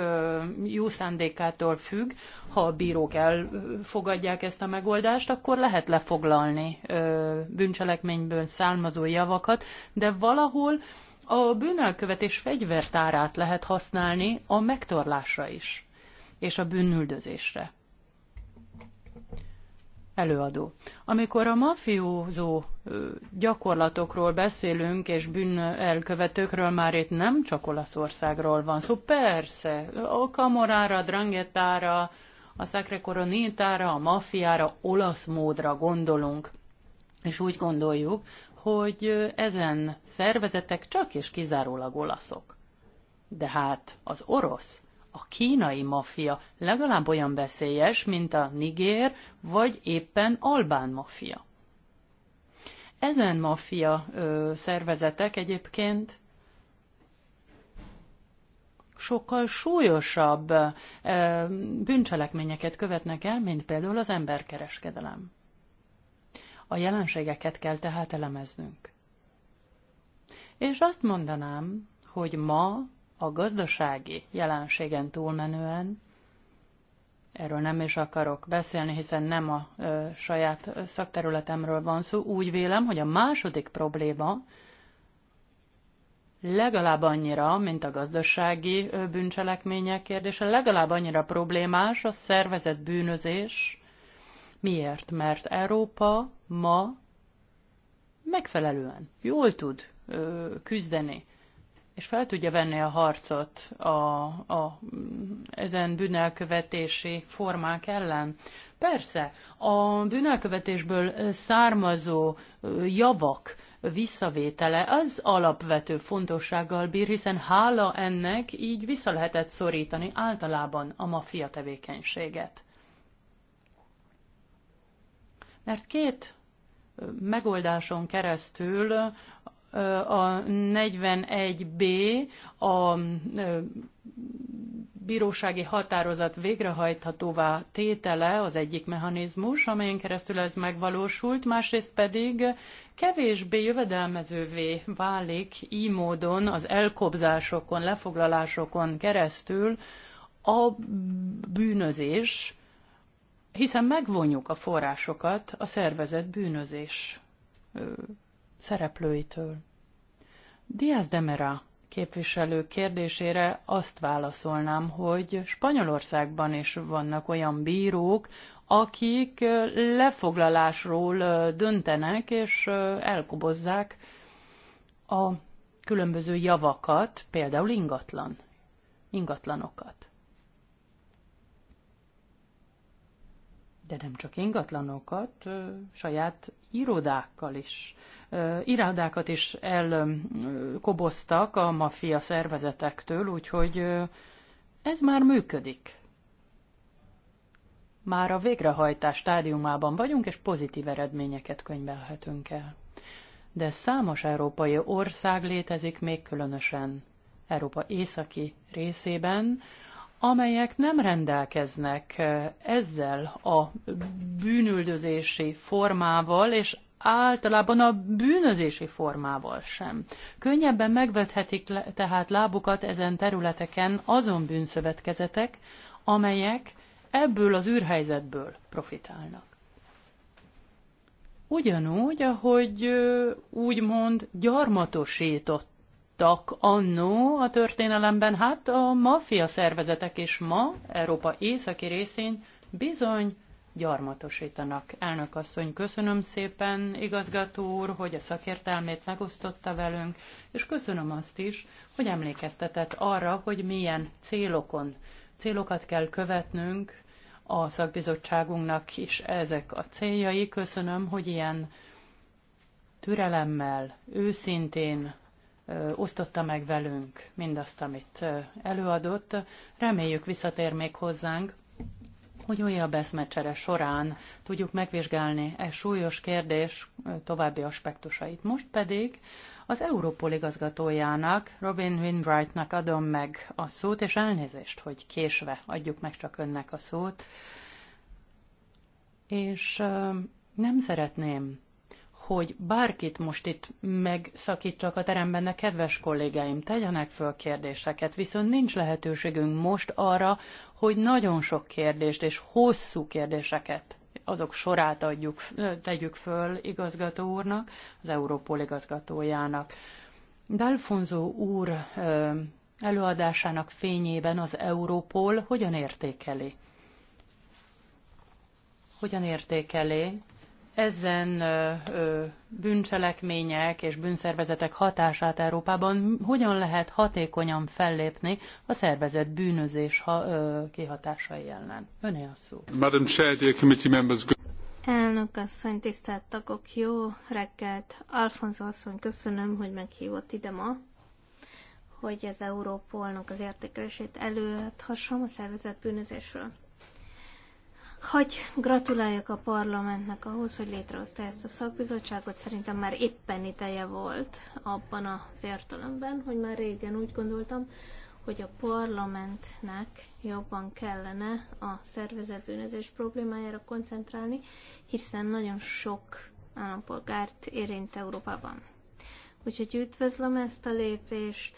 jó szándékától függ. Ha a bírók elfogadják ezt a megoldást, akkor lehet lefoglalni bűncselekményből származó javakat, de valahol a bűnelkövetés fegyvertárát lehet használni a megtorlásra is, és a bűnüldözésre előadó. Amikor a mafiózó gyakorlatokról beszélünk, és bűnelkövetőkről már itt nem csak Olaszországról van szó, persze, a kamorára, drangetára, a Sacre a mafiára, olasz módra gondolunk. És úgy gondoljuk, hogy ezen szervezetek csak és kizárólag olaszok. De hát az orosz a kínai maffia legalább olyan veszélyes, mint a nigér vagy éppen albán maffia. Ezen maffia ö, szervezetek egyébként sokkal súlyosabb ö, bűncselekményeket követnek el, mint például az emberkereskedelem. A jelenségeket kell tehát elemeznünk. És azt mondanám, hogy ma a gazdasági jelenségen túlmenően, erről nem is akarok beszélni, hiszen nem a ö, saját szakterületemről van szó, úgy vélem, hogy a második probléma legalább annyira, mint a gazdasági bűncselekmények kérdése, legalább annyira problémás a szervezett bűnözés. Miért? Mert Európa ma megfelelően jól tud ö, küzdeni és fel tudja venni a harcot a, a, ezen bűnelkövetési formák ellen. Persze, a bűnelkövetésből származó javak visszavétele az alapvető fontossággal bír, hiszen hála ennek így vissza lehetett szorítani általában a maffia tevékenységet. Mert két megoldáson keresztül a 41B a bírósági határozat végrehajthatóvá tétele az egyik mechanizmus, amelyen keresztül ez megvalósult, másrészt pedig kevésbé jövedelmezővé válik így módon az elkobzásokon, lefoglalásokon keresztül a bűnözés, hiszen megvonjuk a forrásokat a szervezet bűnözés szereplőitől. Diaz de Mera képviselő kérdésére azt válaszolnám, hogy Spanyolországban is vannak olyan bírók, akik lefoglalásról döntenek és elkobozzák a különböző javakat, például ingatlan, ingatlanokat. de nem csak ingatlanokat, saját irodákkal is, irodákat is elkoboztak a maffia szervezetektől, úgyhogy ez már működik. Már a végrehajtás stádiumában vagyunk, és pozitív eredményeket könyvelhetünk el. De számos európai ország létezik még különösen Európa északi részében, amelyek nem rendelkeznek eh, ezzel a bűnüldözési formával, és általában a bűnözési formával sem. Könnyebben megvethetik le, tehát lábukat ezen területeken azon bűnszövetkezetek, amelyek ebből az űrhelyzetből profitálnak. Ugyanúgy, ahogy eh, úgymond gyarmatosított voltak annó a történelemben, hát a maffia szervezetek is ma Európa északi részén bizony gyarmatosítanak. Elnök asszony, köszönöm szépen, igazgató úr, hogy a szakértelmét megosztotta velünk, és köszönöm azt is, hogy emlékeztetett arra, hogy milyen célokon, célokat kell követnünk, a szakbizottságunknak is ezek a céljai. Köszönöm, hogy ilyen türelemmel, őszintén osztotta meg velünk mindazt, amit előadott. Reméljük visszatér még hozzánk, hogy újabb eszmecsere során tudjuk megvizsgálni e súlyos kérdés további aspektusait. Most pedig az Európol igazgatójának, Robin Winbrightnak adom meg a szót, és elnézést, hogy késve adjuk meg csak önnek a szót. És nem szeretném hogy bárkit most itt megszakítsak a teremben, de kedves kollégáim, tegyenek föl kérdéseket, viszont nincs lehetőségünk most arra, hogy nagyon sok kérdést és hosszú kérdéseket azok sorát adjuk, tegyük föl igazgató úrnak, az Európol igazgatójának. D'Alfonso úr előadásának fényében az Európol hogyan értékeli? Hogyan értékeli ezen bűncselekmények és bűnszervezetek hatását Európában hogyan lehet hatékonyan fellépni a szervezet bűnözés kihatásai ellen. Öné a szó. Madam Chair, dear committee members, Good. Elnök asszony, tisztelt tagok, jó reggelt! Alfonso asszony, köszönöm, hogy meghívott ide ma, hogy az Európolnak az értékelését előadhassam a szervezet bűnözésről. Hagy gratuláljak a parlamentnek ahhoz, hogy létrehozta ezt a szakbizottságot. Szerintem már éppen ideje volt abban az értelemben, hogy már régen úgy gondoltam, hogy a parlamentnek jobban kellene a szervezetbűnözés problémájára koncentrálni, hiszen nagyon sok állampolgárt érint Európában. Úgyhogy üdvözlöm ezt a lépést,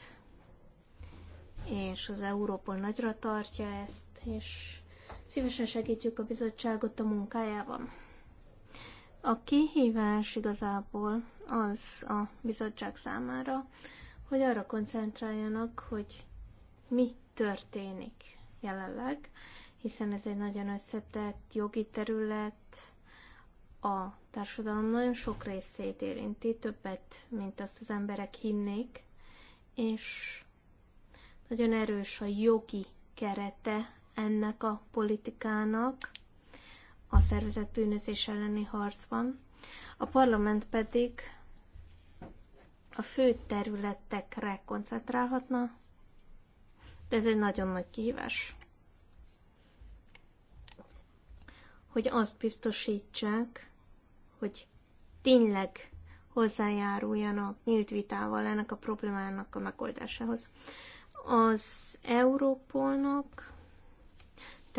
és az Európol nagyra tartja ezt, és Szívesen segítjük a bizottságot a munkájában. A kihívás igazából az a bizottság számára, hogy arra koncentráljanak, hogy mi történik jelenleg, hiszen ez egy nagyon összetett jogi terület, a társadalom nagyon sok részét érinti, többet, mint azt az emberek hinnék, és nagyon erős a jogi kerete ennek a politikának a szervezett bűnözés elleni harcban. A parlament pedig a fő területekre koncentrálhatna, de ez egy nagyon nagy kihívás. Hogy azt biztosítsák, hogy tényleg hozzájáruljanak nyílt vitával ennek a problémának a megoldásához. Az Európolnak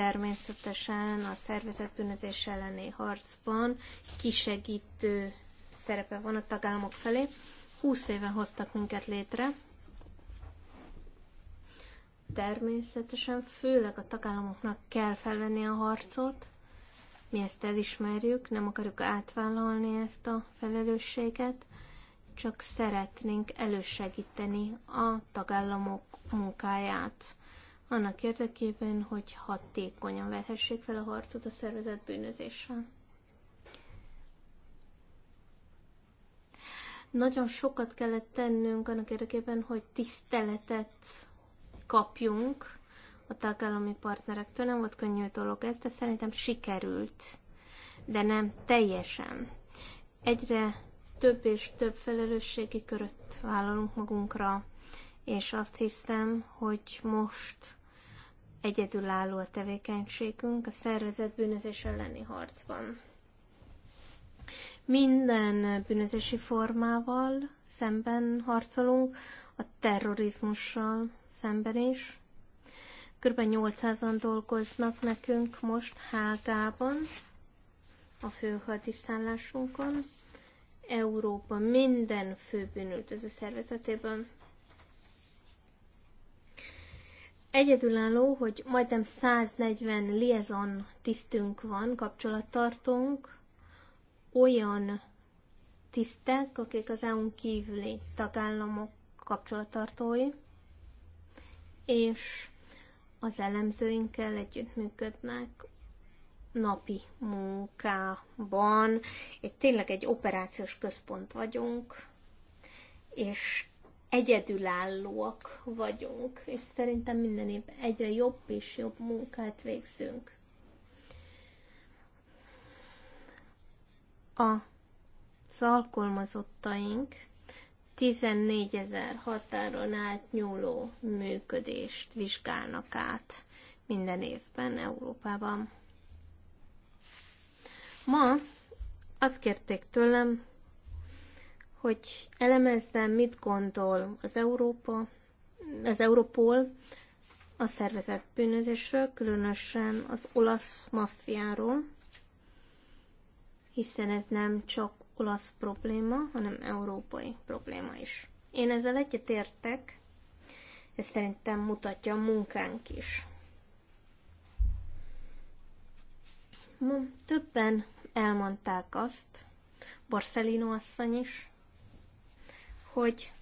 természetesen a szervezett bűnözés elleni harcban kisegítő szerepe van a tagállamok felé. 20 éve hoztak minket létre. Természetesen főleg a tagállamoknak kell felvenni a harcot. Mi ezt elismerjük, nem akarjuk átvállalni ezt a felelősséget, csak szeretnénk elősegíteni a tagállamok munkáját annak érdekében, hogy hatékonyan vehessék fel a harcot a szervezet bűnözéssel. Nagyon sokat kellett tennünk annak érdekében, hogy tiszteletet kapjunk a tagállami partnerektől. Nem volt könnyű dolog ez, de szerintem sikerült, de nem teljesen. Egyre több és több felelősségi köröt vállalunk magunkra, és azt hiszem, hogy most egyedülálló a tevékenységünk a szervezet bűnözés elleni harcban. Minden bűnözési formával szemben harcolunk, a terrorizmussal szemben is. Kb. 800-an dolgoznak nekünk most Hágában, a főhadiszállásunkon. Európa minden főbűnöltöző szervezetében Egyedülálló, hogy majdnem 140 liaison tisztünk van, kapcsolattartunk, olyan tisztek, akik az EU-n kívüli tagállamok kapcsolattartói, és az elemzőinkkel együttműködnek napi munkában. Egy, tényleg egy operációs központ vagyunk, és egyedülállóak vagyunk, és szerintem minden évben egyre jobb és jobb munkát végzünk. A alkalmazottaink 14 ezer határon átnyúló működést vizsgálnak át minden évben Európában. Ma azt kérték tőlem, hogy elemezzem, mit gondol az Európa, az Europol a szervezett bűnözésről, különösen az olasz maffiáról, hiszen ez nem csak olasz probléma, hanem európai probléma is. Én ezzel egyetértek, ez szerintem mutatja a munkánk is. többen elmondták azt, Borsellino asszony is, hogy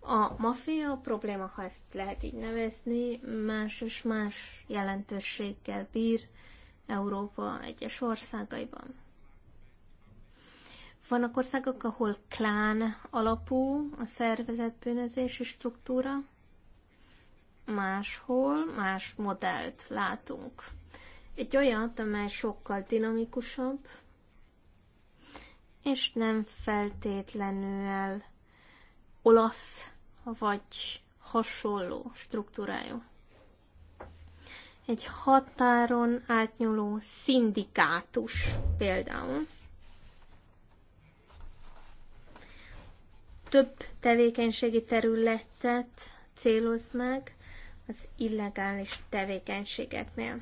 a mafia probléma, ha ezt lehet így nevezni, más és más jelentőséggel bír Európa egyes országaiban. Vannak országok, ahol klán alapú a szervezett bűnözési struktúra, máshol más modellt látunk. Egy olyat, amely sokkal dinamikusabb, és nem feltétlenül olasz vagy hasonló struktúrájú. Egy határon átnyúló szindikátus például. Több tevékenységi területet céloz meg az illegális tevékenységeknél.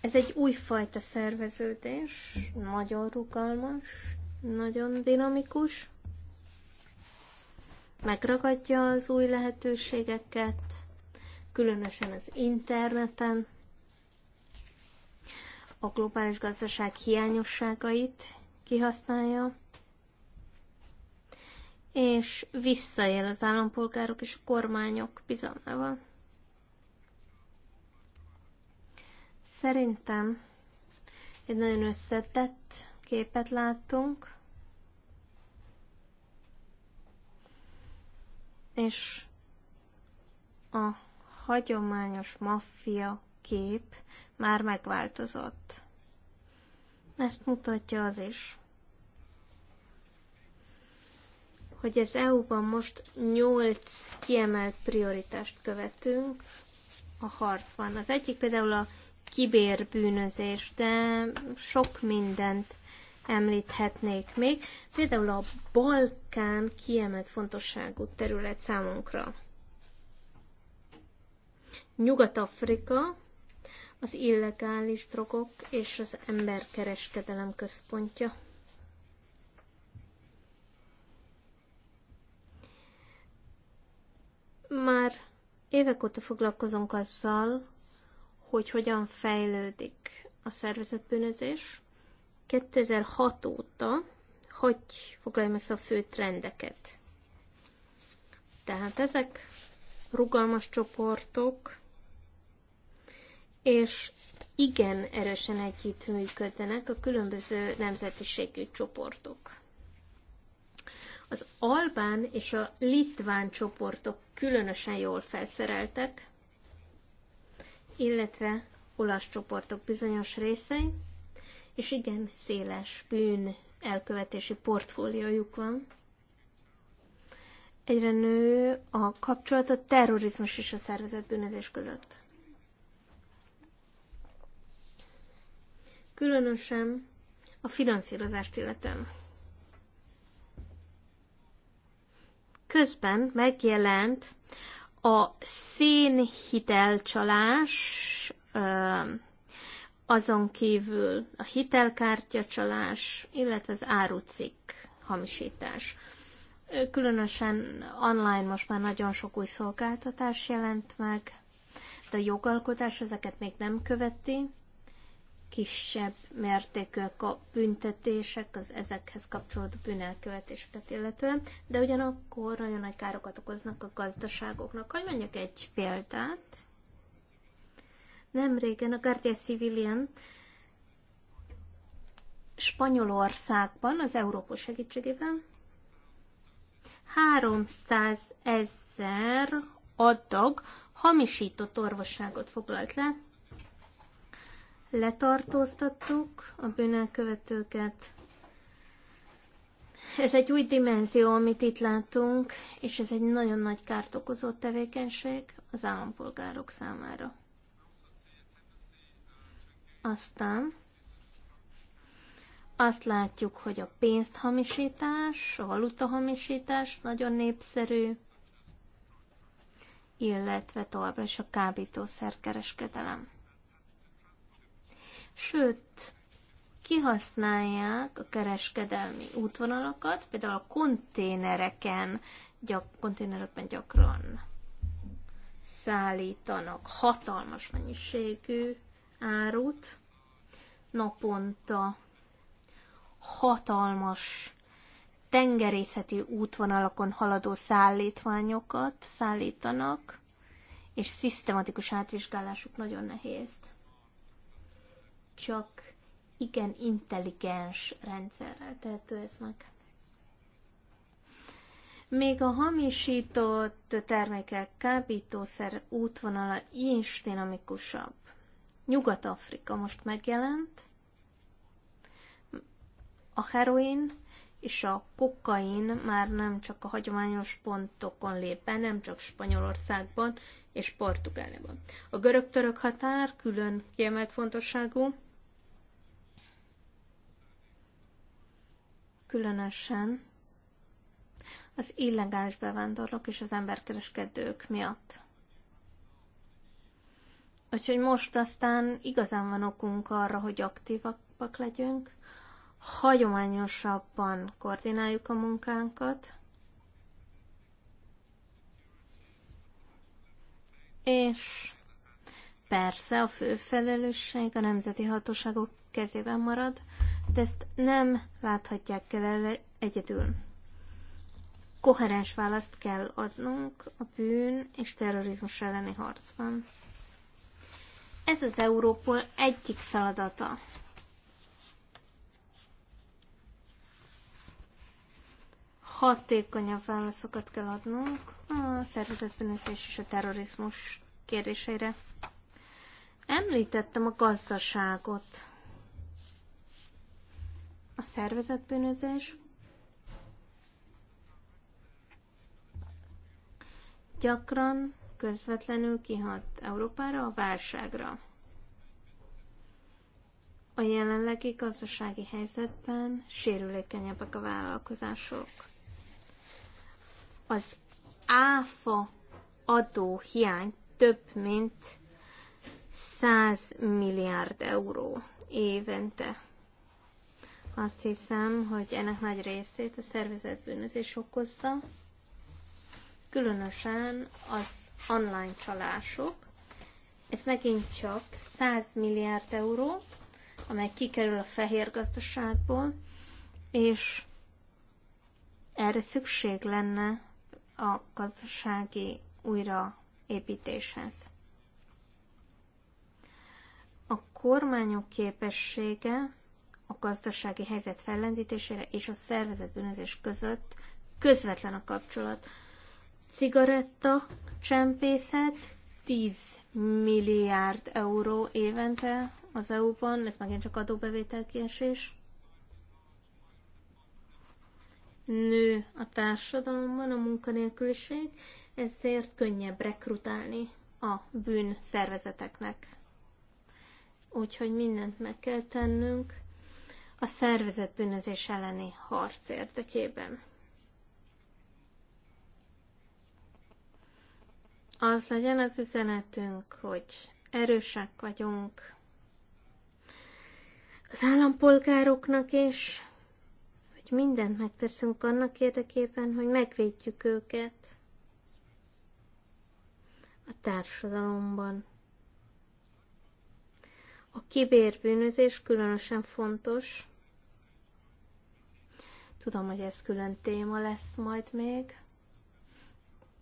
Ez egy újfajta szerveződés, nagyon rugalmas, nagyon dinamikus, megragadja az új lehetőségeket, különösen az interneten, a globális gazdaság hiányosságait kihasználja, és visszaél az állampolgárok és a kormányok bizalmával. Szerintem egy nagyon összetett képet láttunk, és a hagyományos maffia kép már megváltozott. Ezt mutatja az is, hogy az EU-ban most nyolc kiemelt prioritást követünk a harcban. Az egyik például a kibérbűnözés, de sok mindent említhetnék még, például a Balkán kiemelt fontosságú terület számunkra. Nyugat-Afrika, az illegális drogok és az emberkereskedelem központja. Már évek óta foglalkozunk azzal, hogy hogyan fejlődik a szervezetbűnözés, 2006 óta hogy foglaljam össze a fő trendeket. Tehát ezek rugalmas csoportok, és igen erősen együttműködnek a különböző nemzetiségű csoportok. Az albán és a litván csoportok különösen jól felszereltek, illetve olasz csoportok bizonyos részei, és igen széles bűn elkövetési portfóliójuk van. Egyre nő a kapcsolat a terrorizmus és a szervezett bűnözés között. Különösen a finanszírozást illetően. Közben megjelent a szénhitelcsalás azon kívül a hitelkártyacsalás, illetve az árucikk hamisítás. Különösen online most már nagyon sok új szolgáltatás jelent meg, de a jogalkotás ezeket még nem követi. Kisebb mértékűek a büntetések, az ezekhez kapcsolódó bűnelkövetéseket illetően, de ugyanakkor nagyon nagy károkat okoznak a gazdaságoknak. Hogy mondjak egy példát, nem régen a Guardia Civilian Spanyolországban az Európa segítségével 300 ezer adag hamisított orvosságot foglalt le. Letartóztattuk a bűnelkövetőket. Ez egy új dimenzió, amit itt látunk, és ez egy nagyon nagy kárt okozó tevékenység az állampolgárok számára. Aztán azt látjuk, hogy a pénzthamisítás, a valutahamisítás nagyon népszerű, illetve továbbra is a kábítószerkereskedelem. Sőt, kihasználják a kereskedelmi útvonalakat, például a konténereken, gyak, konténerekben gyakran szállítanak hatalmas mennyiségű árut naponta hatalmas tengerészeti útvonalakon haladó szállítványokat szállítanak, és szisztematikus átvizsgálásuk nagyon nehéz. Csak igen intelligens rendszerrel tehető ez meg. Még a hamisított termékek kábítószer útvonala is dinamikusabb. Nyugat-Afrika most megjelent, a heroin és a kokain már nem csak a hagyományos pontokon lép be, nem csak Spanyolországban és Portugáliában. A görög-török határ külön kiemelt fontosságú, különösen az illegális bevándorlók és az emberkereskedők miatt. Úgyhogy most aztán igazán van okunk arra, hogy aktívabbak legyünk, hagyományosabban koordináljuk a munkánkat, és persze a fő felelősség a nemzeti hatóságok kezében marad, de ezt nem láthatják el egyedül. Koherens választ kell adnunk a bűn és terrorizmus elleni harcban. Ez az Európol egyik feladata. Hatékonyabb válaszokat kell adnunk a szervezetbűnözés és a terrorizmus kérdéseire. Említettem a gazdaságot. A szervezetbűnözés gyakran közvetlenül kihat Európára, a válságra. A jelenlegi gazdasági helyzetben sérülékenyebbek a vállalkozások. Az áfa adó hiány több mint 100 milliárd euró évente. Azt hiszem, hogy ennek nagy részét a szervezetbűnözés okozza, különösen az online csalások. Ez megint csak 100 milliárd euró, amely kikerül a fehér gazdaságból, és erre szükség lenne a gazdasági újraépítéshez. A kormányok képessége a gazdasági helyzet fellendítésére és a szervezett bűnözés között közvetlen a kapcsolat cigaretta csempészet 10 milliárd euró évente az EU-ban, ez megint csak adóbevételkiesés. Nő a társadalomban a munkanélküliség, ezért könnyebb rekrutálni a bűn szervezeteknek. Úgyhogy mindent meg kell tennünk a szervezetbűnözés bűnözés elleni harc érdekében. az legyen az üzenetünk, hogy erősek vagyunk az állampolgároknak is, hogy mindent megteszünk annak érdekében, hogy megvédjük őket a társadalomban. A kibérbűnözés különösen fontos. Tudom, hogy ez külön téma lesz majd még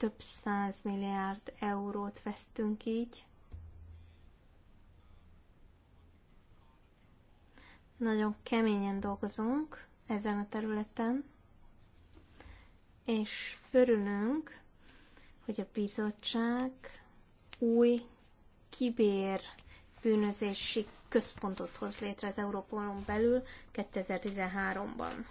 több száz milliárd eurót vesztünk így. Nagyon keményen dolgozunk ezen a területen, és örülünk, hogy a bizottság új kibér bűnözési központot hoz létre az Európolon belül 2013-ban.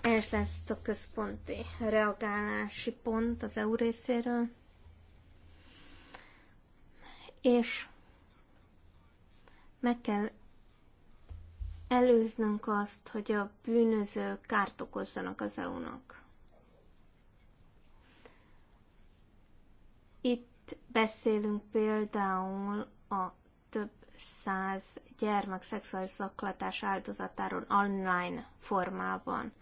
Ez lesz a központi reagálási pont az EU részéről. És meg kell előznünk azt, hogy a bűnözők kárt okozzanak az EU-nak. Itt beszélünk például a több száz gyermek szexuális zaklatás áldozatáról online formában.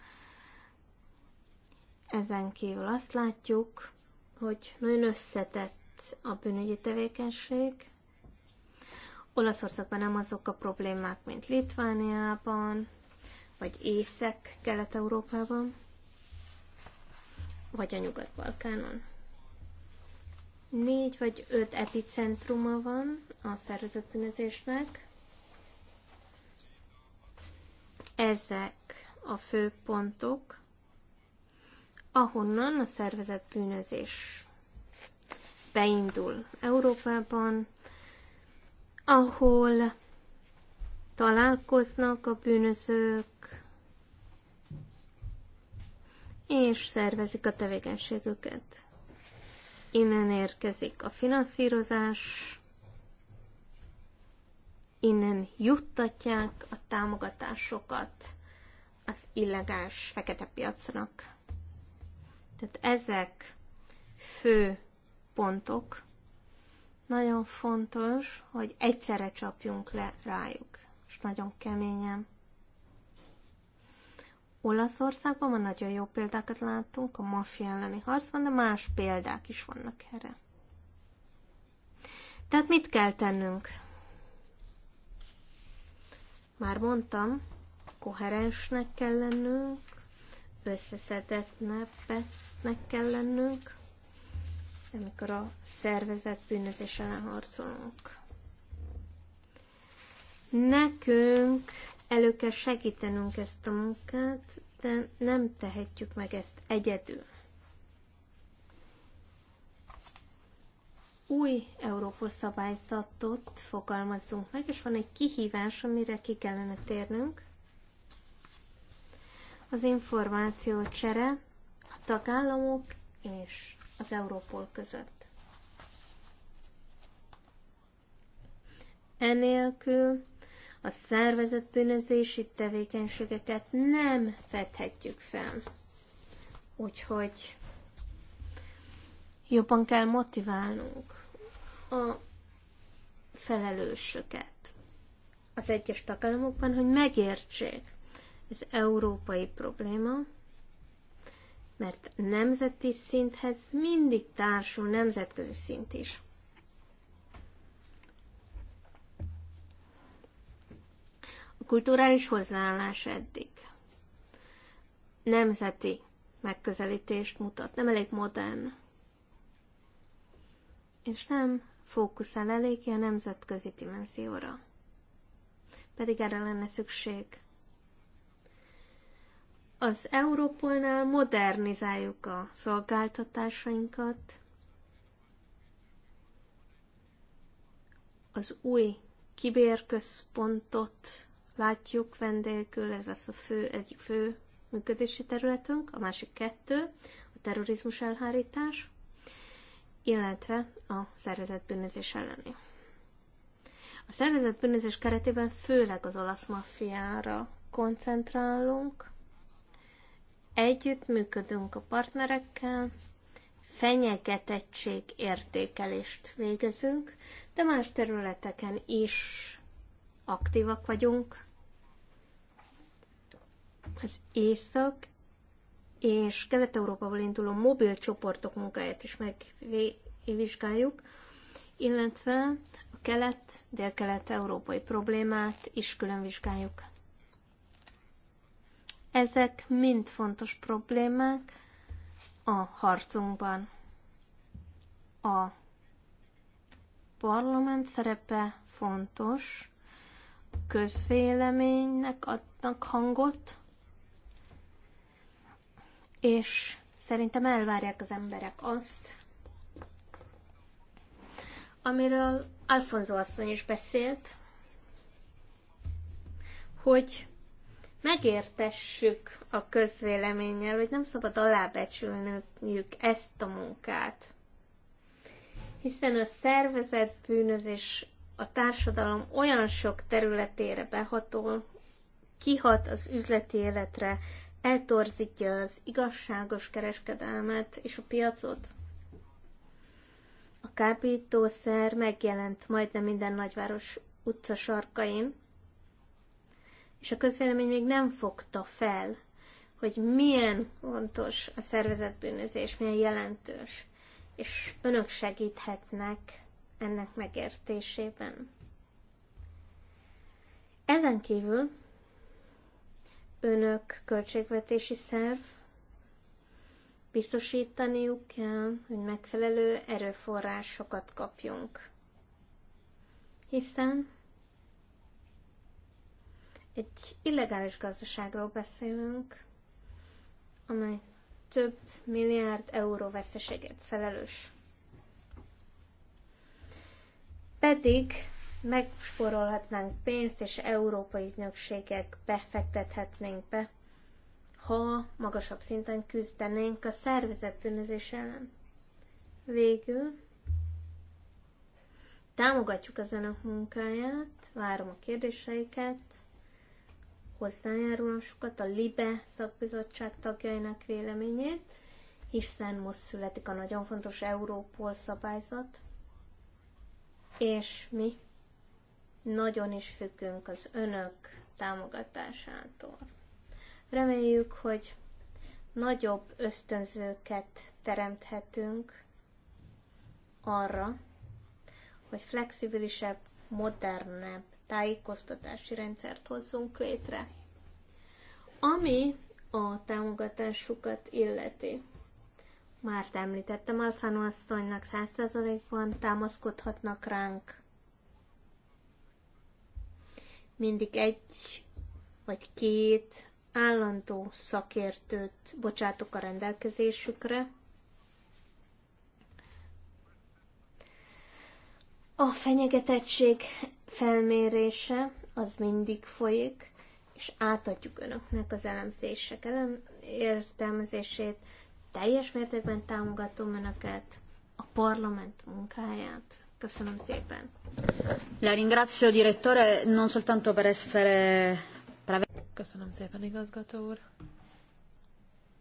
Ezen kívül azt látjuk, hogy nagyon összetett a bűnügyi tevékenység. Olaszországban nem azok a problémák, mint Litvániában, vagy Észak-Kelet-Európában, vagy a Nyugat-Balkánon. Négy vagy öt epicentruma van a szervezett bűnözésnek. Ezek a fő pontok, ahonnan a szervezett bűnözés beindul Európában, ahol találkoznak a bűnözők, és szervezik a tevékenységüket. Innen érkezik a finanszírozás, innen juttatják a támogatásokat az illegális fekete piacnak. Tehát ezek fő pontok. Nagyon fontos, hogy egyszerre csapjunk le rájuk, és nagyon keményen. Olaszországban van nagyon jó példákat láttunk a maffia elleni harcban, de más példák is vannak erre. Tehát mit kell tennünk? Már mondtam, koherensnek kell lennünk, összeszedettnek kell lennünk, amikor a szervezet bűnözés ellen harcolunk. Nekünk elő kell segítenünk ezt a munkát, de nem tehetjük meg ezt egyedül. Új Európos szabályzatot fogalmazzunk meg, és van egy kihívás, amire ki kellene térnünk, az információ csere a tagállamok és az Európol között. Enélkül a szervezett bűnözési tevékenységeket nem fedhetjük fel. Úgyhogy jobban kell motiválnunk a felelősöket az egyes tagállamokban, hogy megértsék, ez európai probléma, mert nemzeti szinthez mindig társul nemzetközi szint is. A kulturális hozzáállás eddig nemzeti megközelítést mutat, nem elég modern, és nem fókuszál eléggé a nemzetközi dimenzióra. Pedig erre lenne szükség. Az Európolnál modernizáljuk a szolgáltatásainkat, az új kibérközpontot látjuk vendégül, ez az a fő, egy fő működési területünk, a másik kettő, a terrorizmus elhárítás, illetve a szervezetbűnözés elleni. A szervezetbűnözés keretében főleg az olasz maffiára koncentrálunk, Együttműködünk a partnerekkel, fenyegetettség értékelést végezünk, de más területeken is aktívak vagyunk. Az Észak és Kelet-Európából induló mobil csoportok munkáját is megvizsgáljuk, illetve a kelet-dél-kelet-európai problémát is külön vizsgáljuk. Ezek mind fontos problémák a harcunkban. A parlament szerepe fontos, közvéleménynek adnak hangot, és szerintem elvárják az emberek azt, amiről Alfonso asszony is beszélt, hogy megértessük a közvéleménnyel, hogy nem szabad alábecsülniük ezt a munkát. Hiszen a szervezett bűnözés a társadalom olyan sok területére behatol, kihat az üzleti életre, eltorzítja az igazságos kereskedelmet és a piacot. A kábítószer megjelent majdnem minden nagyváros utca sarkain, és a közvélemény még nem fogta fel, hogy milyen fontos a szervezetbűnözés, milyen jelentős, és önök segíthetnek ennek megértésében. Ezen kívül önök költségvetési szerv, biztosítaniuk kell, hogy megfelelő erőforrásokat kapjunk. Hiszen egy illegális gazdaságról beszélünk, amely több milliárd euró veszteséget felelős. Pedig megsporolhatnánk pénzt, és európai ügynökségek befektethetnénk be, ha magasabb szinten küzdenénk a szervezett bűnözés ellen. Végül támogatjuk az önök munkáját, várom a kérdéseiket, hozzájárulásukat, a LIBE szakbizottság tagjainak véleményét, hiszen most születik a nagyon fontos Európol szabályzat, és mi nagyon is függünk az önök támogatásától. Reméljük, hogy nagyobb ösztönzőket teremthetünk arra, hogy flexibilisebb, modernebb tájékoztatási rendszert hozzunk létre. Ami a támogatásukat illeti. Már említettem, Alfano asszonynak 100%-ban támaszkodhatnak ránk. Mindig egy vagy két állandó szakértőt bocsátok a rendelkezésükre. A fenyegetettség felmérése az mindig folyik, és átadjuk önöknek az elemzések elem értelmezését. Teljes mértékben támogatom önöket, a parlament munkáját. Köszönöm szépen. La ringrazio direttore non soltanto per essere Köszönöm szépen, igazgató úr.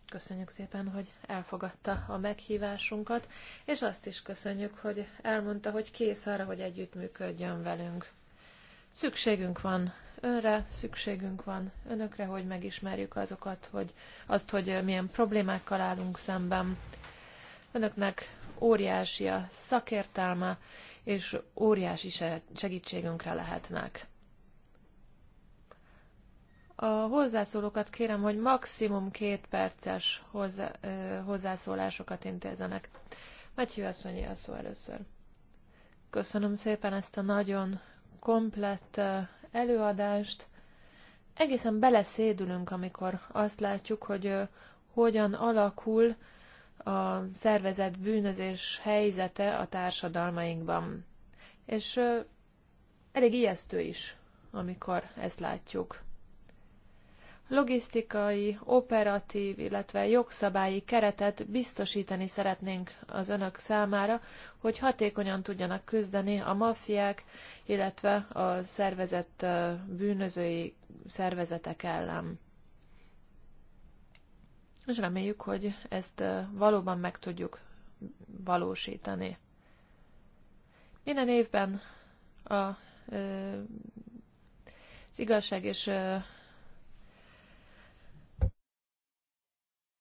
Köszönjük szépen, hogy elfogadta a meghívásunkat, és azt is köszönjük, hogy elmondta, hogy kész arra, hogy együttműködjön velünk. Szükségünk van önre, szükségünk van önökre, hogy megismerjük azokat, hogy azt, hogy milyen problémákkal állunk szemben. Önöknek óriási a szakértelme, és óriási segítségünkre lehetnek. A hozzászólókat kérem, hogy maximum két perces hozzá, hozzászólásokat intézzenek. Matthew asszonyi a szó először. Köszönöm szépen ezt a nagyon komplett előadást. Egészen beleszédülünk, amikor azt látjuk, hogy hogyan alakul a szervezet bűnözés helyzete a társadalmainkban. És elég ijesztő is, amikor ezt látjuk logisztikai, operatív, illetve jogszabályi keretet biztosítani szeretnénk az önök számára, hogy hatékonyan tudjanak küzdeni a maffiák, illetve a szervezett bűnözői szervezetek ellen. És reméljük, hogy ezt valóban meg tudjuk valósítani. Minden évben a, az igazság és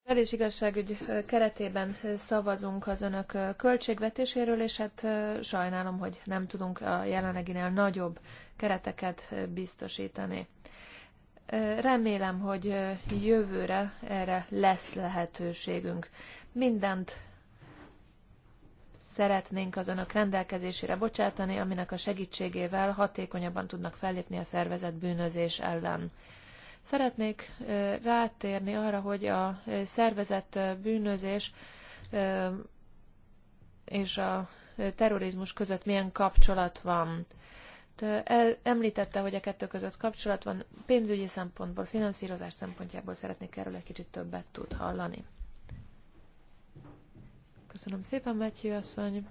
bel- és igazságügy keretében szavazunk az önök költségvetéséről, és hát sajnálom, hogy nem tudunk a jelenleginél nagyobb kereteket biztosítani. Remélem, hogy jövőre erre lesz lehetőségünk. Mindent szeretnénk az önök rendelkezésére bocsátani, aminek a segítségével hatékonyabban tudnak fellépni a szervezet bűnözés ellen. Szeretnék rátérni arra, hogy a szervezett bűnözés és a terrorizmus között milyen kapcsolat van. E, említette, hogy a kettő között kapcsolat van. Pénzügyi szempontból, finanszírozás szempontjából szeretnék erről egy kicsit többet tud hallani. Köszönöm szépen, Matthew asszony.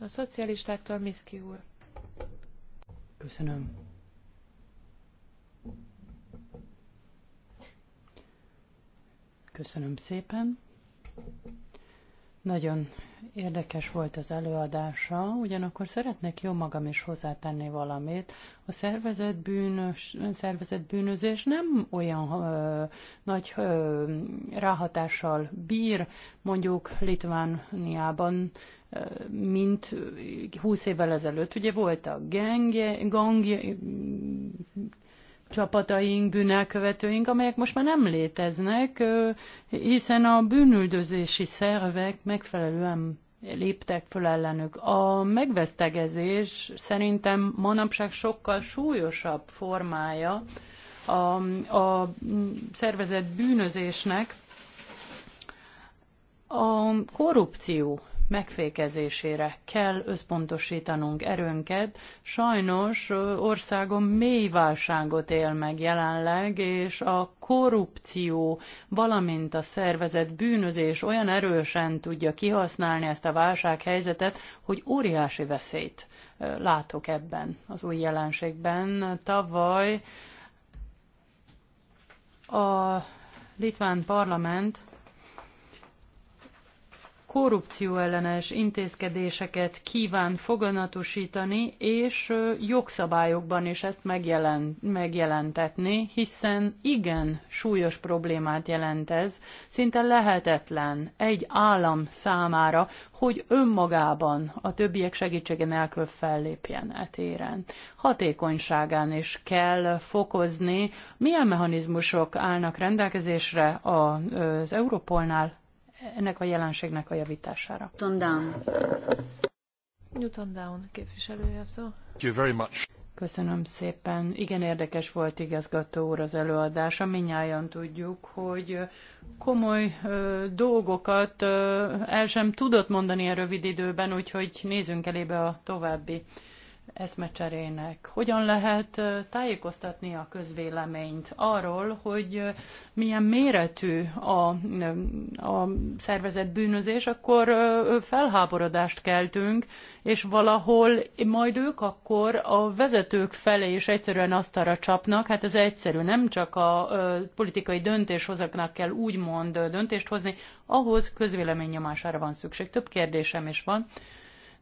A szocialistáktól Miszki úr. Köszönöm. Köszönöm szépen. Nagyon érdekes volt az előadása, ugyanakkor szeretnék jó magam is hozzátenni valamit. A szervezetbűnös, bűnözés nem olyan ö, nagy ö, ráhatással bír, mondjuk Litvániában, ö, mint húsz évvel ezelőtt. Ugye volt a gang, gang csapataink, bűnelkövetőink, amelyek most már nem léteznek, hiszen a bűnüldözési szervek megfelelően léptek föl ellenük. A megvesztegezés szerintem manapság sokkal súlyosabb formája a, a szervezett bűnözésnek, a korrupció megfékezésére kell összpontosítanunk erőnket. Sajnos országon mély válságot él meg jelenleg, és a korrupció, valamint a szervezet bűnözés olyan erősen tudja kihasználni ezt a válsághelyzetet, hogy óriási veszélyt látok ebben az új jelenségben. Tavaly a litván parlament korrupcióellenes intézkedéseket kíván foganatosítani, és jogszabályokban is ezt megjelentetni, hiszen igen súlyos problémát jelent ez, szinte lehetetlen egy állam számára, hogy önmagában a többiek segítsége nélkül fellépjen e téren. Hatékonyságán is kell fokozni, milyen mechanizmusok állnak rendelkezésre az Europolnál, ennek a jelenségnek a javítására. Newton Down. Newton Down képviselője szó. Thank you very much. Köszönöm szépen. Igen érdekes volt igazgató úr az előadása. Minnyáján tudjuk, hogy komoly ö, dolgokat ö, el sem tudott mondani a rövid időben, úgyhogy nézzünk elébe a további eszmecserének. Hogyan lehet tájékoztatni a közvéleményt arról, hogy milyen méretű a, a szervezett bűnözés, akkor felháborodást keltünk, és valahol majd ők akkor a vezetők felé is egyszerűen azt arra csapnak. Hát ez egyszerű, nem csak a politikai döntéshozaknak kell úgymond döntést hozni, ahhoz közvélemény nyomására van szükség. Több kérdésem is van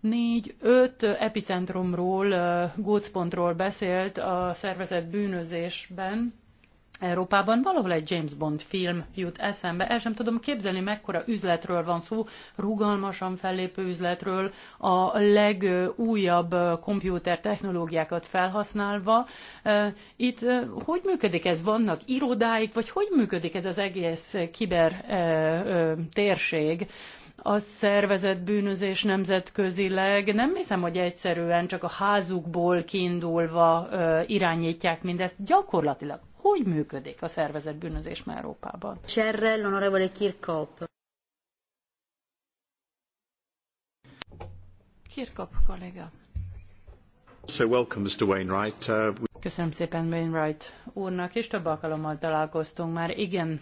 négy-öt epicentrumról, gócpontról beszélt a szervezet bűnözésben, Európában valahol egy James Bond film jut eszembe. El sem tudom képzelni, mekkora üzletről van szó, rugalmasan fellépő üzletről, a legújabb komputer technológiákat felhasználva. Itt hogy működik ez? Vannak irodáik, vagy hogy működik ez az egész kiber térség? a szervezett bűnözés nemzetközileg nem hiszem, hogy egyszerűen csak a házukból kiindulva ö, irányítják mindezt. Gyakorlatilag hogy működik a szervezett bűnözés már Európában? Serrel, onorevole Kirkop. Kirkop kolléga. Uh, Köszönöm szépen Wainwright úrnak, és több alkalommal találkoztunk már. Igen,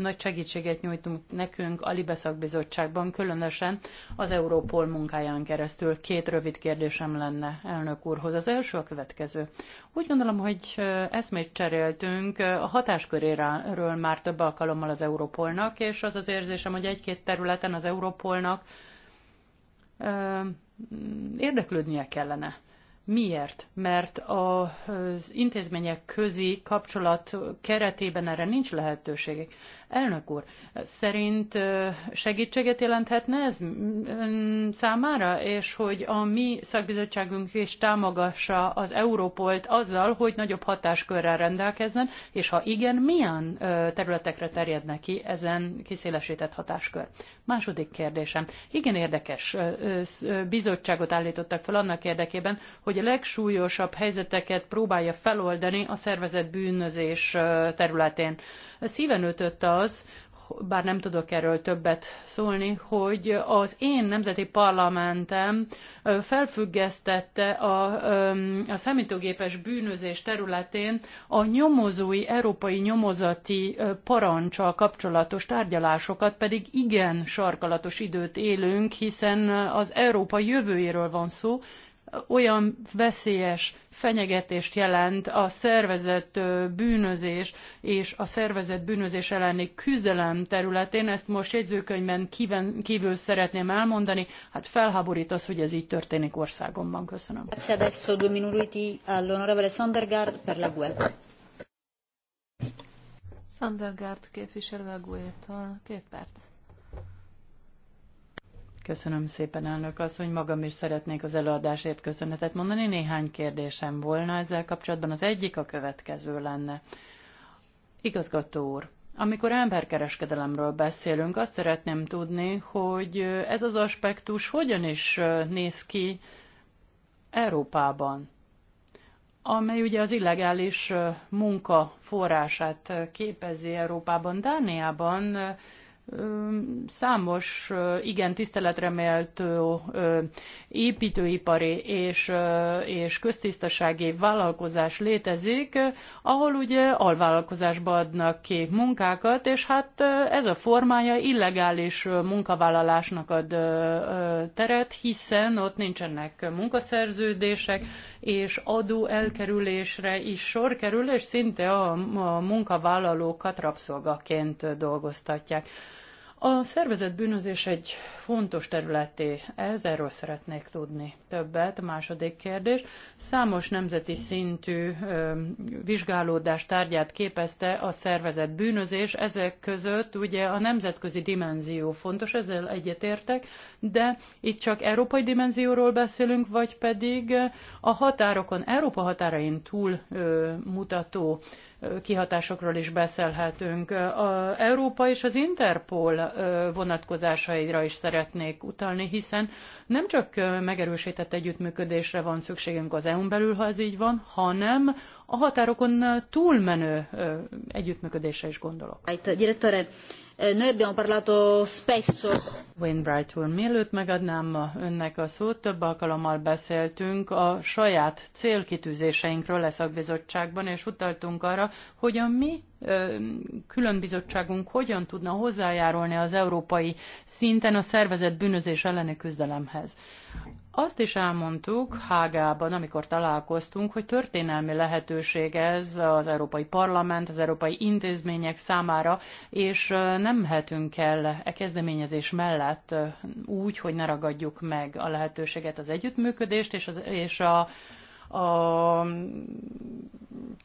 nagy segítséget nyújtunk nekünk a Libeszak Bizottságban, különösen az Európol munkáján keresztül. Két rövid kérdésem lenne elnök úrhoz. Az első a következő. Úgy gondolom, hogy eszmét cseréltünk a hatásköréről már több alkalommal az Európolnak, és az az érzésem, hogy egy-két területen az Európolnak érdeklődnie kellene Miért? Mert az intézmények közi kapcsolat keretében erre nincs lehetőség. Elnök úr, szerint segítséget jelenthetne ez ön számára, és hogy a mi szakbizottságunk is támogassa az Európolt azzal, hogy nagyobb hatáskörrel rendelkezzen, és ha igen, milyen területekre terjedne ki ezen kiszélesített hatáskör? Második kérdésem. Igen érdekes bizottságot állítottak fel annak érdekében, hogy a legsúlyosabb helyzeteket próbálja feloldani a szervezet bűnözés területén. Szíven ötött a az, bár nem tudok erről többet szólni, hogy az én nemzeti parlamentem felfüggesztette a, a számítógépes bűnözés területén a nyomozói, európai nyomozati parancsal kapcsolatos tárgyalásokat, pedig igen sarkalatos időt élünk, hiszen az Európa jövőjéről van szó, olyan veszélyes fenyegetést jelent a szervezett bűnözés és a szervezett bűnözés elleni küzdelem területén. Ezt most jegyzőkönyvben kívül szeretném elmondani. Hát felháborít az, hogy ez így történik országomban. Köszönöm. Sandergaard e. képviselő a Két perc. Köszönöm szépen, elnök hogy Magam is szeretnék az előadásért köszönetet mondani. Néhány kérdésem volna ezzel kapcsolatban. Az egyik a következő lenne. Igazgató úr, amikor emberkereskedelemről beszélünk, azt szeretném tudni, hogy ez az aspektus hogyan is néz ki Európában, amely ugye az illegális munka forrását képezi Európában. Dániában számos igen tiszteletre méltó építőipari és, és köztisztasági vállalkozás létezik, ahol ugye alvállalkozásba adnak ki munkákat, és hát ez a formája illegális munkavállalásnak ad teret, hiszen ott nincsenek munkaszerződések, és adó elkerülésre is sor kerül, és szinte a, a munkavállalókat rabszolgaként dolgoztatják. A szervezett bűnözés egy fontos területé, ez erről szeretnék tudni többet. A második kérdés. Számos nemzeti szintű ö, vizsgálódás tárgyát képezte a szervezett bűnözés. Ezek között ugye a nemzetközi dimenzió fontos, ezzel egyetértek, de itt csak európai dimenzióról beszélünk, vagy pedig a határokon, Európa határain túl ö, mutató kihatásokról is beszélhetünk. A Európa és az Interpol vonatkozásaira is szeretnék utalni, hiszen nem csak megerősített együttműködésre van szükségünk az EU-n belül, ha ez így van, hanem a határokon túlmenő együttműködésre is gondolok. Itt, direttore, Eh, noi abbiamo parlato spesso. úr, mielőtt megadnám önnek a szót, több alkalommal beszéltünk a saját célkitűzéseinkről a szakbizottságban, és utaltunk arra, hogy a mi külön bizottságunk hogyan tudna hozzájárulni az európai szinten a szervezett bűnözés elleni küzdelemhez. Azt is elmondtuk Hágában, amikor találkoztunk, hogy történelmi lehetőség ez az Európai Parlament, az európai intézmények számára, és nem hetünk el e kezdeményezés mellett úgy, hogy ne ragadjuk meg a lehetőséget, az együttműködést és, az, és a, a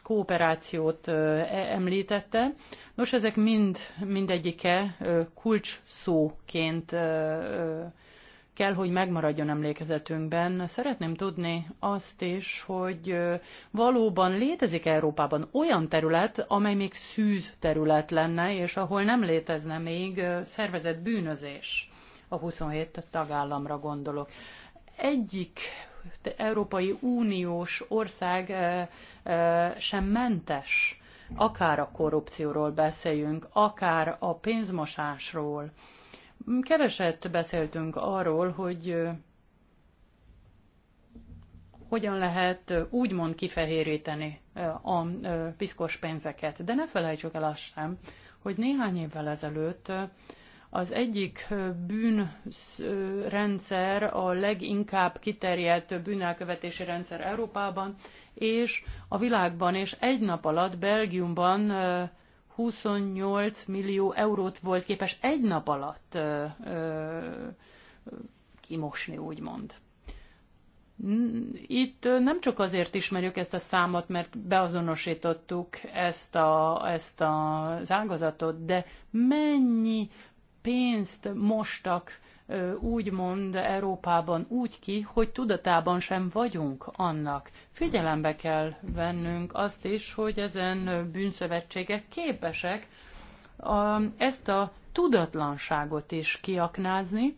kooperációt e, említette. Nos, ezek mind mindegyike kulcs szóként kell, hogy megmaradjon emlékezetünkben. Szeretném tudni azt is, hogy valóban létezik Európában olyan terület, amely még szűz terület lenne, és ahol nem létezne még szervezett bűnözés. A 27 tagállamra gondolok. Egyik Európai Uniós ország sem mentes akár a korrupcióról beszéljünk, akár a pénzmosásról, Keveset beszéltünk arról, hogy hogyan lehet úgymond kifehéríteni a piszkos pénzeket. De ne felejtsük el azt sem, hogy néhány évvel ezelőtt az egyik bűnrendszer a leginkább kiterjedt bűnelkövetési rendszer Európában és a világban, és egy nap alatt Belgiumban 28 millió eurót volt képes egy nap alatt ö, ö, kimosni, úgymond. Itt nem csak azért ismerjük ezt a számot, mert beazonosítottuk ezt, a, ezt az ágazatot, de mennyi pénzt mostak úgymond Európában úgy ki, hogy tudatában sem vagyunk annak. Figyelembe kell vennünk azt is, hogy ezen bűnszövetségek képesek ezt a tudatlanságot is kiaknázni,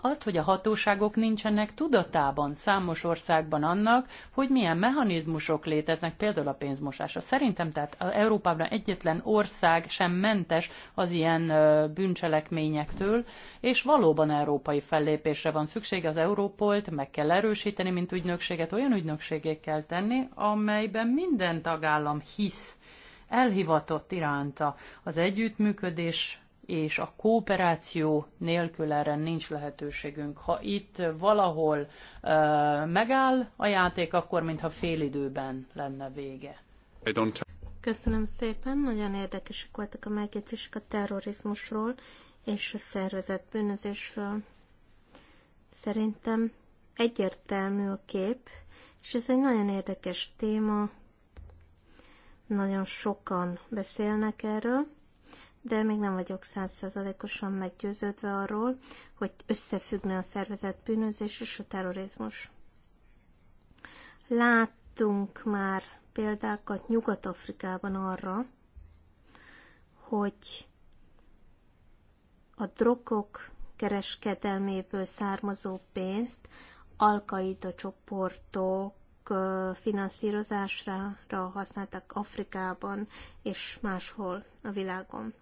az, hogy a hatóságok nincsenek tudatában számos országban annak, hogy milyen mechanizmusok léteznek, például a pénzmosása. Szerintem tehát Európában egyetlen ország sem mentes az ilyen bűncselekményektől, és valóban európai fellépésre van szükség az Európolt, meg kell erősíteni, mint ügynökséget, olyan ügynökségét kell tenni, amelyben minden tagállam hisz elhivatott iránta az együttműködés és a kooperáció nélkül erre nincs lehetőségünk. Ha itt valahol uh, megáll a játék, akkor mintha időben lenne vége. Köszönöm szépen, nagyon érdekesek voltak a megjegyzések a terrorizmusról és a szervezett bűnözésről. Szerintem egyértelmű a kép, és ez egy nagyon érdekes téma. Nagyon sokan beszélnek erről de még nem vagyok százszerzalékosan meggyőződve arról, hogy összefüggne a szervezett bűnözés és a terrorizmus. Láttunk már példákat Nyugat-Afrikában arra, hogy a drogok kereskedelméből származó pénzt alkaida csoportok finanszírozására használtak Afrikában és máshol a világon.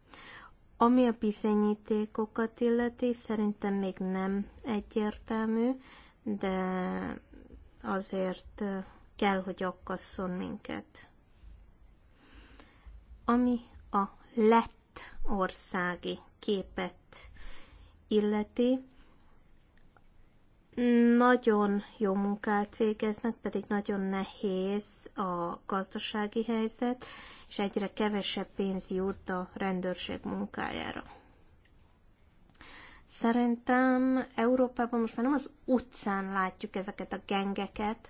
Ami a bizonyítékokat illeti, szerintem még nem egyértelmű, de azért kell, hogy akasszon minket. Ami a lett országi képet illeti, nagyon jó munkát végeznek, pedig nagyon nehéz a gazdasági helyzet, és egyre kevesebb pénz jut a rendőrség munkájára. Szerintem Európában most már nem az utcán látjuk ezeket a gengeket,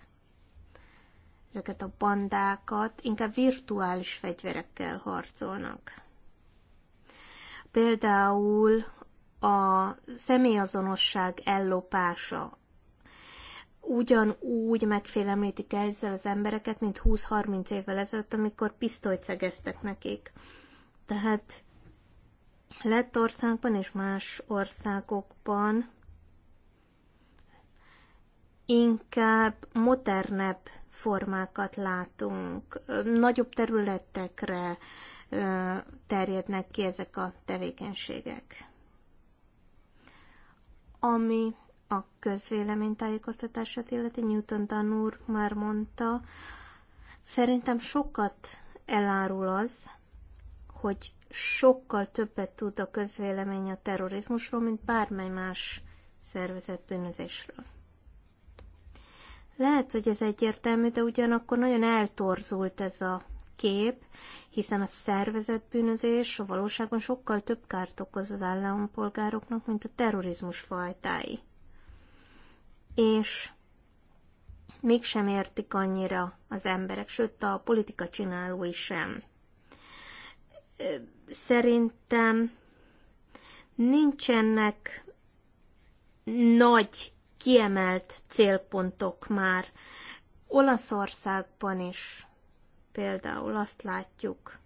ezeket a bandákat, inkább virtuális fegyverekkel harcolnak. Például a személyazonosság ellopása ugyanúgy megfélemlítik ezzel az embereket, mint 20-30 évvel ezelőtt, amikor pisztolyt szegeztek nekik. Tehát Lettországban és más országokban inkább modernebb formákat látunk, nagyobb területekre terjednek ki ezek a tevékenységek. Ami a közvéleménytájékoztatását illeti, Newton tanúr már mondta, szerintem sokat elárul az, hogy sokkal többet tud a közvélemény a terrorizmusról, mint bármely más szervezett bűnözésről. Lehet, hogy ez egyértelmű, de ugyanakkor nagyon eltorzult ez a kép, hiszen a bűnözés a valóságban sokkal több kárt okoz az állampolgároknak, mint a terrorizmus fajtái. És mégsem értik annyira az emberek, sőt a politika csinálói sem. Szerintem nincsenek nagy kiemelt célpontok már Olaszországban is például azt látjuk,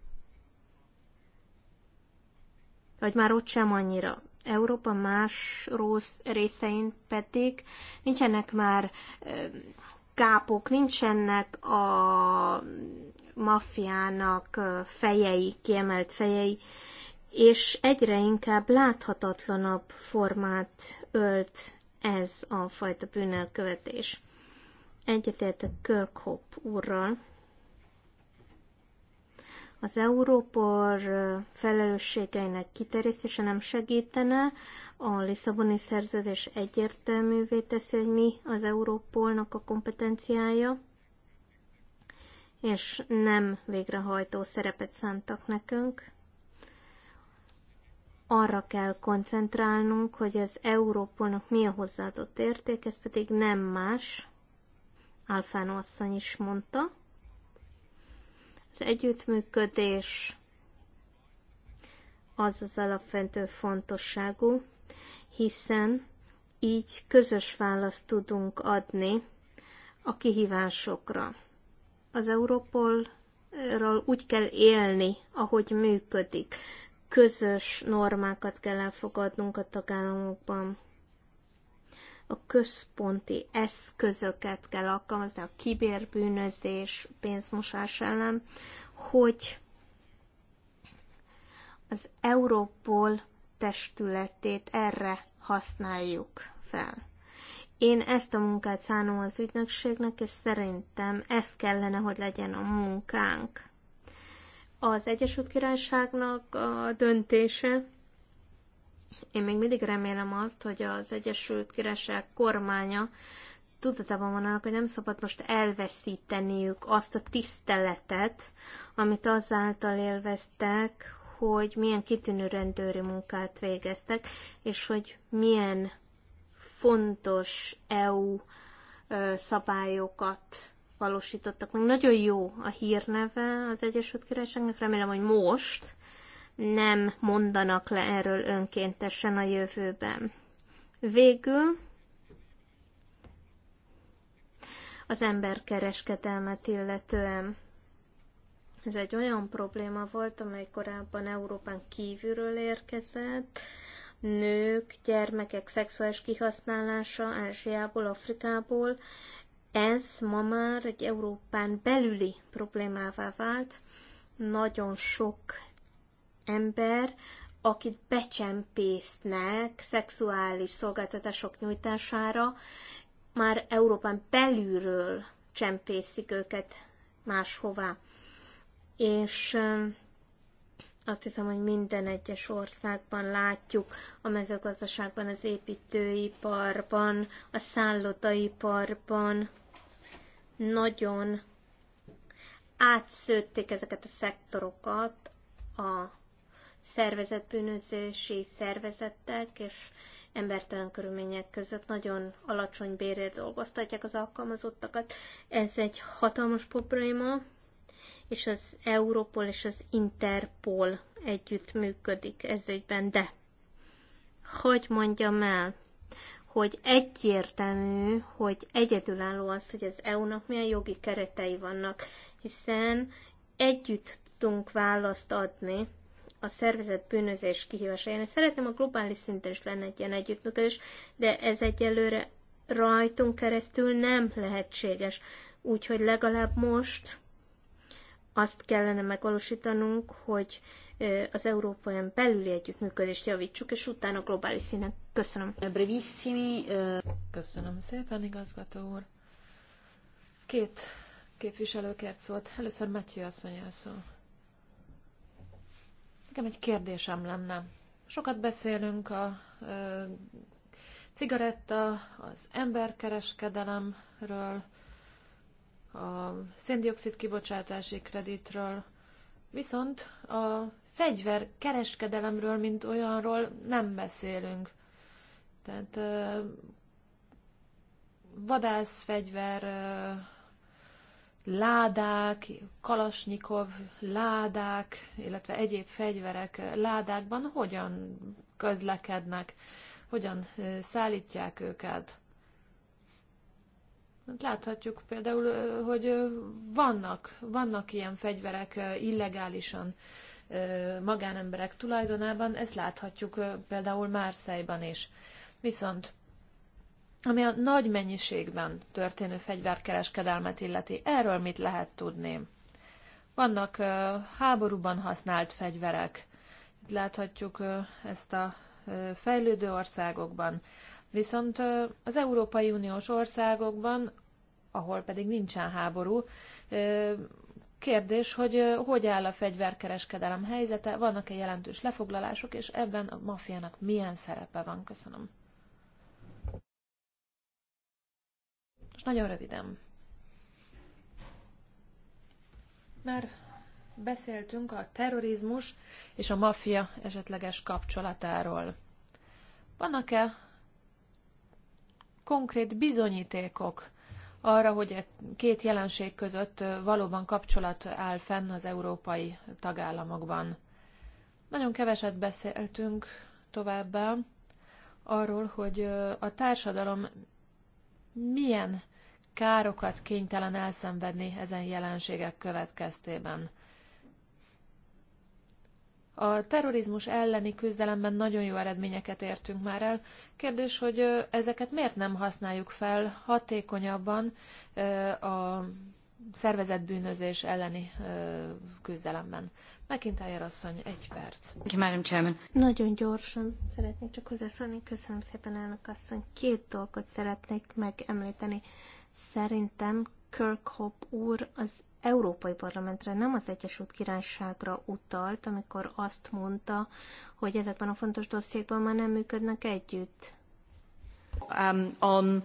vagy már ott sem annyira. Európa más rossz részein pedig nincsenek már kápok, nincsenek a maffiának fejei, kiemelt fejei, és egyre inkább láthatatlanabb formát ölt ez a fajta bűnelkövetés. Egyetértek Kirkhope úrral, az Európor felelősségeinek kiterjesztése nem segítene, a Lisszaboni szerződés egyértelművé teszi, hogy mi az Európolnak a kompetenciája, és nem végrehajtó szerepet szántak nekünk. Arra kell koncentrálnunk, hogy az Európolnak mi a hozzáadott érték, ez pedig nem más, Alfánó asszony is mondta, az együttműködés az az alapvető fontosságú, hiszen így közös választ tudunk adni a kihívásokra. Az Europolról úgy kell élni, ahogy működik. Közös normákat kell elfogadnunk a tagállamokban a központi eszközöket kell alkalmazni, a kibérbűnözés, pénzmosás ellen, hogy az Európol testületét erre használjuk fel. Én ezt a munkát szánom az ügynökségnek, és szerintem ez kellene, hogy legyen a munkánk. Az Egyesült Királyságnak a döntése, én még mindig remélem azt, hogy az Egyesült Királyság kormánya tudatában van annak, hogy nem szabad most elveszíteniük azt a tiszteletet, amit azáltal élveztek, hogy milyen kitűnő rendőri munkát végeztek, és hogy milyen fontos EU szabályokat valósítottak. Meg nagyon jó a hírneve az Egyesült Királyságnak, remélem, hogy most nem mondanak le erről önkéntesen a jövőben. Végül az emberkereskedelmet illetően. Ez egy olyan probléma volt, amely korábban Európán kívülről érkezett, nők, gyermekek szexuális kihasználása Ázsiából, Afrikából, ez ma már egy Európán belüli problémává vált. Nagyon sok ember, akit becsempésznek szexuális szolgáltatások nyújtására, már Európán belülről csempészik őket máshová. És azt hiszem, hogy minden egyes országban látjuk, a mezőgazdaságban, az építőiparban, a szállodaiparban nagyon átszőtték ezeket a szektorokat a szervezetbűnözési szervezettek és embertelen körülmények között nagyon alacsony bérért dolgoztatják az alkalmazottakat. Ez egy hatalmas probléma, és az Európol és az Interpol együtt működik ez ügyben, de hogy mondjam el, hogy egyértelmű, hogy egyedülálló az, hogy az EU-nak milyen jogi keretei vannak, hiszen együtt tudunk választ adni a szervezet bűnözés Én Szeretném a globális szinten is lenne egy ilyen együttműködés, de ez egyelőre rajtunk keresztül nem lehetséges. Úgyhogy legalább most azt kellene megvalósítanunk, hogy az Európai belüli együttműködést javítsuk, és utána globális színen. Köszönöm. Brevissimi. Köszönöm szépen, igazgató úr. Két képviselő szólt. Először Matyi asszony szó. Nekem egy kérdésem lenne. Sokat beszélünk a ö, cigaretta, az emberkereskedelemről, a széndiokszid kibocsátási kreditről, viszont a fegyverkereskedelemről, mint olyanról nem beszélünk. Tehát vadászfegyver ládák, kalasnyikov ládák, illetve egyéb fegyverek ládákban hogyan közlekednek, hogyan szállítják őket. Hát láthatjuk például, hogy vannak, vannak ilyen fegyverek illegálisan magánemberek tulajdonában, ezt láthatjuk például Márszájban is. Viszont ami a nagy mennyiségben történő fegyverkereskedelmet illeti. Erről mit lehet tudni? Vannak háborúban használt fegyverek. Itt láthatjuk ezt a fejlődő országokban. Viszont az Európai Uniós országokban, ahol pedig nincsen háború, kérdés, hogy hogy áll a fegyverkereskedelem helyzete, vannak-e jelentős lefoglalások, és ebben a mafiának milyen szerepe van? Köszönöm. Most nagyon röviden. Már beszéltünk a terrorizmus és a maffia esetleges kapcsolatáról. Vannak-e konkrét bizonyítékok arra, hogy e két jelenség között valóban kapcsolat áll fenn az európai tagállamokban? Nagyon keveset beszéltünk továbbá arról, hogy a társadalom milyen károkat kénytelen elszenvedni ezen jelenségek következtében. A terrorizmus elleni küzdelemben nagyon jó eredményeket értünk már el. Kérdés, hogy ezeket miért nem használjuk fel hatékonyabban a szervezetbűnözés elleni küzdelemben. McIntyre asszony, egy perc. Nagyon gyorsan szeretnék csak hozzászólni. Köszönöm szépen, elnök asszony. Két dolgot szeretnék megemlíteni. Szerintem Kirkhope úr az Európai Parlamentre, nem az Egyesült Királyságra utalt, amikor azt mondta, hogy ezekben a fontos dossziékban már nem működnek együtt. Um, on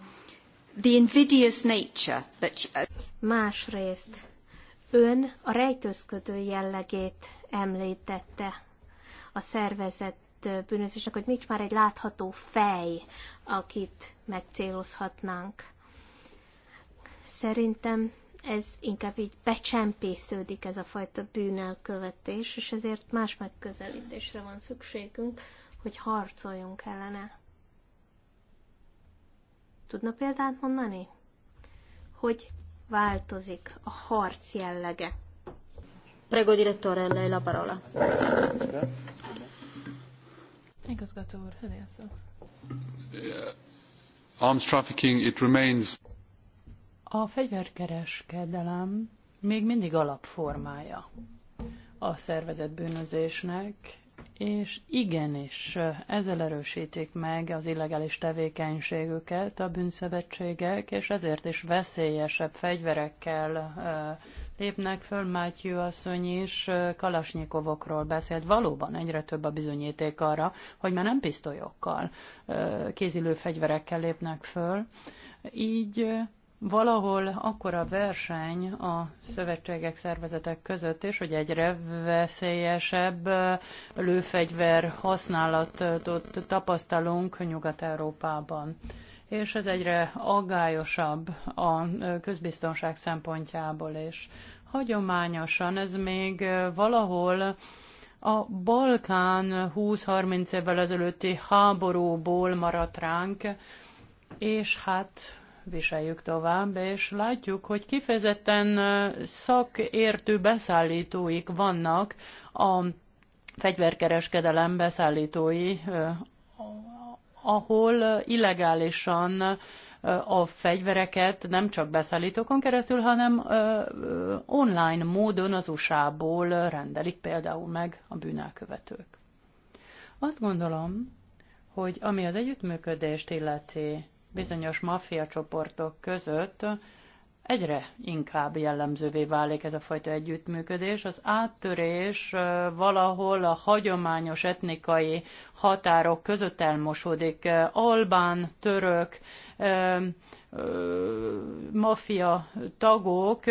the invidious nature that you... Uh, Másrészt, ön a rejtőzködő jellegét említette a szervezet bűnözésnek, hogy nincs már egy látható fej, akit megcélozhatnánk Szerintem ez inkább így becsempésződik ez a fajta bűnelkövetés, és ezért más megközelítésre van szükségünk, hogy harcoljunk ellene. Tudna példát mondani? Hogy változik a harc jellege? Prego, direttore, lei la parola. Igazgató úr, Arms trafficking, it remains a fegyverkereskedelem még mindig alapformája a szervezett bűnözésnek, és igenis ezzel erősítik meg az illegális tevékenységüket a bűnszövetségek, és ezért is veszélyesebb fegyverekkel lépnek föl. Mátyú asszony is kalasnyikovokról beszélt. Valóban egyre több a bizonyíték arra, hogy már nem pisztolyokkal, kézilő fegyverekkel lépnek föl. Így valahol akkora verseny a szövetségek, szervezetek között és hogy egyre veszélyesebb lőfegyver használatot tapasztalunk Nyugat-Európában. És ez egyre aggályosabb a közbiztonság szempontjából is. Hagyományosan ez még valahol a Balkán 20-30 évvel ezelőtti háborúból maradt ránk, és hát viseljük tovább, és látjuk, hogy kifejezetten szakértő beszállítóik vannak a fegyverkereskedelem beszállítói, ahol illegálisan a fegyvereket nem csak beszállítókon keresztül, hanem online módon az USA-ból rendelik például meg a bűnelkövetők. Azt gondolom, hogy ami az együttműködést illeti bizonyos maffia csoportok között egyre inkább jellemzővé válik ez a fajta együttműködés. Az áttörés valahol a hagyományos etnikai határok között elmosódik. Albán, török, maffia tagok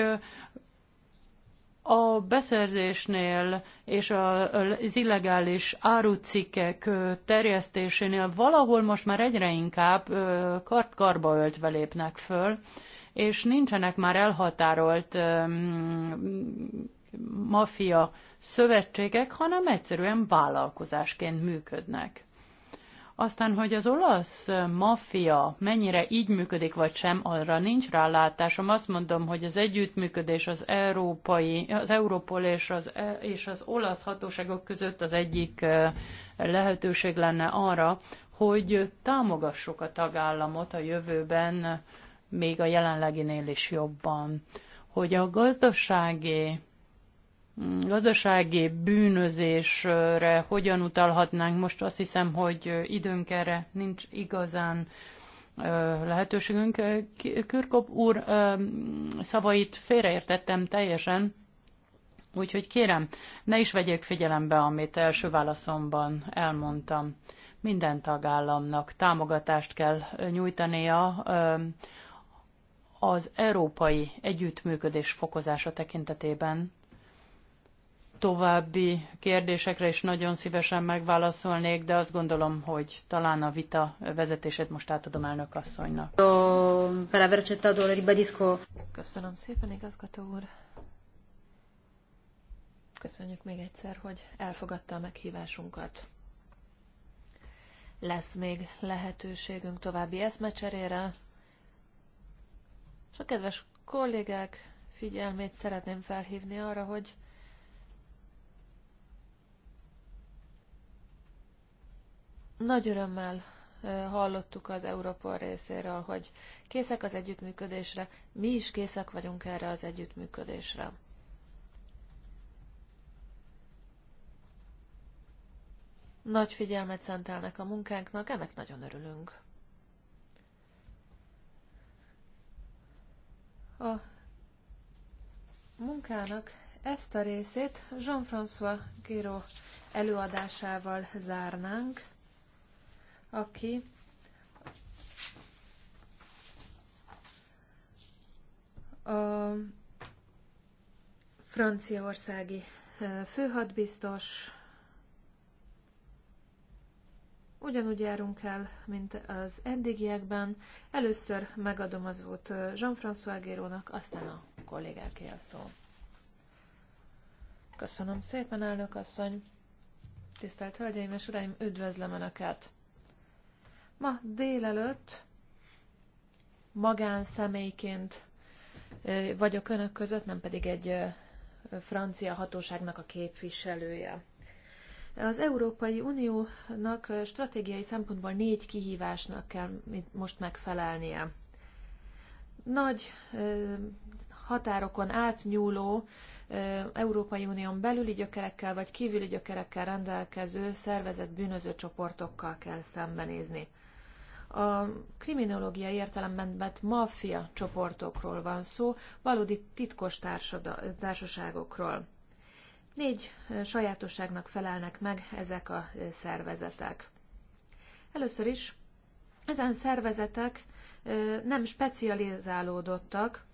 a beszerzésnél és az illegális árucikkek terjesztésénél valahol most már egyre inkább kart-karba öltve lépnek föl, és nincsenek már elhatárolt mafia szövetségek, hanem egyszerűen vállalkozásként működnek. Aztán, hogy az olasz maffia mennyire így működik, vagy sem, arra nincs rálátásom. Azt mondom, hogy az együttműködés az európai, az Európol és az, e, és az olasz hatóságok között az egyik lehetőség lenne arra, hogy támogassuk a tagállamot a jövőben, még a jelenleginél is jobban, hogy a gazdasági gazdasági bűnözésre hogyan utalhatnánk most, azt hiszem, hogy időnk erre nincs igazán lehetőségünk. Kürkop úr szavait félreértettem teljesen, úgyhogy kérem, ne is vegyék figyelembe, amit első válaszomban elmondtam. Minden tagállamnak támogatást kell nyújtania az európai együttműködés fokozása tekintetében további kérdésekre is nagyon szívesen megválaszolnék, de azt gondolom, hogy talán a vita vezetését most átadom elnök asszonynak. Köszönöm szépen, igazgató úr. Köszönjük még egyszer, hogy elfogadta a meghívásunkat. Lesz még lehetőségünk további eszmecserére. És a kedves kollégák figyelmét szeretném felhívni arra, hogy Nagy örömmel hallottuk az Európol részéről, hogy készek az együttműködésre, mi is készek vagyunk erre az együttműködésre. Nagy figyelmet szentelnek a munkánknak, ennek nagyon örülünk. A munkának ezt a részét Jean-François Giro előadásával zárnánk aki a franciaországi főhadbiztos, ugyanúgy járunk el, mint az eddigiekben. Először megadom az út Jean-François Gérónak, aztán a kollégáké a szó. Köszönöm szépen, elnök asszony! Tisztelt Hölgyeim és Uraim, üdvözlöm Önöket! Ma délelőtt magánszemélyként vagyok önök között, nem pedig egy francia hatóságnak a képviselője. Az Európai Uniónak stratégiai szempontból négy kihívásnak kell most megfelelnie. Nagy határokon átnyúló Európai Unión belüli gyökerekkel vagy kívüli gyökerekkel rendelkező szervezett bűnöző csoportokkal kell szembenézni a kriminológiai értelemben vett maffia csoportokról van szó, valódi titkos társaságokról. Négy sajátosságnak felelnek meg ezek a szervezetek. Először is ezen szervezetek nem specializálódottak,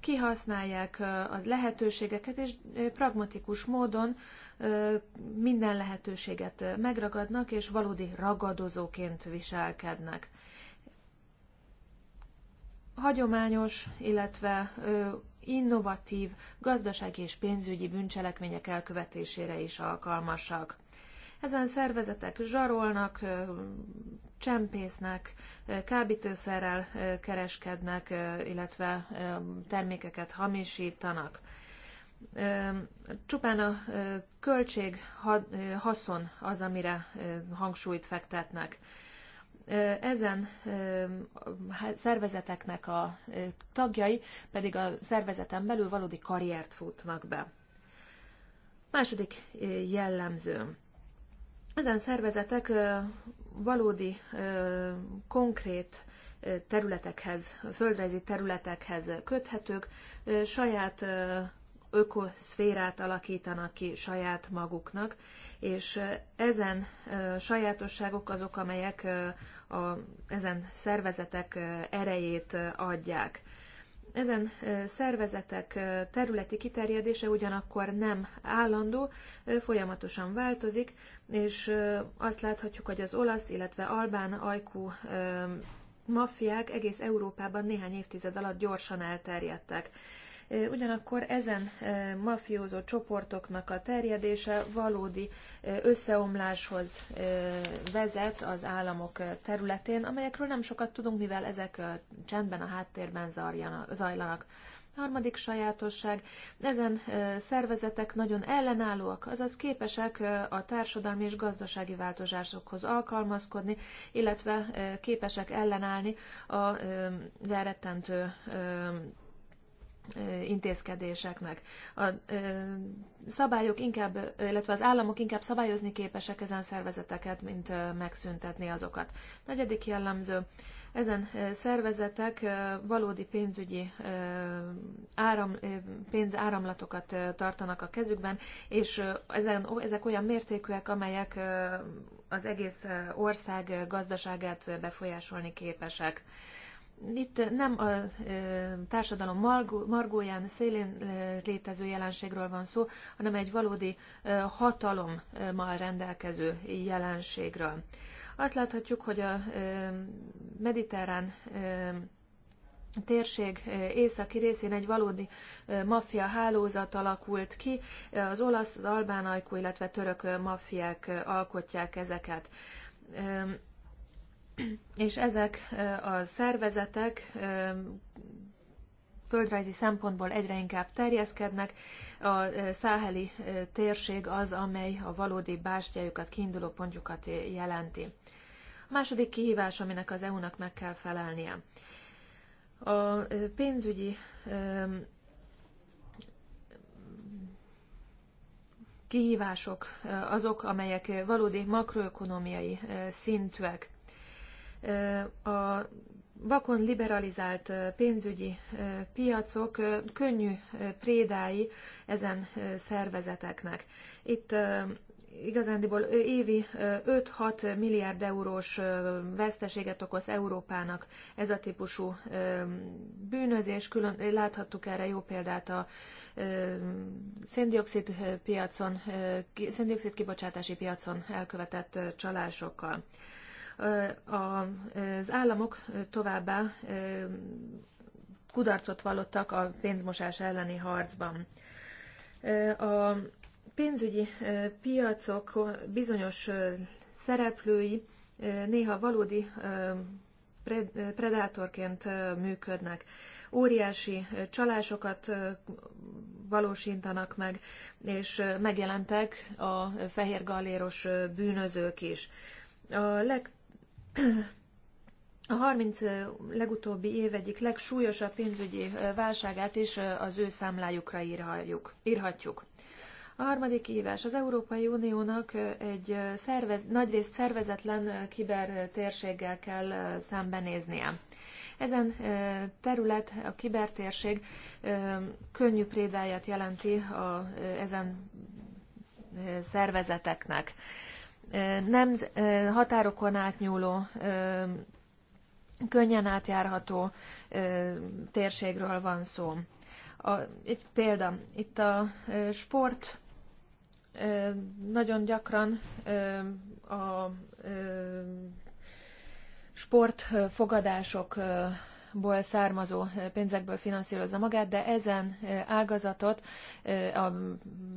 kihasználják az lehetőségeket, és pragmatikus módon minden lehetőséget megragadnak, és valódi ragadozóként viselkednek. Hagyományos, illetve innovatív gazdasági és pénzügyi bűncselekmények elkövetésére is alkalmasak. Ezen szervezetek zsarolnak, csempésznek, kábítószerrel kereskednek, illetve termékeket hamisítanak. Csupán a költség haszon az, amire hangsúlyt fektetnek. Ezen hát szervezeteknek a tagjai pedig a szervezeten belül valódi karriert futnak be. Második jellemző. Ezen szervezetek valódi konkrét területekhez, földrajzi területekhez köthetők, saját ökoszférát alakítanak ki saját maguknak, és ezen sajátosságok azok, amelyek a, ezen szervezetek erejét adják. Ezen szervezetek területi kiterjedése ugyanakkor nem állandó, folyamatosan változik, és azt láthatjuk, hogy az olasz, illetve albán ajkú maffiák egész Európában néhány évtized alatt gyorsan elterjedtek. Ugyanakkor ezen mafiózó csoportoknak a terjedése valódi összeomláshoz vezet az államok területén, amelyekről nem sokat tudunk, mivel ezek csendben a háttérben zajlanak. Harmadik sajátosság, ezen szervezetek nagyon ellenállóak, azaz képesek a társadalmi és gazdasági változásokhoz alkalmazkodni, illetve képesek ellenállni az elrettentő intézkedéseknek. A szabályok inkább, illetve az államok inkább szabályozni képesek ezen szervezeteket, mint megszüntetni azokat. Negyedik jellemző, ezen szervezetek valódi pénzügyi áram, pénzáramlatokat tartanak a kezükben, és ezen, ezek olyan mértékűek, amelyek az egész ország gazdaságát befolyásolni képesek. Itt nem a társadalom margó, margóján, szélén létező jelenségről van szó, hanem egy valódi hatalommal rendelkező jelenségről. Azt láthatjuk, hogy a mediterrán térség északi részén egy valódi maffia hálózat alakult ki. Az olasz, az albán ajkú, illetve török maffiák alkotják ezeket és ezek a szervezetek földrajzi szempontból egyre inkább terjeszkednek. A száheli térség az, amely a valódi bástyájukat, kiinduló pontjukat jelenti. A második kihívás, aminek az EU-nak meg kell felelnie. A pénzügyi kihívások azok, amelyek valódi makroökonomiai szintűek a vakon liberalizált pénzügyi piacok könnyű prédái ezen szervezeteknek. Itt igazándiból évi 5-6 milliárd eurós veszteséget okoz Európának ez a típusú bűnözés. Külön, láthattuk erre jó példát a széndiokszid piacon, széndiokszid kibocsátási piacon elkövetett csalásokkal. Az államok továbbá kudarcot vallottak a pénzmosás elleni harcban. A pénzügyi piacok bizonyos szereplői néha valódi predátorként működnek. Óriási csalásokat valósítanak meg, és megjelentek a fehér galléros bűnözők is. A leg a 30 legutóbbi év egyik legsúlyosabb pénzügyi válságát is az ő számlájukra írhatjuk. írhatjuk. A harmadik ívás az Európai Uniónak egy szervez, nagyrészt szervezetlen térséggel kell szembenéznie. Ezen terület, a kibertérség könnyű prédáját jelenti a, ezen szervezeteknek nem határokon átnyúló, könnyen átjárható térségről van szó. A, egy példa, itt a sport nagyon gyakran a sportfogadások ból származó pénzekből finanszírozza magát, de ezen ágazatot a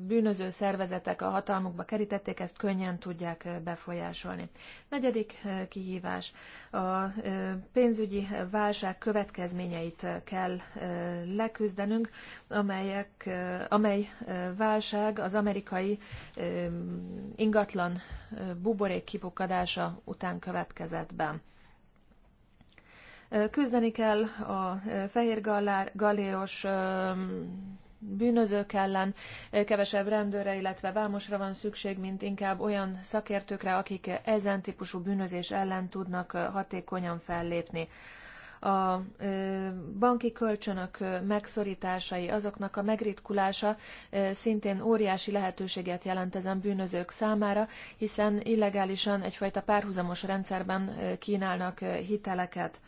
bűnöző szervezetek a hatalmukba kerítették, ezt könnyen tudják befolyásolni. Negyedik kihívás. A pénzügyi válság következményeit kell leküzdenünk, amelyek, amely válság az amerikai ingatlan buborék kipukkadása után következett be. Küzdeni kell a e, fehér galléros e, bűnözők ellen e, kevesebb rendőre, illetve vámosra van szükség, mint inkább olyan szakértőkre, akik ezen típusú bűnözés ellen tudnak hatékonyan fellépni. A banki kölcsönök megszorításai, azoknak a megritkulása szintén óriási lehetőséget jelent ezen bűnözők számára, hiszen illegálisan egyfajta párhuzamos rendszerben kínálnak hiteleket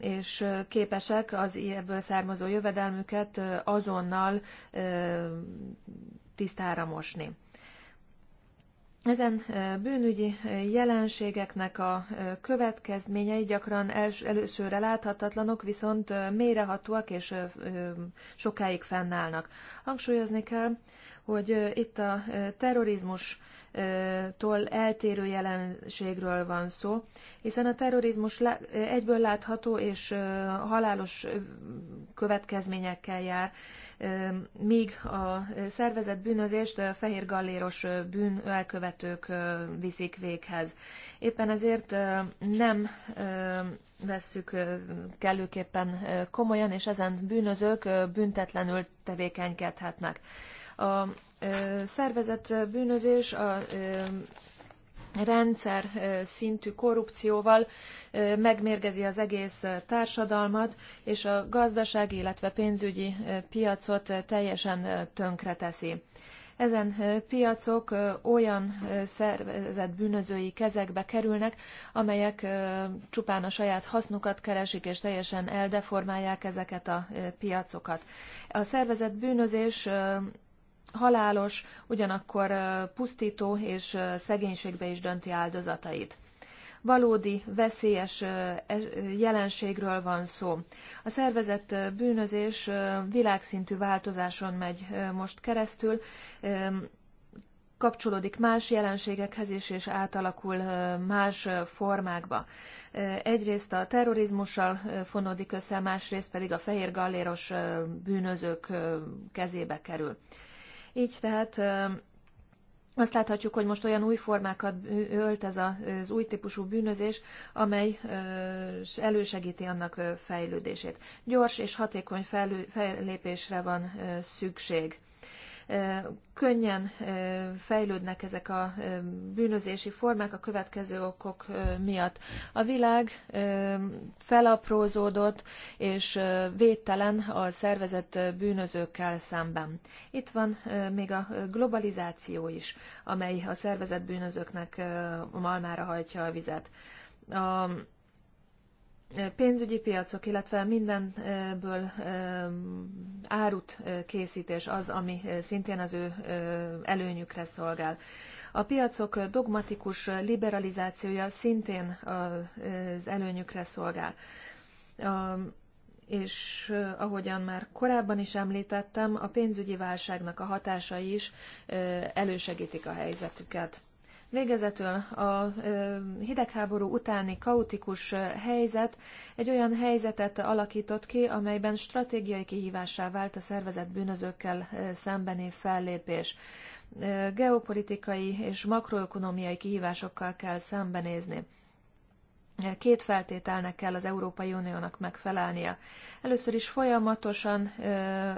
és képesek az ebből származó jövedelmüket azonnal tisztára mosni. Ezen bűnügyi jelenségeknek a következményei gyakran els, előszörre láthatatlanok, viszont mélyrehatóak és sokáig fennállnak. Hangsúlyozni kell, hogy itt a terrorizmustól eltérő jelenségről van szó, hiszen a terrorizmus egyből látható és halálos következményekkel jár, míg a szervezett bűnözést a fehér galléros bűn elkövetők viszik véghez. Éppen ezért nem vesszük kellőképpen komolyan, és ezen bűnözők büntetlenül tevékenykedhetnek. A szervezett bűnözés a rendszer szintű korrupcióval megmérgezi az egész társadalmat, és a gazdasági, illetve pénzügyi piacot teljesen tönkreteszi. Ezen piacok olyan szervezett bűnözői kezekbe kerülnek, amelyek csupán a saját hasznukat keresik, és teljesen eldeformálják ezeket a piacokat. A szervezett bűnözés halálos, ugyanakkor pusztító és szegénységbe is dönti áldozatait. Valódi, veszélyes e, jelenségről van szó. A szervezett bűnözés világszintű változáson megy most keresztül, kapcsolódik más jelenségekhez is, és átalakul más formákba. Egyrészt a terrorizmussal fonódik össze, másrészt pedig a fehér galléros bűnözők kezébe kerül. Így tehát azt láthatjuk, hogy most olyan új formákat ölt ez az új típusú bűnözés, amely elősegíti annak fejlődését. Gyors és hatékony fellépésre van szükség. Könnyen fejlődnek ezek a bűnözési formák a következő okok miatt. A világ felaprózódott és védtelen a szervezett bűnözőkkel szemben. Itt van még a globalizáció is, amely a szervezett bűnözőknek malmára hajtja a vizet. A pénzügyi piacok, illetve mindenből ehm, árut e, készítés az, ami e, szintén az ő e, előnyükre szolgál. A piacok dogmatikus liberalizációja szintén az előnyükre szolgál. És ahogyan már korábban is említettem, a pénzügyi válságnak a hatásai is elősegítik a helyzetüket. Végezetül a hidegháború utáni kaotikus helyzet egy olyan helyzetet alakított ki, amelyben stratégiai kihívássá vált a szervezett bűnözőkkel szembeni fellépés geopolitikai és makroökonomiai kihívásokkal kell szembenézni. Két feltételnek kell az Európai Uniónak megfelelnie. Először is folyamatosan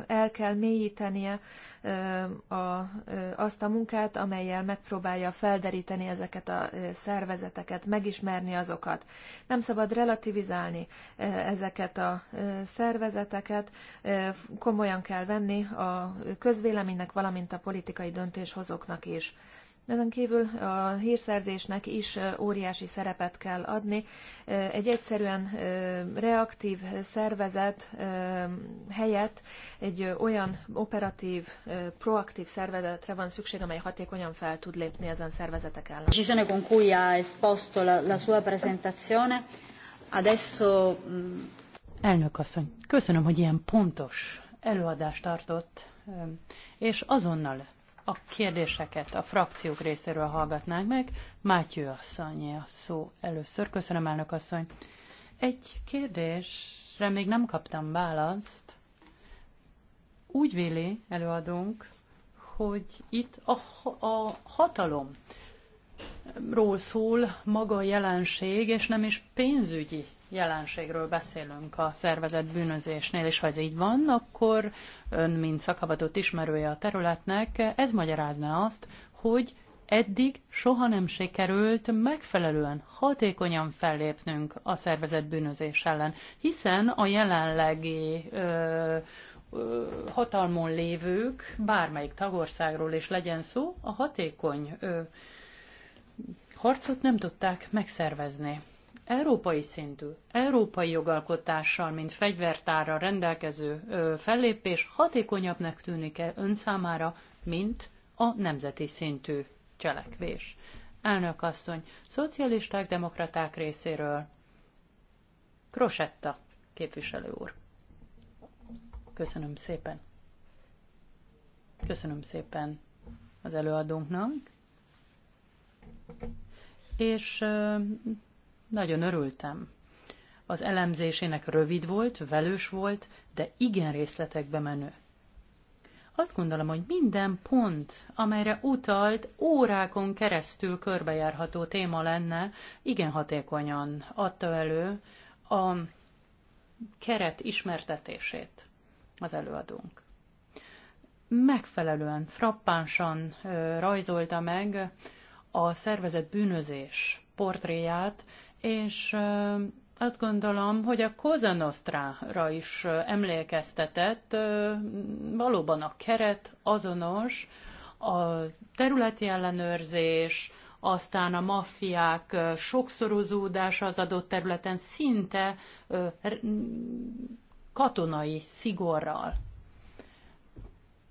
el kell mélyítenie azt a munkát, amelyel megpróbálja felderíteni ezeket a szervezeteket, megismerni azokat. Nem szabad relativizálni ezeket a szervezeteket, komolyan kell venni a közvéleménynek, valamint a politikai döntéshozóknak is. Ezen kívül a hírszerzésnek is óriási szerepet kell adni. Egy egyszerűen reaktív szervezet helyett egy olyan operatív, proaktív szervezetre van szükség, amely hatékonyan fel tud lépni ezen szervezetek ellen. Decisione con cui ha esposto la, la sua presentazione. Adesso... Mm, Elnök asszony, köszönöm, hogy ilyen pontos előadást tartott, és azonnal a kérdéseket a frakciók részéről hallgatnánk meg. Mátyő asszony a szó először. Köszönöm, elnök asszony. Egy kérdésre még nem kaptam választ. Úgy véli előadunk, hogy itt a, a hatalom szól maga a jelenség, és nem is pénzügyi jelenségről beszélünk a szervezett bűnözésnél, és ha ez így van, akkor ön, mint szakavatott ismerője a területnek, ez magyarázna azt, hogy eddig soha nem sikerült megfelelően, hatékonyan fellépnünk a szervezett bűnözés ellen, hiszen a jelenlegi ö, ö, hatalmon lévők, bármelyik tagországról is legyen szó, a hatékony ö, harcot nem tudták megszervezni európai szintű, európai jogalkotással, mint fegyvertárra rendelkező ö, fellépés hatékonyabbnak tűnik-e ön számára, mint a nemzeti szintű cselekvés. Elnök asszony, szocialisták, demokraták részéről. Krosetta, képviselő úr. Köszönöm szépen. Köszönöm szépen az előadónknak. És nagyon örültem. Az elemzésének rövid volt, velős volt, de igen részletekbe menő. Azt gondolom, hogy minden pont, amelyre utalt, órákon keresztül körbejárható téma lenne, igen hatékonyan adta elő a keret ismertetését az előadónk. Megfelelően, frappánsan rajzolta meg a szervezet bűnözés portréját, és azt gondolom, hogy a Cosa Nostra-ra is emlékeztetett, valóban a keret azonos, a területi ellenőrzés, aztán a maffiák sokszorozódása az adott területen szinte katonai szigorral.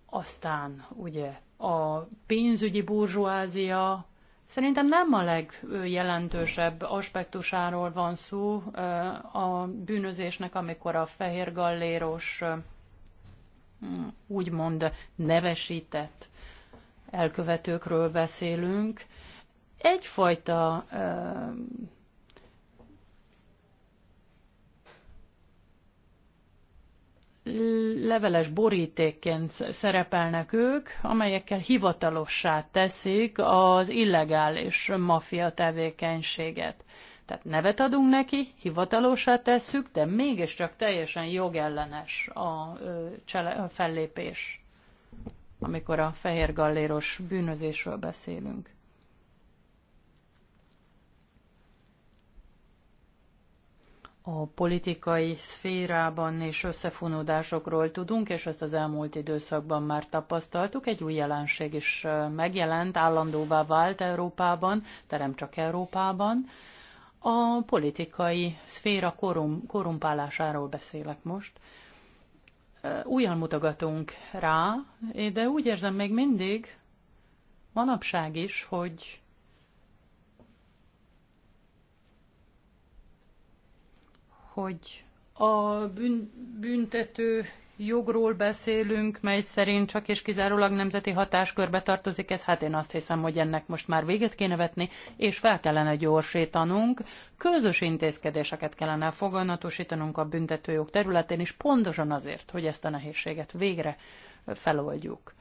Aztán ugye a pénzügyi burzsóázia, Szerintem nem a legjelentősebb aspektusáról van szó a bűnözésnek, amikor a fehér galléros úgymond nevesített elkövetőkről beszélünk. Egyfajta leveles borítékként szerepelnek ők, amelyekkel hivatalossá teszik az illegális maffia tevékenységet. Tehát nevet adunk neki, hivatalossá tesszük, de mégiscsak teljesen jogellenes a, csele, a fellépés, amikor a fehér galléros bűnözésről beszélünk. a politikai szférában és összefonódásokról tudunk, és ezt az elmúlt időszakban már tapasztaltuk. Egy új jelenség is megjelent, állandóvá vált Európában, de nem csak Európában. A politikai szféra korum, korumpálásáról beszélek most. Újan mutogatunk rá, de úgy érzem még mindig, manapság is, hogy hogy a bűn, büntető jogról beszélünk, mely szerint csak és kizárólag nemzeti hatáskörbe tartozik ez, hát én azt hiszem, hogy ennek most már véget kéne vetni, és fel kellene gyorsítanunk, közös intézkedéseket kellene foganatosítanunk a büntetőjog területén is, pontosan azért, hogy ezt a nehézséget végre feloldjuk.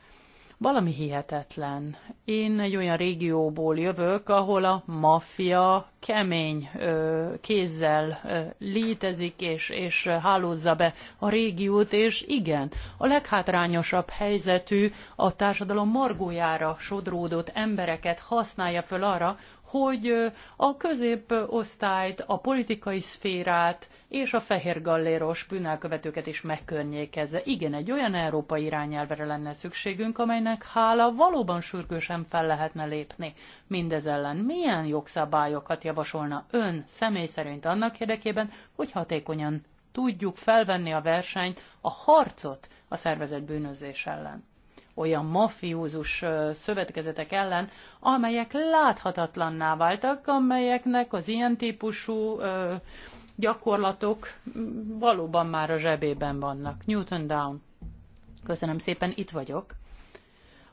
Valami hihetetlen. Én egy olyan régióból jövök, ahol a maffia kemény ö, kézzel ö, létezik és, és hálózza be a régiót, és igen, a leghátrányosabb helyzetű a társadalom margójára sodródott embereket használja föl arra, hogy a középosztályt, a politikai szférát és a fehér galléros bűnelkövetőket is megkörnyékezze. Igen, egy olyan európai irányelvre lenne szükségünk, amelynek hála valóban sürgősen fel lehetne lépni. Mindez ellen milyen jogszabályokat javasolna ön személy szerint annak érdekében, hogy hatékonyan tudjuk felvenni a versenyt, a harcot a szervezett bűnözés ellen? olyan mafiózus szövetkezetek ellen, amelyek láthatatlanná váltak, amelyeknek az ilyen típusú gyakorlatok valóban már a zsebében vannak. Newton Down. Köszönöm szépen, itt vagyok.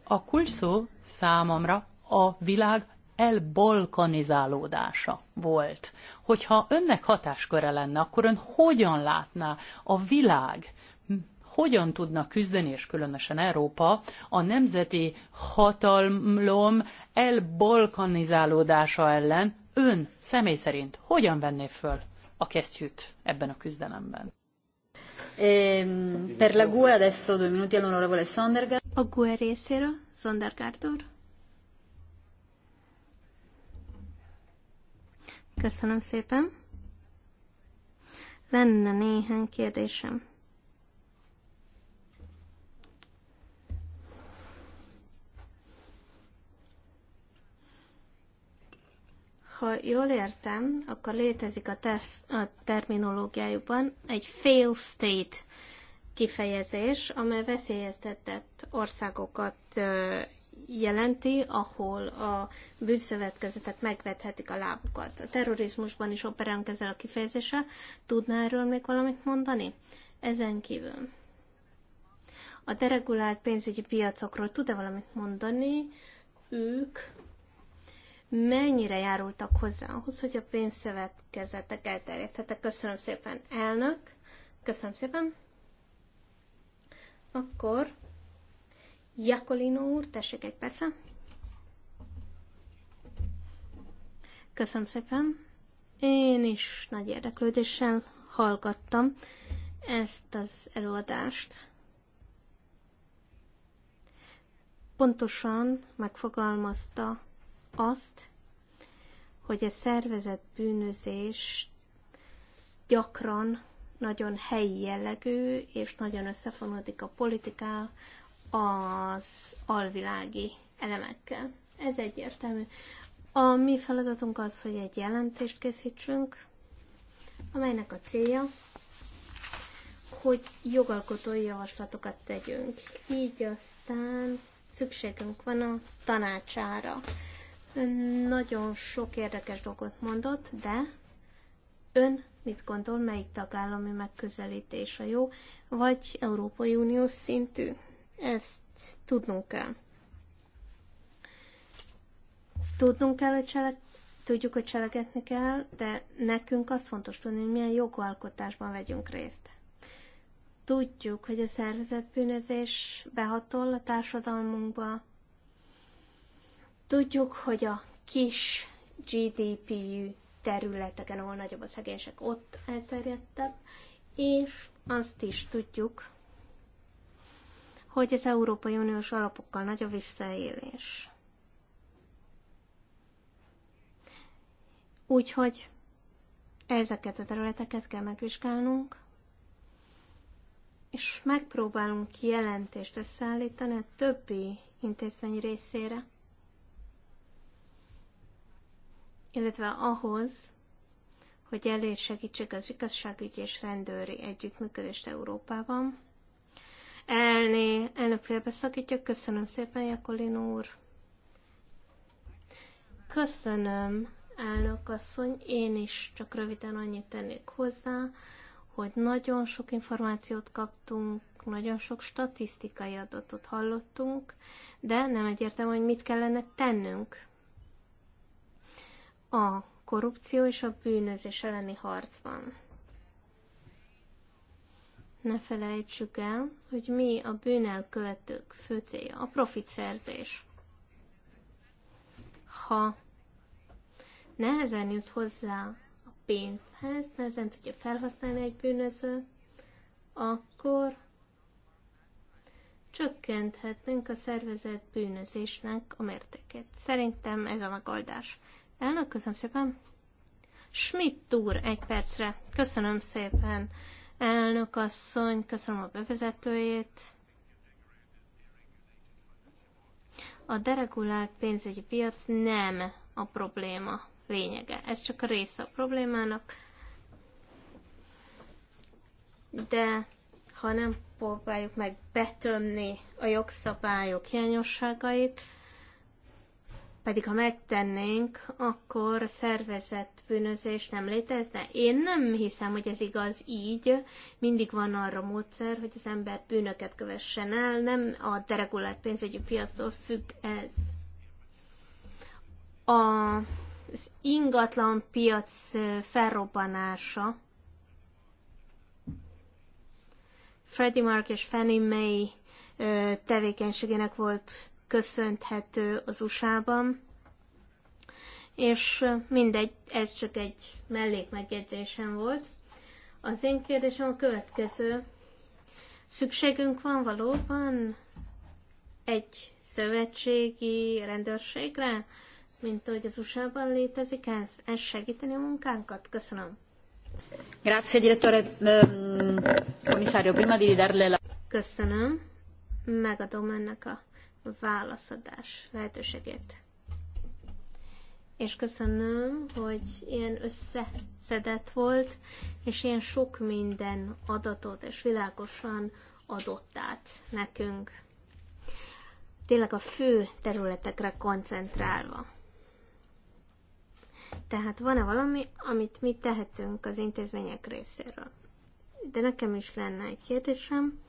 A kulcs szó számomra a világ elbalkanizálódása volt. Hogyha önnek hatásköre lenne, akkor ön hogyan látná a világ hogyan tudnak küzdeni, és különösen Európa, a nemzeti hatalom elbalkanizálódása ellen ön személy szerint hogyan venné föl a kesztyűt ebben a küzdelemben? Ehm, per la GUE adesso due minuti all'onorevole Sondergaard. A GUE részéről, Sondergaard úr. Köszönöm szépen. Lenne néhány kérdésem. ha jól értem, akkor létezik a, ter- a terminológiájukban egy fail state kifejezés, amely veszélyeztetett országokat jelenti, ahol a bűnszövetkezetek megvethetik a lábukat. A terrorizmusban is operálunk ezzel a kifejezéssel. Tudná erről még valamit mondani? Ezen kívül. A deregulált pénzügyi piacokról tud-e valamit mondani? Ők mennyire járultak hozzá ahhoz, hogy a pénzszövetkezetek elterjedhetek. Köszönöm szépen, elnök. Köszönöm szépen. Akkor Jakolino úr, tessék egy persze. Köszönöm szépen. Én is nagy érdeklődéssel hallgattam ezt az előadást. Pontosan megfogalmazta azt, hogy a szervezett bűnözés gyakran nagyon helyi jellegű, és nagyon összefonódik a politika az alvilági elemekkel. Ez egyértelmű. A mi feladatunk az, hogy egy jelentést készítsünk, amelynek a célja, hogy jogalkotói javaslatokat tegyünk. Így aztán szükségünk van a tanácsára. Nagyon sok érdekes dolgot mondott, de ön mit gondol, melyik tagállami megközelítés a jó, vagy Európai Unió szintű? Ezt tudnunk kell. Tudnunk kell, hogy cselek, tudjuk, hogy cselekedni kell, de nekünk azt fontos tudni, hogy milyen jogalkotásban vegyünk részt. Tudjuk, hogy a szervezetbűnözés behatol a társadalmunkba, Tudjuk, hogy a kis GDP-jű területeken, ahol nagyobb a szegénység, ott elterjedtebb, és azt is tudjuk, hogy az Európai Uniós alapokkal nagy a visszaélés. Úgyhogy ezeket a területeket kell megvizsgálnunk, és megpróbálunk jelentést összeállítani a többi intézmény részére, illetve ahhoz, hogy elősegítsék az igazságügyi és rendőri együttműködést Európában. Elné, elnök félbeszakítja, köszönöm szépen, Jakolin úr. Köszönöm, elnök asszony, én is csak röviden annyit tennék hozzá, hogy nagyon sok információt kaptunk, nagyon sok statisztikai adatot hallottunk, de nem egyértelmű, hogy mit kellene tennünk a korrupció és a bűnözés elleni harcban. Ne felejtsük el, hogy mi a bűnelkövetők fő célja, a profitszerzés. Ha nehezen jut hozzá a pénzhez, nehezen tudja felhasználni egy bűnöző, akkor csökkenthetnénk a szervezet bűnözésnek a mértékét. Szerintem ez a megoldás. Elnök, köszönöm szépen. Schmidt úr, egy percre. Köszönöm szépen. Elnök asszony, köszönöm a bevezetőjét. A deregulált pénzügyi piac nem a probléma lényege. Ez csak a része a problémának. De ha nem próbáljuk meg betömni a jogszabályok hiányosságait, pedig ha megtennénk, akkor szervezett bűnözés nem létezne. Én nem hiszem, hogy ez igaz így. Mindig van arra módszer, hogy az ember bűnöket kövessen el, nem a deregulált pénzügyi piactól függ ez. A, az ingatlan piac felrobbanása Freddie Mark és Fannie Mae tevékenységének volt köszönhető az USA-ban, és mindegy, ez csak egy mellékmegjegyzésem volt. Az én kérdésem a következő. Szükségünk van valóban egy szövetségi rendőrségre, mint ahogy az USA-ban létezik ez? Ez segíteni a munkánkat? Köszönöm. Grazie, direttore ehm, commissario. Prima di darle la... Köszönöm. Megadom ennek a válaszadás lehetőségét. És köszönöm, hogy ilyen összeszedett volt, és ilyen sok minden adatot és világosan adott át nekünk. Tényleg a fő területekre koncentrálva. Tehát van-e valami, amit mi tehetünk az intézmények részéről? De nekem is lenne egy kérdésem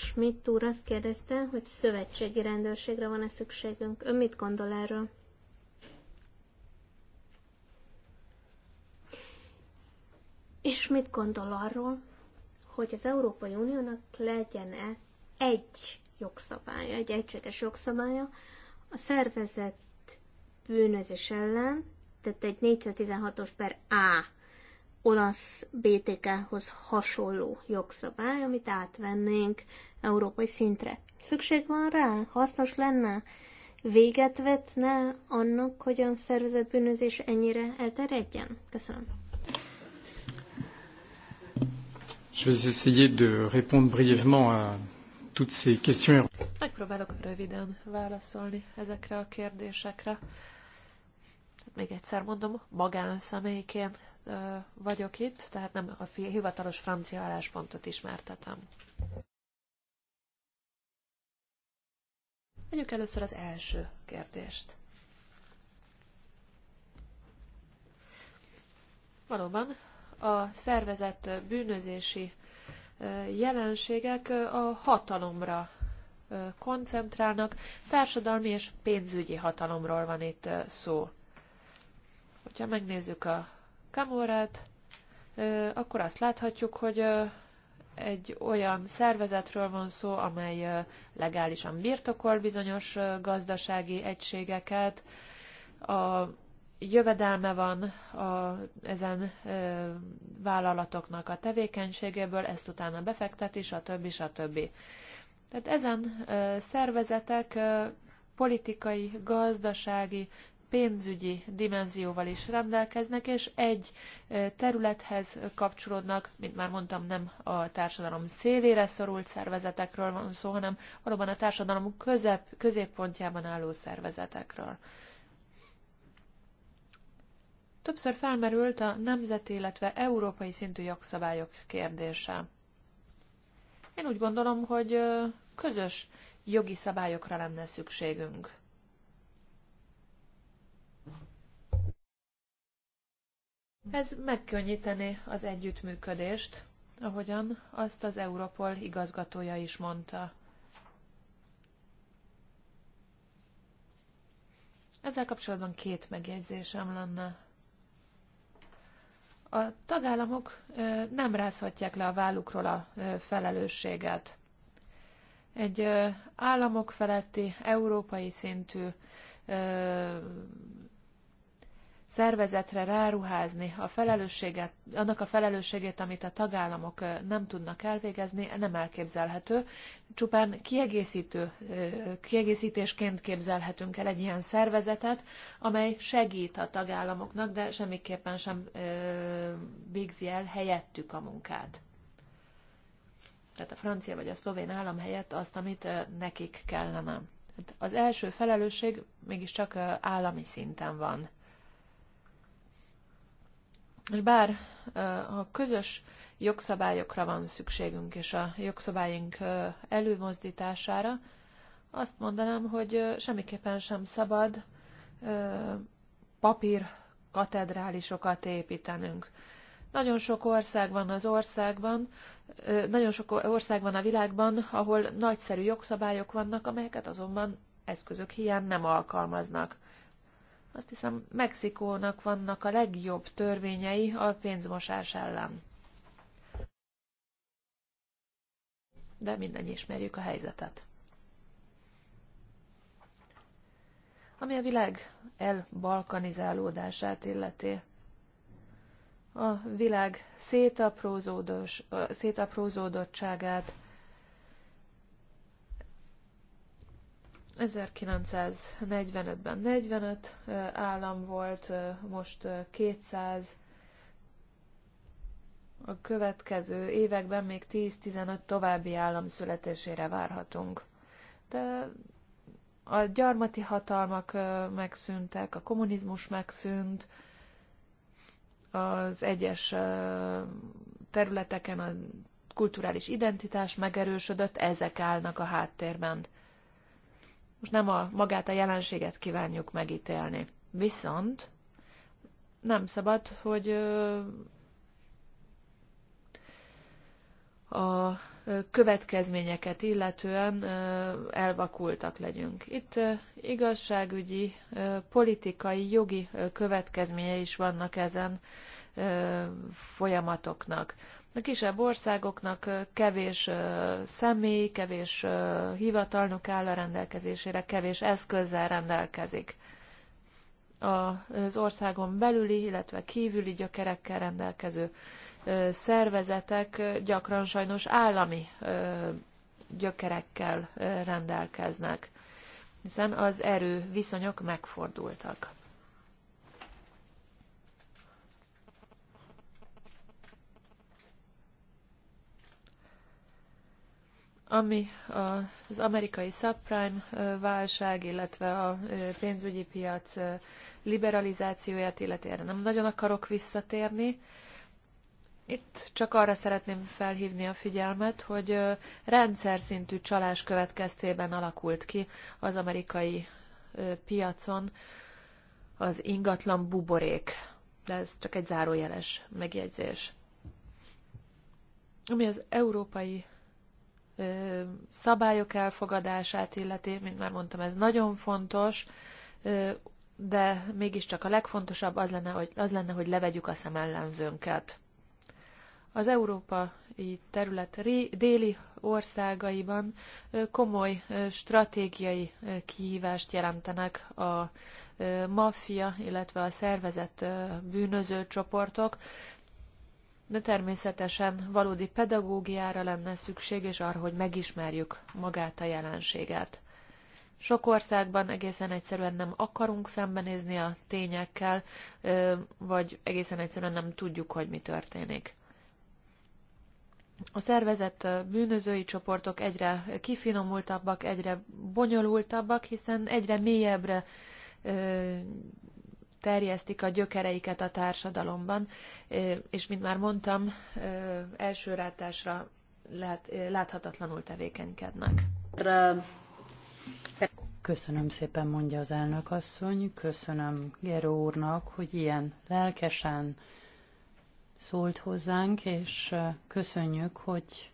Schmidt úr azt kérdezte, hogy szövetségi rendőrségre van-e szükségünk. Ön mit gondol erről? És mit gondol arról, hogy az Európai Uniónak legyen-e egy jogszabálya, egy egységes jogszabálya a szervezett bűnözés ellen, tehát egy 416-os per A olasz BTK-hoz hasonló jogszabály, amit átvennénk európai szintre. Szükség van rá? Hasznos lenne? Véget vetne annak, hogy a szervezett bűnözés ennyire elterjedjen? Köszönöm. Je vais essayer de répondre brièvement à toutes ces questions. Megpróbálok röviden válaszolni ezekre a kérdésekre. Még egyszer mondom, magánszemélyként vagyok itt, tehát nem a hivatalos francia álláspontot ismertetem. Vegyük először az első kérdést. Valóban a szervezett bűnözési jelenségek a hatalomra koncentrálnak, társadalmi és pénzügyi hatalomról van itt szó. Hogyha megnézzük a Kamorát, akkor azt láthatjuk, hogy egy olyan szervezetről van szó, amely legálisan birtokol bizonyos gazdasági egységeket, a jövedelme van a, ezen e, vállalatoknak a tevékenységéből, ezt utána befekteti, stb. stb. Tehát ezen e, szervezetek e, politikai, gazdasági pénzügyi dimenzióval is rendelkeznek, és egy területhez kapcsolódnak, mint már mondtam, nem a társadalom szélére szorult szervezetekről van szó, hanem valóban a társadalom közep, középpontjában álló szervezetekről. Többször felmerült a nemzeti, illetve európai szintű jogszabályok kérdése. Én úgy gondolom, hogy közös jogi szabályokra lenne szükségünk. Ez megkönnyítené az együttműködést, ahogyan azt az Europol igazgatója is mondta. Ezzel kapcsolatban két megjegyzésem lenne. A tagállamok nem rázhatják le a vállukról a felelősséget. Egy államok feletti, európai szintű szervezetre ráruházni a felelősséget, annak a felelősségét, amit a tagállamok nem tudnak elvégezni, nem elképzelhető. Csupán kiegészítő, kiegészítésként képzelhetünk el egy ilyen szervezetet, amely segít a tagállamoknak, de semmiképpen sem végzi el helyettük a munkát. Tehát a francia vagy a szlovén állam helyett azt, amit nekik kellene. Hát az első felelősség mégiscsak állami szinten van. És bár a közös jogszabályokra van szükségünk, és a jogszabályink előmozdítására, azt mondanám, hogy semmiképpen sem szabad papír katedrálisokat építenünk. Nagyon sok ország van az országban, nagyon sok ország van a világban, ahol nagyszerű jogszabályok vannak, amelyeket azonban eszközök hiány nem alkalmaznak. Azt hiszem, Mexikónak vannak a legjobb törvényei a pénzmosás ellen. De minden ismerjük a helyzetet. Ami a világ elbalkanizálódását illeti a világ szétaprózódottságát, 1945-ben 45 állam volt, most 200. A következő években még 10-15 további állam születésére várhatunk. De a gyarmati hatalmak megszűntek, a kommunizmus megszűnt, az egyes területeken a kulturális identitás megerősödött, ezek állnak a háttérben. Most nem a, magát a jelenséget kívánjuk megítélni. Viszont nem szabad, hogy a következményeket illetően elvakultak legyünk. Itt igazságügyi, politikai, jogi következménye is vannak ezen folyamatoknak. A kisebb országoknak kevés személy, kevés hivatalnok áll a rendelkezésére, kevés eszközzel rendelkezik. Az országon belüli, illetve kívüli gyökerekkel rendelkező szervezetek gyakran sajnos állami gyökerekkel rendelkeznek, hiszen az erő viszonyok megfordultak. ami az amerikai subprime válság, illetve a pénzügyi piac liberalizációját, illetve erre nem nagyon akarok visszatérni. Itt csak arra szeretném felhívni a figyelmet, hogy rendszer szintű csalás következtében alakult ki az amerikai piacon az ingatlan buborék. De ez csak egy zárójeles megjegyzés. Ami az európai szabályok elfogadását illeti, mint már mondtam, ez nagyon fontos, de mégiscsak a legfontosabb az lenne, hogy, az lenne, hogy levegyük a szemellenzőnket. Az európai terület déli országaiban komoly stratégiai kihívást jelentenek a maffia, illetve a szervezett bűnöző csoportok, de természetesen valódi pedagógiára lenne szükség, és arra, hogy megismerjük magát a jelenséget. Sok országban egészen egyszerűen nem akarunk szembenézni a tényekkel, vagy egészen egyszerűen nem tudjuk, hogy mi történik. A szervezett bűnözői csoportok egyre kifinomultabbak, egyre bonyolultabbak, hiszen egyre mélyebbre terjesztik a gyökereiket a társadalomban, és mint már mondtam, első rátásra lehet, láthatatlanul tevékenykednek. Köszönöm szépen, mondja az elnök asszony. Köszönöm Gero úrnak, hogy ilyen lelkesen szólt hozzánk, és köszönjük, hogy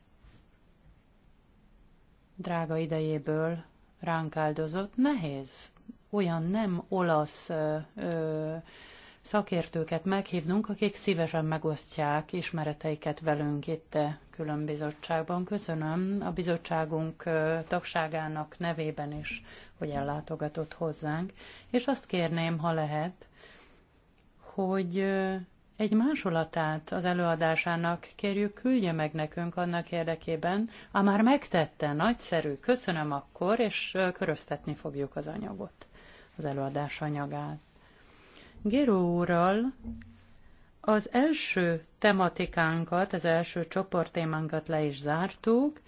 drága idejéből ránk áldozott. Nehéz olyan nem olasz ö, szakértőket meghívnunk, akik szívesen megosztják ismereteiket velünk itt a különbizottságban. Köszönöm a bizottságunk tagságának nevében is, hogy ellátogatott hozzánk, és azt kérném, ha lehet, hogy egy másolatát az előadásának kérjük, küldje meg nekünk annak érdekében, a már megtette, nagyszerű, köszönöm akkor, és köröztetni fogjuk az anyagot az előadás anyagát. Géró úrral az első tematikánkat, az első csoporttémánkat le is zártuk,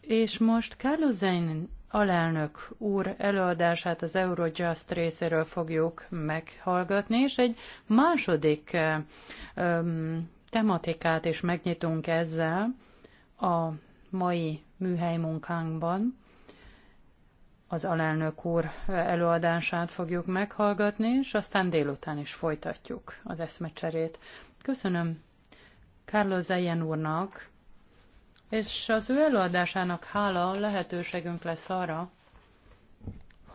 és most Carlos Zainin alelnök úr előadását az Eurojust részéről fogjuk meghallgatni, és egy második um, tematikát is megnyitunk ezzel a mai műhely munkánkban az alelnök úr előadását fogjuk meghallgatni, és aztán délután is folytatjuk az eszmecserét. Köszönöm Carlos Zeyen úrnak, és az ő előadásának hála lehetőségünk lesz arra,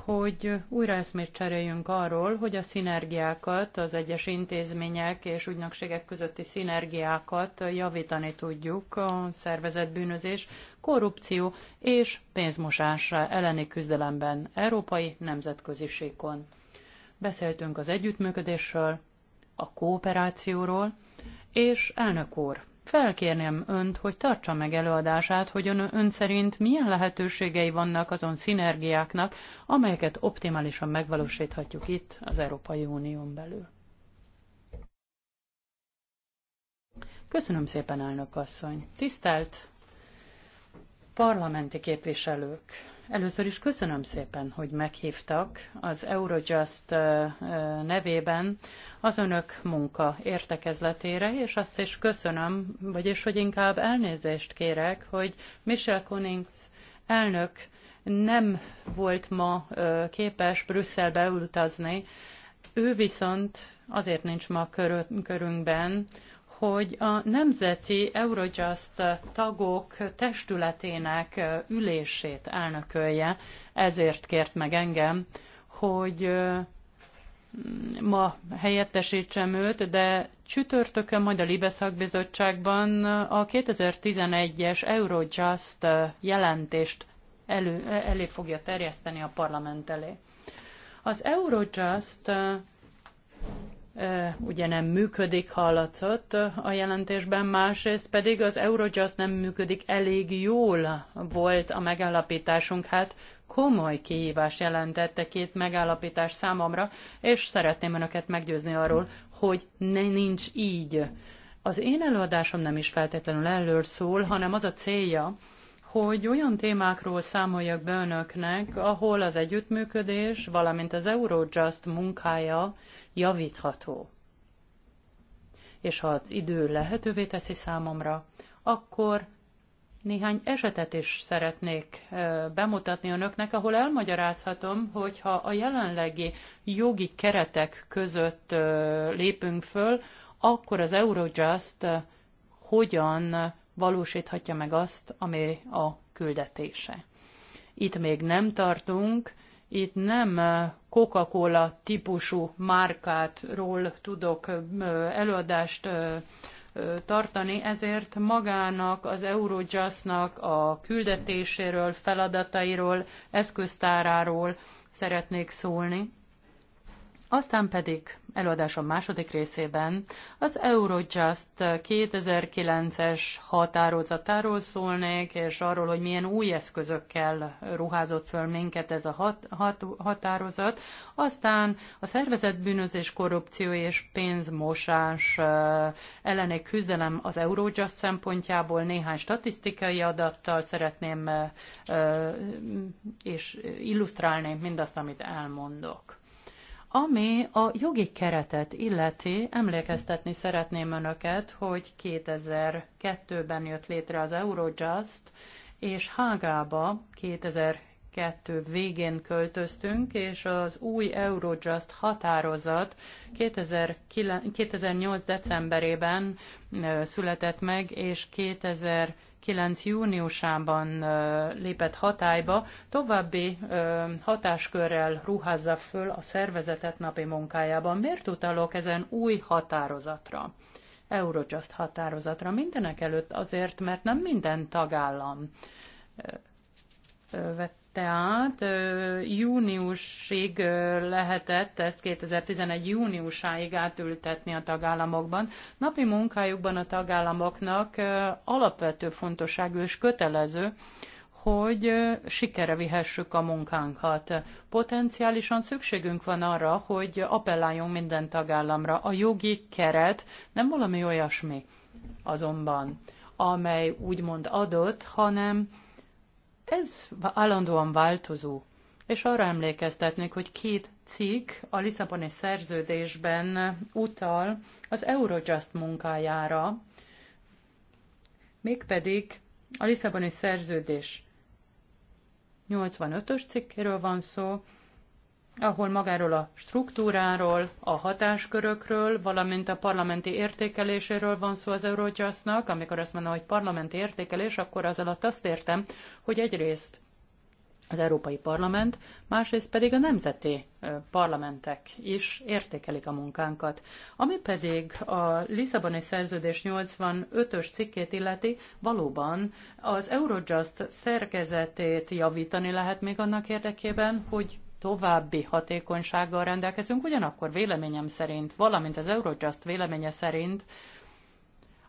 hogy újra eszmét cseréljünk arról, hogy a szinergiákat, az egyes intézmények és ügynökségek közötti szinergiákat javítani tudjuk a szervezetbűnözés, korrupció és pénzmosás elleni küzdelemben, európai nemzetközi síkon. Beszéltünk az együttműködésről, a kooperációról, és elnök úr, felkérném önt, hogy tartsa meg előadását, hogy ön, ön szerint milyen lehetőségei vannak azon szinergiáknak, amelyeket optimálisan megvalósíthatjuk itt az Európai Unión belül. Köszönöm szépen, elnök asszony. Tisztelt parlamenti képviselők! Először is köszönöm szépen, hogy meghívtak az Eurojust nevében az önök munka értekezletére, és azt is köszönöm, vagyis hogy inkább elnézést kérek, hogy Michel Konings elnök nem volt ma képes Brüsszelbe utazni, ő viszont azért nincs ma körünkben, hogy a Nemzeti Eurojust tagok testületének ülését elnökölje, ezért kért meg engem, hogy ma helyettesítsem őt, de csütörtökön majd a Libeszak bizottságban a 2011-es Eurojust jelentést elő, elé fogja terjeszteni a parlament elé. Az Eurojust ugye nem működik, hallatszott a jelentésben, másrészt pedig az Eurojust nem működik elég jól volt a megállapításunk, hát komoly kihívás jelentette két megállapítás számomra, és szeretném önöket meggyőzni arról, hogy ne, nincs így. Az én előadásom nem is feltétlenül erről szól, hanem az a célja, hogy olyan témákról számoljak be önöknek, ahol az együttműködés, valamint az Eurojust munkája javítható. És ha az idő lehetővé teszi számomra, akkor néhány esetet is szeretnék bemutatni önöknek, ahol elmagyarázhatom, hogyha a jelenlegi jogi keretek között lépünk föl, akkor az Eurojust hogyan valósíthatja meg azt, ami a küldetése. Itt még nem tartunk, itt nem Coca-Cola típusú márkátról tudok előadást tartani, ezért magának, az Eurojustnak a küldetéséről, feladatairól, eszköztáráról szeretnék szólni aztán pedig előadásom második részében az Eurojust 2009-es határozatáról szólnék, és arról, hogy milyen új eszközökkel ruházott föl minket ez a hat, hat, határozat. Aztán a szervezetbűnözés, korrupció és pénzmosás elleni küzdelem az Eurojust szempontjából néhány statisztikai adattal szeretném és illusztrálni mindazt, amit elmondok. Ami a jogi keretet illeti, emlékeztetni szeretném önöket, hogy 2002-ben jött létre az Eurojust, és Hágába 2002 végén költöztünk, és az új Eurojust határozat 2008. decemberében született meg, és 2000 9. júniusában lépett hatályba, további hatáskörrel ruházza föl a szervezetet napi munkájában. Miért utalok ezen új határozatra? Eurojust határozatra mindenek előtt azért, mert nem minden tagállam vett tehát júniusig lehetett ezt 2011 júniusáig átültetni a tagállamokban. Napi munkájukban a tagállamoknak alapvető fontosságú és kötelező, hogy sikere vihessük a munkánkat. Potenciálisan szükségünk van arra, hogy appelláljunk minden tagállamra. A jogi keret nem valami olyasmi azonban, amely úgymond adott, hanem ez állandóan változó. És arra emlékeztetnék, hogy két cikk a Lisszaboni szerződésben utal az Eurojust munkájára, mégpedig a Lisszaboni szerződés 85-ös cikkéről van szó, ahol magáról a struktúráról, a hatáskörökről, valamint a parlamenti értékeléséről van szó az Eurojustnak. Amikor azt mondom, hogy parlamenti értékelés, akkor az alatt azt értem, hogy egyrészt az Európai Parlament, másrészt pedig a nemzeti parlamentek is értékelik a munkánkat. Ami pedig a Lisszaboni Szerződés 85-ös cikkét illeti, valóban az Eurojust szerkezetét javítani lehet még annak érdekében, hogy további hatékonysággal rendelkezünk, ugyanakkor véleményem szerint, valamint az Eurojust véleménye szerint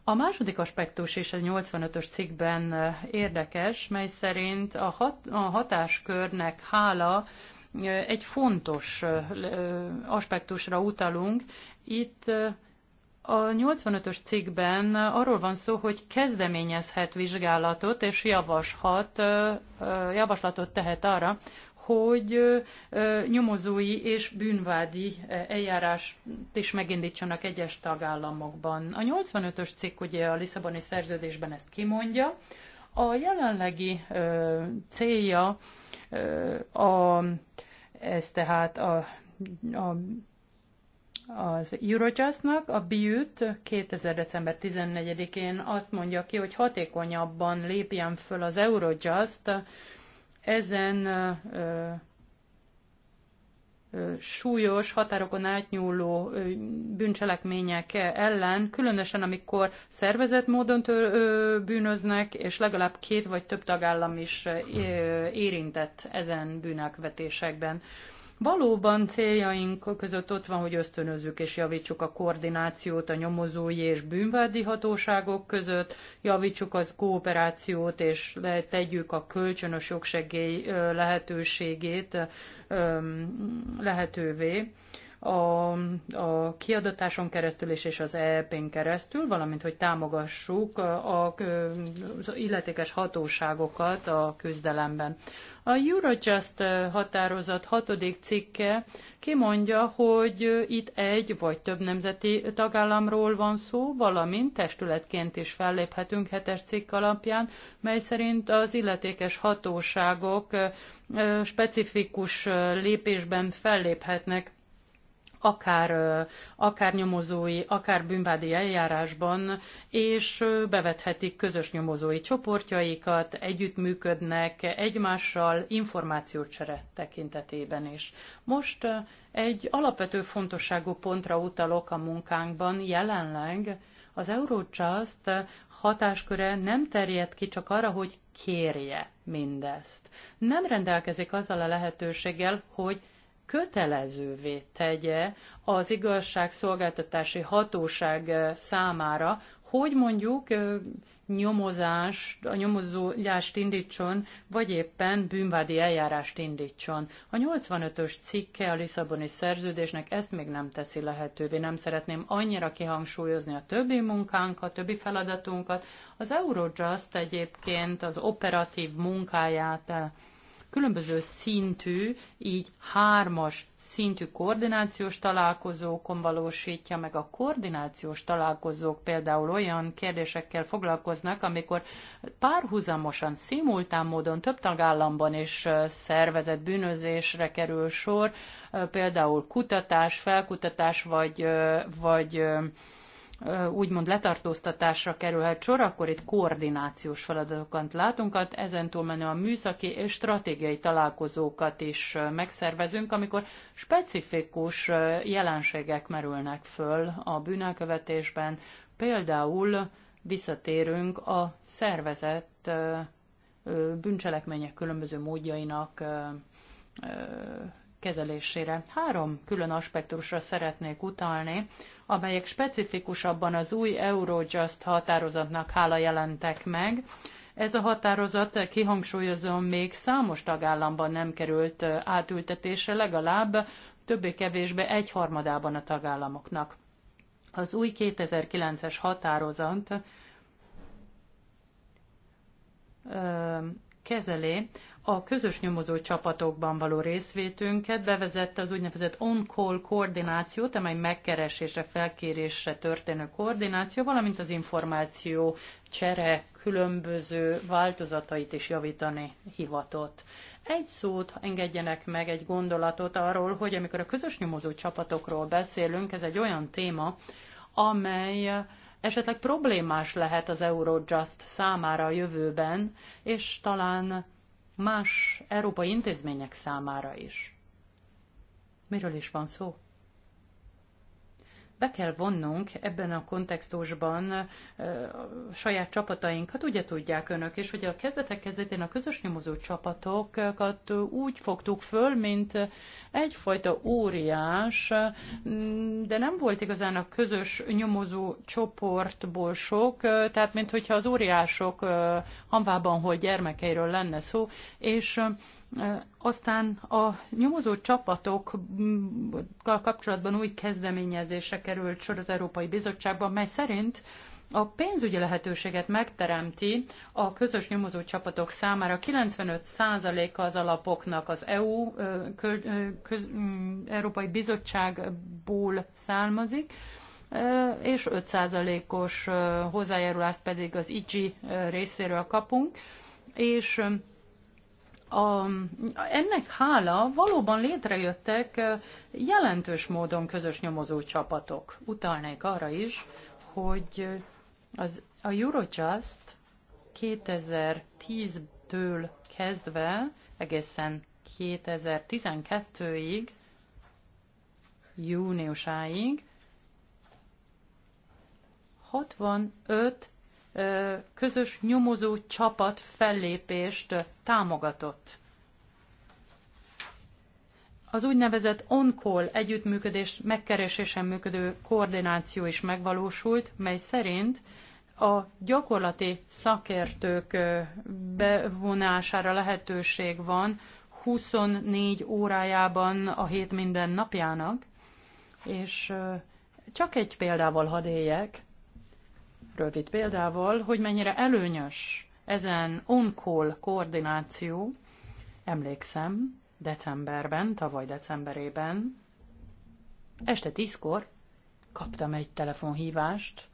a második aspektus is a 85-ös cikkben érdekes, mely szerint a, hat, a hatáskörnek hála egy fontos aspektusra utalunk. Itt a 85-ös cikkben arról van szó, hogy kezdeményezhet vizsgálatot és javaslat, javaslatot tehet arra, hogy nyomozói és bűnvádi eljárást is megindítsanak egyes tagállamokban. A 85-ös cikk ugye a Lisszaboni szerződésben ezt kimondja. A jelenlegi célja a, ez tehát a, a az Eurojustnak, a BIUT 2000. december 14-én azt mondja ki, hogy hatékonyabban lépjen föl az Eurojust ezen súlyos, határokon átnyúló bűncselekmények ellen, különösen amikor szervezett módon tör, bűnöznek, és legalább két vagy több tagállam is érintett ezen bűnelkövetésekben. Valóban céljaink között ott van, hogy ösztönözzük és javítsuk a koordinációt a nyomozói és bűnvádi hatóságok között, javítsuk az kooperációt és tegyük a kölcsönös jogsegély lehetőségét lehetővé a, a kiadatáson keresztül és, és az EEP-n keresztül, valamint hogy támogassuk a, a, az illetékes hatóságokat a küzdelemben. A Eurojust határozat hatodik cikke kimondja, hogy itt egy vagy több nemzeti tagállamról van szó, valamint testületként is felléphetünk hetes cikk alapján, mely szerint az illetékes hatóságok specifikus lépésben felléphetnek akár, akár nyomozói, akár bűnvádi eljárásban, és bevethetik közös nyomozói csoportjaikat, együttműködnek egymással információcsere tekintetében is. Most egy alapvető fontosságú pontra utalok a munkánkban jelenleg, az Eurojust hatásköre nem terjed ki csak arra, hogy kérje mindezt. Nem rendelkezik azzal a lehetőséggel, hogy kötelezővé tegye az igazságszolgáltatási hatóság számára, hogy mondjuk nyomozást, a nyomozást indítson, vagy éppen bűnvádi eljárást indítson. A 85-ös cikke a Lisszaboni szerződésnek ezt még nem teszi lehetővé. Nem szeretném annyira kihangsúlyozni a többi munkánkat, többi feladatunkat. Az Eurojust egyébként az operatív munkáját különböző szintű, így hármas szintű koordinációs találkozókon valósítja meg a koordinációs találkozók például olyan kérdésekkel foglalkoznak, amikor párhuzamosan, szimultán módon több tagállamban is szervezett bűnözésre kerül sor, például kutatás, felkutatás vagy, vagy úgymond letartóztatásra kerülhet sor, akkor itt koordinációs feladatokat látunk, hát ezen túlmenően a műszaki és stratégiai találkozókat is megszervezünk, amikor specifikus jelenségek merülnek föl a bűnelkövetésben. Például visszatérünk a szervezett bűncselekmények különböző módjainak kezelésére. Három külön aspektusra szeretnék utalni, amelyek specifikusabban az új Eurojust határozatnak hála jelentek meg. Ez a határozat, kihangsúlyozom, még számos tagállamban nem került átültetése, legalább többé-kevésbé egyharmadában a tagállamoknak. Az új 2009-es határozat ö, kezeli a közös nyomozó csapatokban való részvétünket, bevezette az úgynevezett on-call koordinációt, amely megkeresésre, felkérésre történő koordináció, valamint az információ csere különböző változatait is javítani hivatott. Egy szót engedjenek meg, egy gondolatot arról, hogy amikor a közös nyomozó csapatokról beszélünk, ez egy olyan téma, amely esetleg problémás lehet az Eurojust számára a jövőben, és talán más európai intézmények számára is. Miről is van szó? be kell vonnunk ebben a kontextusban a saját csapatainkat. Ugye tudják önök és hogy a kezdetek kezdetén a közös nyomozó csapatokat úgy fogtuk föl, mint egyfajta óriás, de nem volt igazán a közös nyomozó csoportból sok, tehát mint hogyha az óriások hamvában hol gyermekeiről lenne szó, és aztán a nyomozó csapatokkal kapcsolatban új kezdeményezése került sor az Európai Bizottságban, mely szerint a pénzügyi lehetőséget megteremti a közös nyomozó csapatok számára 95%-a az alapoknak az EU köz, Európai Bizottságból származik, és 5%-os hozzájárulást pedig az IGI részéről kapunk, és a, ennek hála valóban létrejöttek jelentős módon közös nyomozó csapatok. Utalnék arra is, hogy az, a Eurojust 2010-től kezdve egészen 2012-ig, júniusáig 65 közös nyomozó csapat fellépést támogatott. Az úgynevezett on-call együttműködés megkeresésen működő koordináció is megvalósult, mely szerint a gyakorlati szakértők bevonására lehetőség van 24 órájában a hét minden napjának, és csak egy példával hadd éljek rövid példával, hogy mennyire előnyös ezen on-call koordináció. Emlékszem, decemberben, tavaly decemberében, este tízkor kaptam egy telefonhívást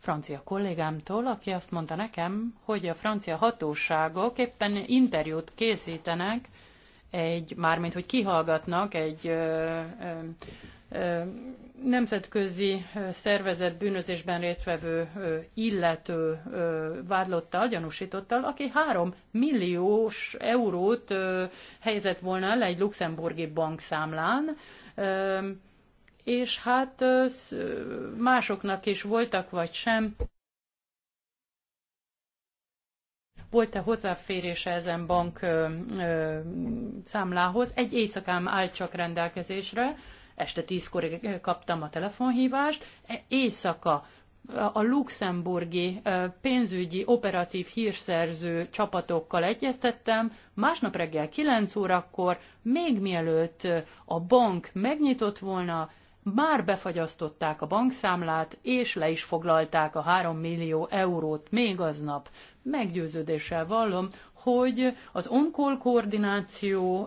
francia kollégámtól, aki azt mondta nekem, hogy a francia hatóságok éppen interjút készítenek egy, mármint hogy kihallgatnak egy ö, ö, nemzetközi szervezet bűnözésben résztvevő illető vádlottal, gyanúsítottal, aki három milliós eurót helyezett volna el egy luxemburgi bankszámlán, és hát másoknak is voltak vagy sem. Volt-e hozzáférése ezen bank számlához? Egy éjszakám állt csak rendelkezésre, este tízkor kaptam a telefonhívást, e, éjszaka a luxemburgi e, pénzügyi operatív hírszerző csapatokkal egyeztettem, másnap reggel 9 órakor, még mielőtt e, a bank megnyitott volna, már befagyasztották a bankszámlát, és le is foglalták a 3 millió eurót még aznap. Meggyőződéssel vallom, hogy az onkol koordináció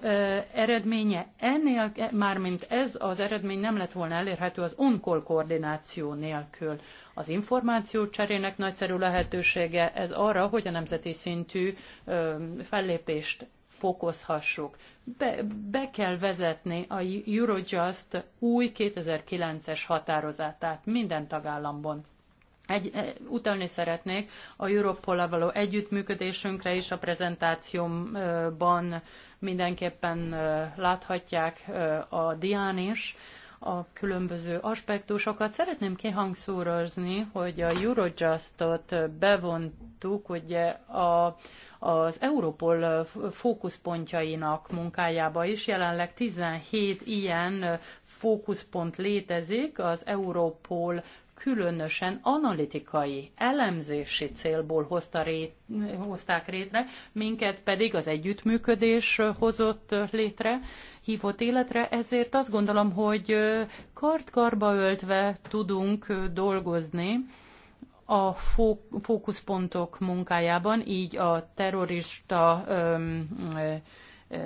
eredménye ennél, e, mármint ez az eredmény nem lett volna elérhető az onkol koordináció nélkül. Az információ cserének nagyszerű lehetősége ez arra, hogy a nemzeti szintű fellépést fokozhassuk. Be, be kell vezetni a Eurojust új 2009-es határozatát minden tagállamban egy, eh, utalni szeretnék a Europollal való együttműködésünkre is a prezentációmban mindenképpen eh, láthatják eh, a dián is a különböző aspektusokat. Szeretném kihangsúrozni, hogy a Eurojustot bevontuk ugye a, az Europol fókuszpontjainak munkájába is. Jelenleg 17 ilyen fókuszpont létezik az Europol különösen analitikai, elemzési célból hozta ré, hozták létre, minket pedig az együttműködés hozott létre, hívott életre, ezért azt gondolom, hogy kart-karba öltve tudunk dolgozni, a fókuszpontok munkájában, így a terrorista öm, ö, ö,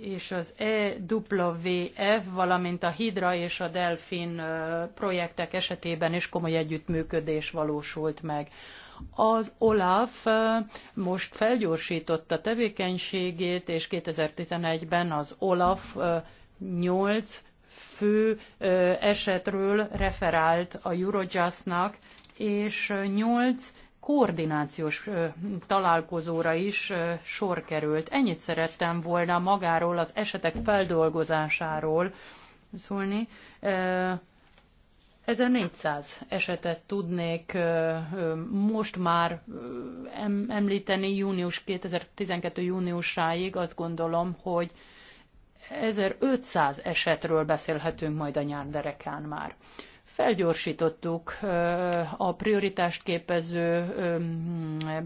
és az EWF, valamint a Hydra és a Delfin projektek esetében is komoly együttműködés valósult meg. Az OLAF most felgyorsította tevékenységét, és 2011-ben az OLAF 8 fő esetről referált a Eurojustnak, és 8 koordinációs találkozóra is sor került. Ennyit szerettem volna magáról, az esetek feldolgozásáról szólni. Ezen 400 esetet tudnék most már említeni június 2012. júniusáig. Azt gondolom, hogy 1500 esetről beszélhetünk majd a nyár derekán már felgyorsítottuk a prioritást képező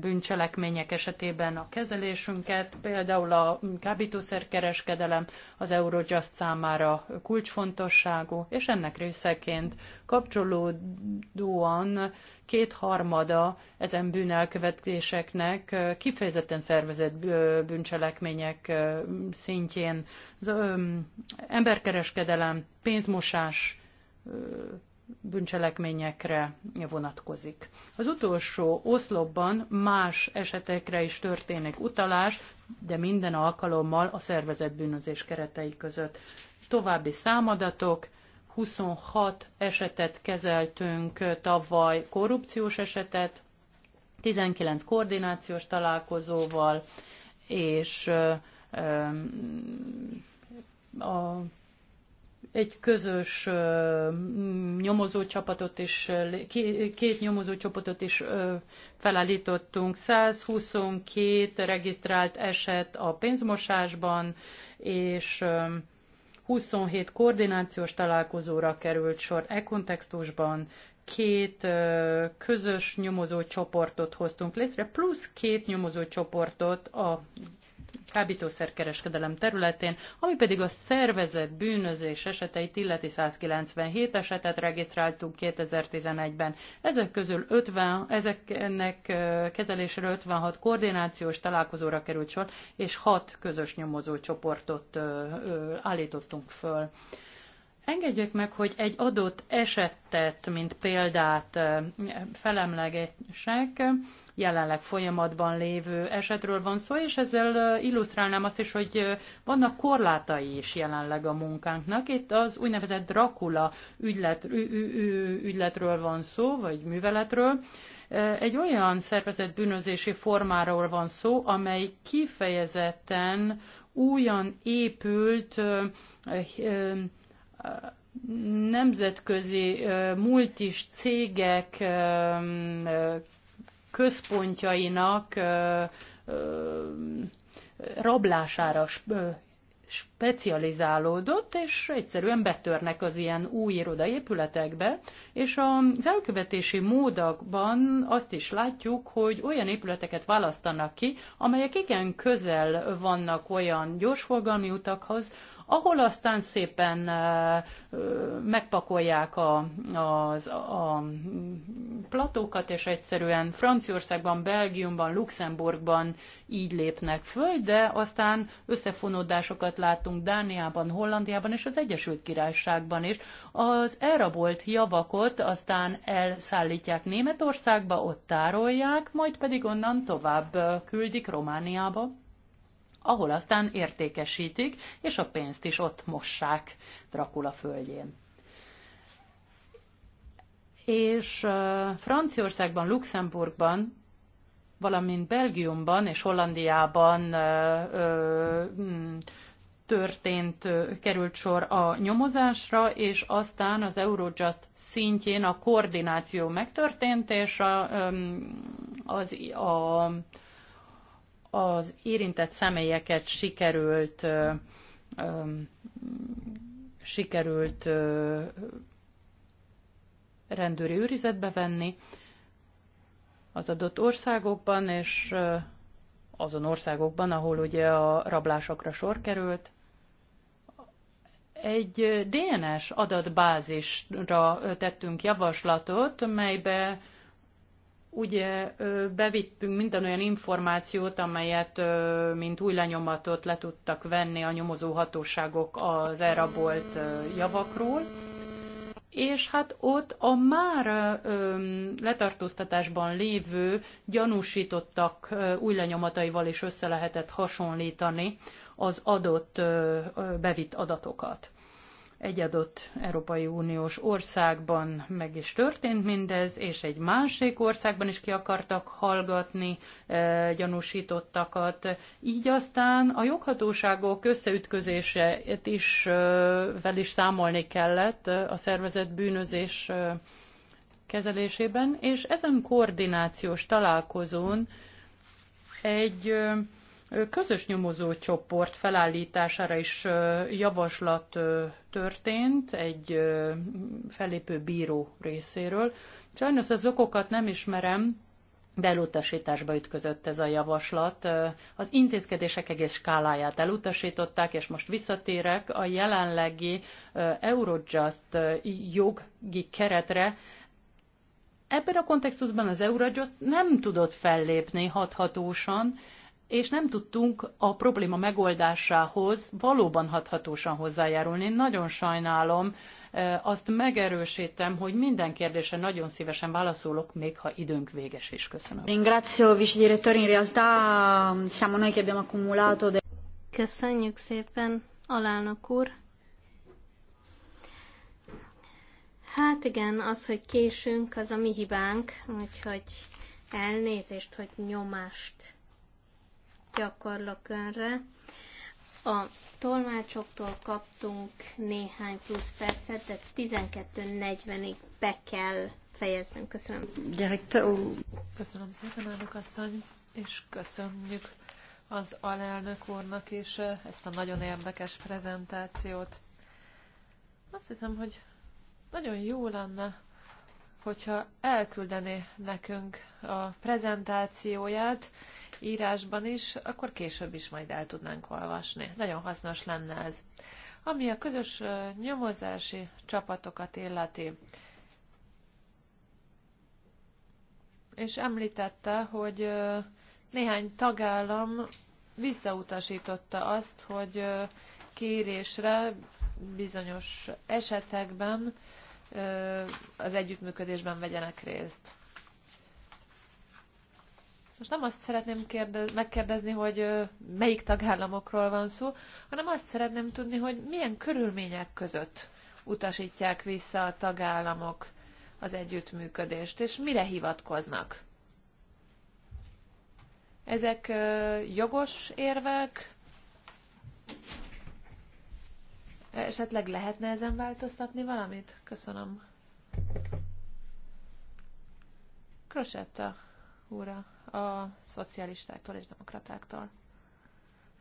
bűncselekmények esetében a kezelésünket, például a kábítószerkereskedelem az Eurojust számára kulcsfontosságú, és ennek részeként kapcsolódóan kétharmada ezen bűnelkövetéseknek kifejezetten szervezett bűncselekmények szintjén, az emberkereskedelem, pénzmosás, bűncselekményekre vonatkozik. Az utolsó oszlopban más esetekre is történik utalás, de minden alkalommal a szervezett bűnözés keretei között. További számadatok, 26 esetet kezeltünk tavaly korrupciós esetet, 19 koordinációs találkozóval, és a egy közös nyomozócsapatot is, két nyomozócsapatot is felállítottunk. 122 regisztrált eset a pénzmosásban, és 27 koordinációs találkozóra került sor e kontextusban, két közös nyomozócsoportot hoztunk létre, plusz két nyomozócsoportot a kábítószerkereskedelem területén, ami pedig a szervezett bűnözés eseteit illeti 197 esetet regisztráltunk 2011-ben. Ezek közül 50, ezeknek kezelésre 56 koordinációs találkozóra került sor, és 6 közös nyomozó csoportot állítottunk föl. Engedjék meg, hogy egy adott esetet, mint példát felemlegessek jelenleg folyamatban lévő esetről van szó, és ezzel illusztrálnám azt is, hogy vannak korlátai is jelenleg a munkánknak. Itt az úgynevezett Dracula ügylet, ügyletről van szó, vagy műveletről, egy olyan szervezett bűnözési formáról van szó, amely kifejezetten újan épült nemzetközi multis cégek központjainak rablására specializálódott, és egyszerűen betörnek az ilyen új irodaépületekbe, és az elkövetési módakban azt is látjuk, hogy olyan épületeket választanak ki, amelyek igen közel vannak olyan gyorsforgalmi utakhoz, ahol aztán szépen megpakolják a, az, a platókat, és egyszerűen Franciaországban, Belgiumban, Luxemburgban így lépnek föl, de aztán összefonódásokat látunk Dániában, Hollandiában és az Egyesült Királyságban is. Az elrabolt javakot aztán elszállítják Németországba, ott tárolják, majd pedig onnan tovább küldik Romániába, ahol aztán értékesítik, és a pénzt is ott mossák Drakula földjén. És Franciaországban, Luxemburgban valamint Belgiumban és Hollandiában mm, történt, került sor a nyomozásra, és aztán az Eurojust szintjén a koordináció megtörtént, és a, mm, az, a az érintett személyeket sikerült ö, ö, sikerült ö, rendőri őrizetbe venni az adott országokban, és azon országokban, ahol ugye a rablásokra sor került, egy DNS adatbázisra tettünk javaslatot, melybe ugye bevittünk minden olyan információt, amelyet, mint új lenyomatot le tudtak venni a nyomozó hatóságok az elrabolt javakról, és hát ott a már öm, letartóztatásban lévő gyanúsítottak ö, új lenyomataival is össze lehetett hasonlítani az adott ö, bevitt adatokat egy adott Európai Uniós országban meg is történt mindez, és egy másik országban is ki akartak hallgatni e, gyanúsítottakat. Így aztán a joghatóságok összeütközését is, e, vel is számolni kellett e, a szervezet bűnözés e, kezelésében, és ezen koordinációs találkozón egy e, közös nyomozó csoport felállítására is javaslat történt egy felépő bíró részéről. Sajnos az okokat nem ismerem, de elutasításba ütközött ez a javaslat. Az intézkedések egész skáláját elutasították, és most visszatérek a jelenlegi Eurojust jogi keretre, Ebben a kontextusban az Eurojust nem tudott fellépni hathatósan, és nem tudtunk a probléma megoldásához valóban hathatósan hozzájárulni. Én nagyon sajnálom, azt megerősítem, hogy minden kérdésre nagyon szívesen válaszolok, még ha időnk véges is. Köszönöm. Ringrazio, vice direttore, in realtà mm, siamo noi che abbiamo accumulato... Köszönjük szépen, alelnök úr. Hát igen, az, hogy késünk, az a mi hibánk, úgyhogy elnézést, hogy nyomást gyakorlok önre. A tolmácsoktól kaptunk néhány plusz percet, de 12.40-ig be kell fejeznünk. Köszönöm. Direktor. Köszönöm szépen, elnök asszony, és köszönjük az alelnök úrnak is eh, ezt a nagyon érdekes prezentációt. Azt hiszem, hogy nagyon jó lenne hogyha elküldené nekünk a prezentációját írásban is, akkor később is majd el tudnánk olvasni. Nagyon hasznos lenne ez. Ami a közös nyomozási csapatokat illeti, és említette, hogy néhány tagállam visszautasította azt, hogy kérésre bizonyos esetekben az együttműködésben vegyenek részt. Most nem azt szeretném kérdez, megkérdezni, hogy melyik tagállamokról van szó, hanem azt szeretném tudni, hogy milyen körülmények között utasítják vissza a tagállamok az együttműködést, és mire hivatkoznak. Ezek jogos érvek, Esetleg lehetne ezen változtatni valamit? Köszönöm. Krosetta úra a szocialistáktól és demokratáktól.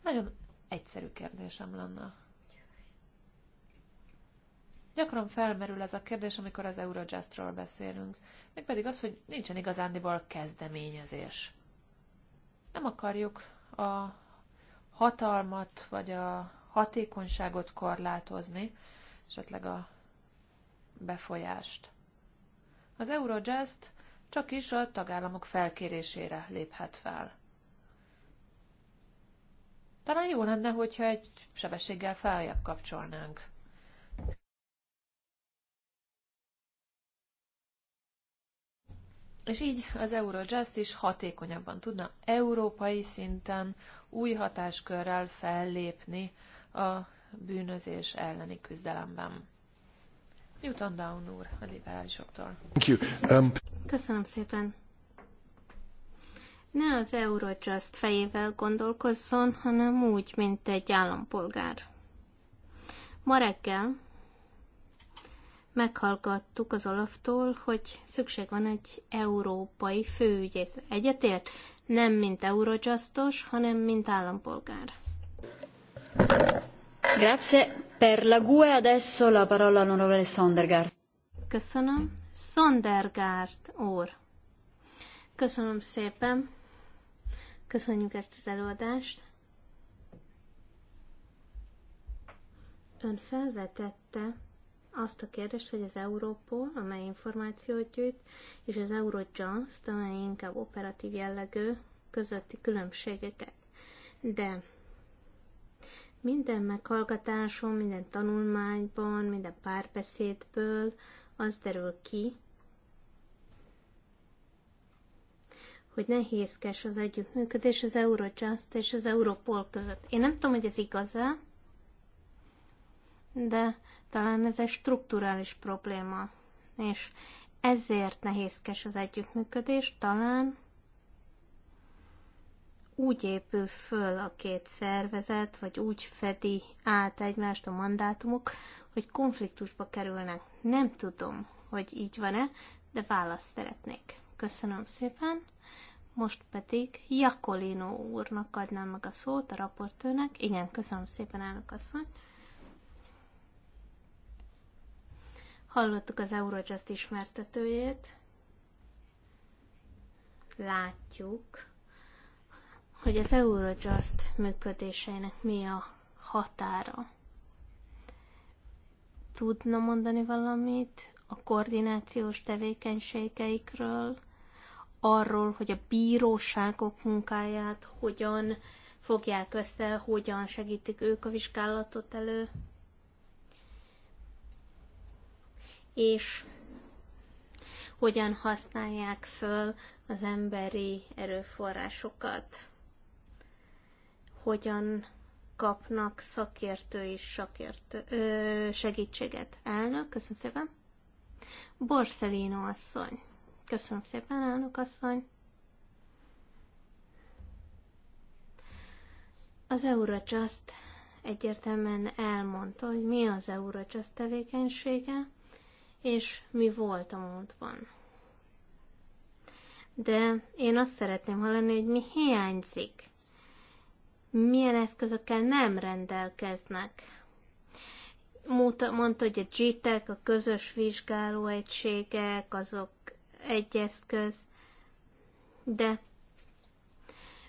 Nagyon egyszerű kérdésem lenne. Gyakran felmerül ez a kérdés, amikor az Eurojustról beszélünk, meg pedig az, hogy nincsen igazándiból kezdeményezés. Nem akarjuk a hatalmat vagy a hatékonyságot korlátozni, esetleg a befolyást. Az Eurojust csak is a tagállamok felkérésére léphet fel. Talán jó lenne, hogyha egy sebességgel feljebb kapcsolnánk. És így az Eurojust is hatékonyabban tudna európai szinten új hatáskörrel fellépni a bűnözés elleni küzdelemben. Newton Down úr, a liberálisoktól. Thank you. Um... Köszönöm szépen. Ne az Eurojust fejével gondolkozzon, hanem úgy, mint egy állampolgár. Ma reggel meghallgattuk az Olaftól, hogy szükség van egy európai főügyész. Egyetért nem mint Eurojustos, hanem mint állampolgár. Grazie. Per la GUE adesso la parola all'onorevole Sondergaard. Köszönöm. Sondergaard úr. Köszönöm szépen. Köszönjük ezt az előadást. Ön felvetette azt a kérdést, hogy az Európol, amely információt gyűjt, és az Eurojust, amely inkább operatív jellegű, közötti különbségeket. De minden meghallgatáson, minden tanulmányban, minden párbeszédből az derül ki, hogy nehézkes az együttműködés az Eurojust és az Europol között. Én nem tudom, hogy ez igaz-e, de talán ez egy strukturális probléma, és ezért nehézkes az együttműködés, talán úgy épül föl a két szervezet, vagy úgy fedi át egymást a mandátumok, hogy konfliktusba kerülnek. Nem tudom, hogy így van-e, de választ szeretnék. Köszönöm szépen. Most pedig Jakolino úrnak adnám meg a szót, a raportőnek. Igen, köszönöm szépen, elnök asszony. Hallottuk az Eurojust ismertetőjét. Látjuk, hogy az Eurojust működésének mi a határa. Tudna mondani valamit a koordinációs tevékenységeikről, arról, hogy a bíróságok munkáját hogyan fogják össze, hogyan segítik ők a vizsgálatot elő. És hogyan használják föl az emberi erőforrásokat hogyan kapnak szakértő és szakértő, ö, segítséget. Elnök, köszönöm szépen. Borszelino asszony. Köszönöm szépen, elnök asszony. Az Eurojust egyértelműen elmondta, hogy mi az Eurojust tevékenysége, és mi volt a múltban. De én azt szeretném hallani, hogy mi hiányzik milyen eszközökkel nem rendelkeznek. Mondta, hogy a GTEC, a közös vizsgálóegységek, azok egy eszköz, de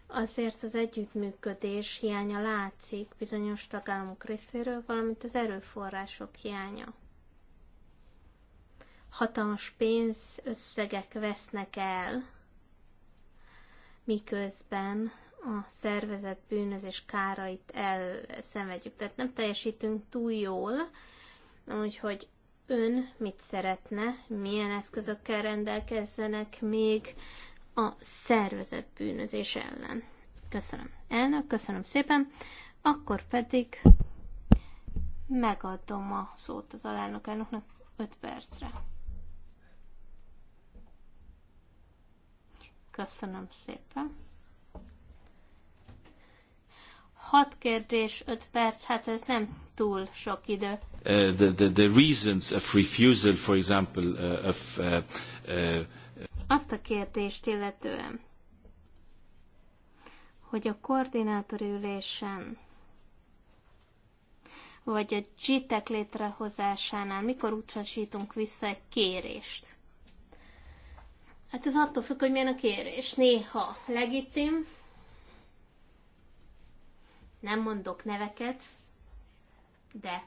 azért az együttműködés hiánya látszik bizonyos tagállamok részéről, valamint az erőforrások hiánya. Hatalmas pénzösszegek vesznek el, miközben a szervezet bűnözés kárait elszenvedjük. Tehát nem teljesítünk túl jól, úgyhogy ön mit szeretne, milyen eszközökkel rendelkezzenek még a szervezet bűnözés ellen. Köszönöm. Elnök, köszönöm szépen. Akkor pedig megadom a szót az alelnök elnöknek 5 percre. Köszönöm szépen. Hat kérdés, öt perc, hát ez nem túl sok idő. Uh, the, the, the reasons of refusal, for example, uh, of... Uh, uh, Azt a kérdést illetően, hogy a koordinátor ülésen vagy a GTEC létrehozásánál mikor utasítunk vissza egy kérést? Hát ez attól függ, hogy milyen a kérés. Néha legitim, nem mondok neveket, de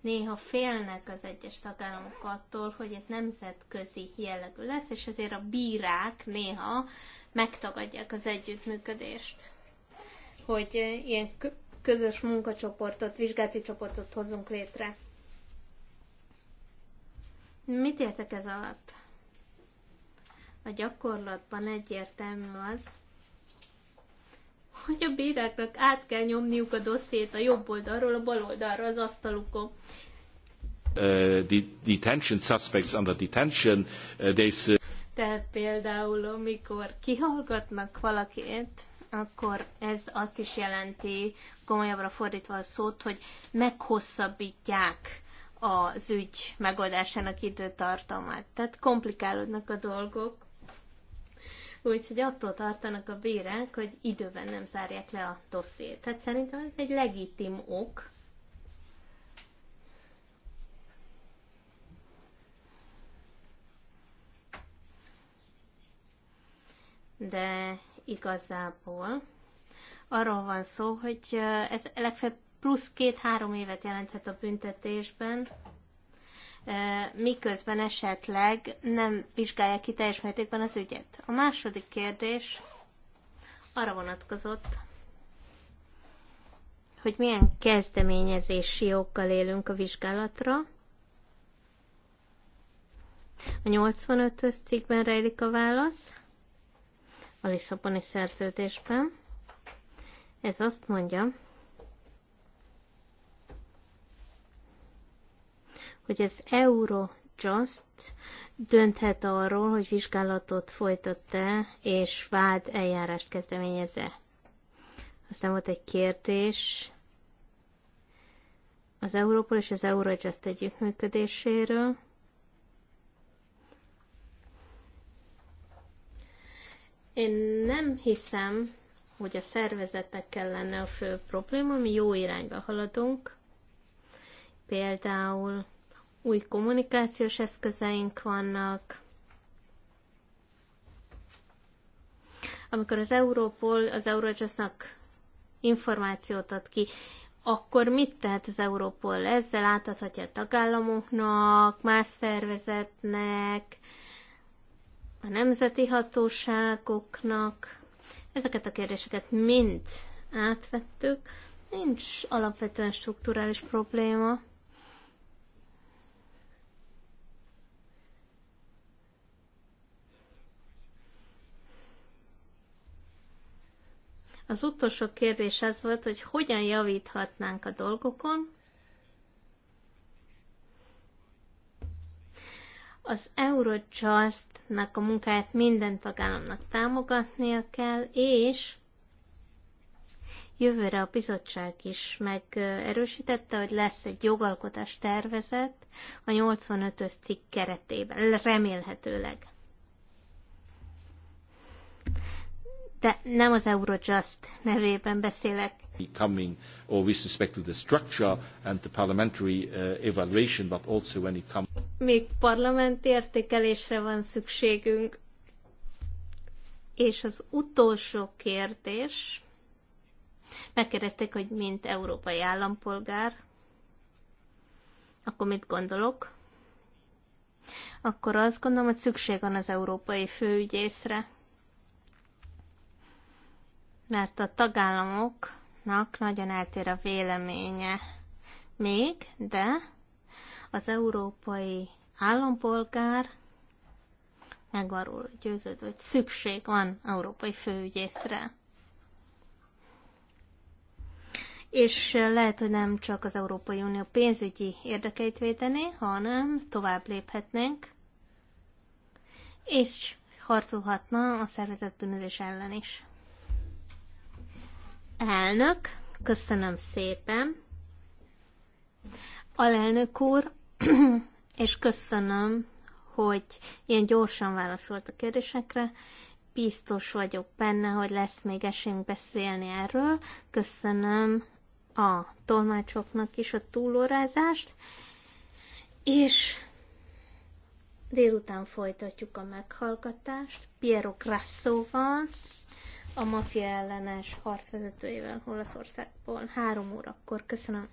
néha félnek az egyes tagállamok attól, hogy ez nemzetközi jellegű lesz, és ezért a bírák néha megtagadják az együttműködést. Hogy eh, ilyen közös munkacsoportot, vizsgálati csoportot hozunk létre. Mit értek ez alatt? A gyakorlatban egyértelmű az, hogy a bíráknak át kell nyomniuk a dossziét a jobb oldalról a bal oldalra az asztalukon. Uh, detention suspects under detention, uh, they... Tehát például, amikor kihallgatnak valakit, akkor ez azt is jelenti, komolyabbra fordítva a szót, hogy meghosszabbítják az ügy megoldásának időtartamát. Tehát komplikálódnak a dolgok. Úgyhogy attól tartanak a bérek, hogy időben nem zárják le a dossziét. Tehát szerintem ez egy legitim ok. De igazából arról van szó, hogy ez legfeljebb plusz két-három évet jelenthet a büntetésben, E, miközben esetleg nem vizsgálják ki teljes mértékben az ügyet. A második kérdés arra vonatkozott, hogy milyen kezdeményezési joggal élünk a vizsgálatra. A 85-ös cikkben rejlik a válasz, a Lisszaboni szerződésben. Ez azt mondja, hogy az Eurojust dönthet arról, hogy vizsgálatot folytatta e és vád eljárást kezdeményeze. Aztán volt egy kérdés az Európol és az Eurojust együttműködéséről. Én nem hiszem, hogy a szervezetekkel lenne a fő probléma, mi jó irányba haladunk. Például új kommunikációs eszközeink vannak. Amikor az Európol az Eurojustnak információt ad ki, akkor mit tehet az Európol Ezzel átadhatja a tagállamoknak, más szervezetnek, a nemzeti hatóságoknak. Ezeket a kérdéseket mind átvettük. Nincs alapvetően strukturális probléma. Az utolsó kérdés az volt, hogy hogyan javíthatnánk a dolgokon. Az Eurojust-nak a munkáját minden tagállamnak támogatnia kell, és jövőre a bizottság is megerősítette, hogy lesz egy jogalkotás tervezet a 85-ös cikk keretében, remélhetőleg. de nem az Eurojust nevében beszélek. Coming, or with respect to the structure and the parliamentary uh, evaluation, but also when it comes. Még parlamenti értékelésre van szükségünk. És az utolsó kérdés. Megkérdezték, hogy mint európai állampolgár, akkor mit gondolok? Akkor azt gondolom, hogy szükség van az európai főügyészre mert a tagállamoknak nagyon eltér a véleménye még, de az európai állampolgár meg arról győződve, hogy szükség van európai főügyészre. És lehet, hogy nem csak az Európai Unió pénzügyi érdekeit védené, hanem tovább léphetnénk, és harcolhatna a szervezett bűnözés ellen is. Elnök, köszönöm szépen. Alelnök úr, és köszönöm, hogy ilyen gyorsan válaszolt a kérdésekre. Biztos vagyok benne, hogy lesz még esélyünk beszélni erről. Köszönöm a tolmácsoknak is a túlórázást, és délután folytatjuk a meghallgatást Piero van a mafia ellenes vezetőjével Olaszországból. Három órakor. Köszönöm.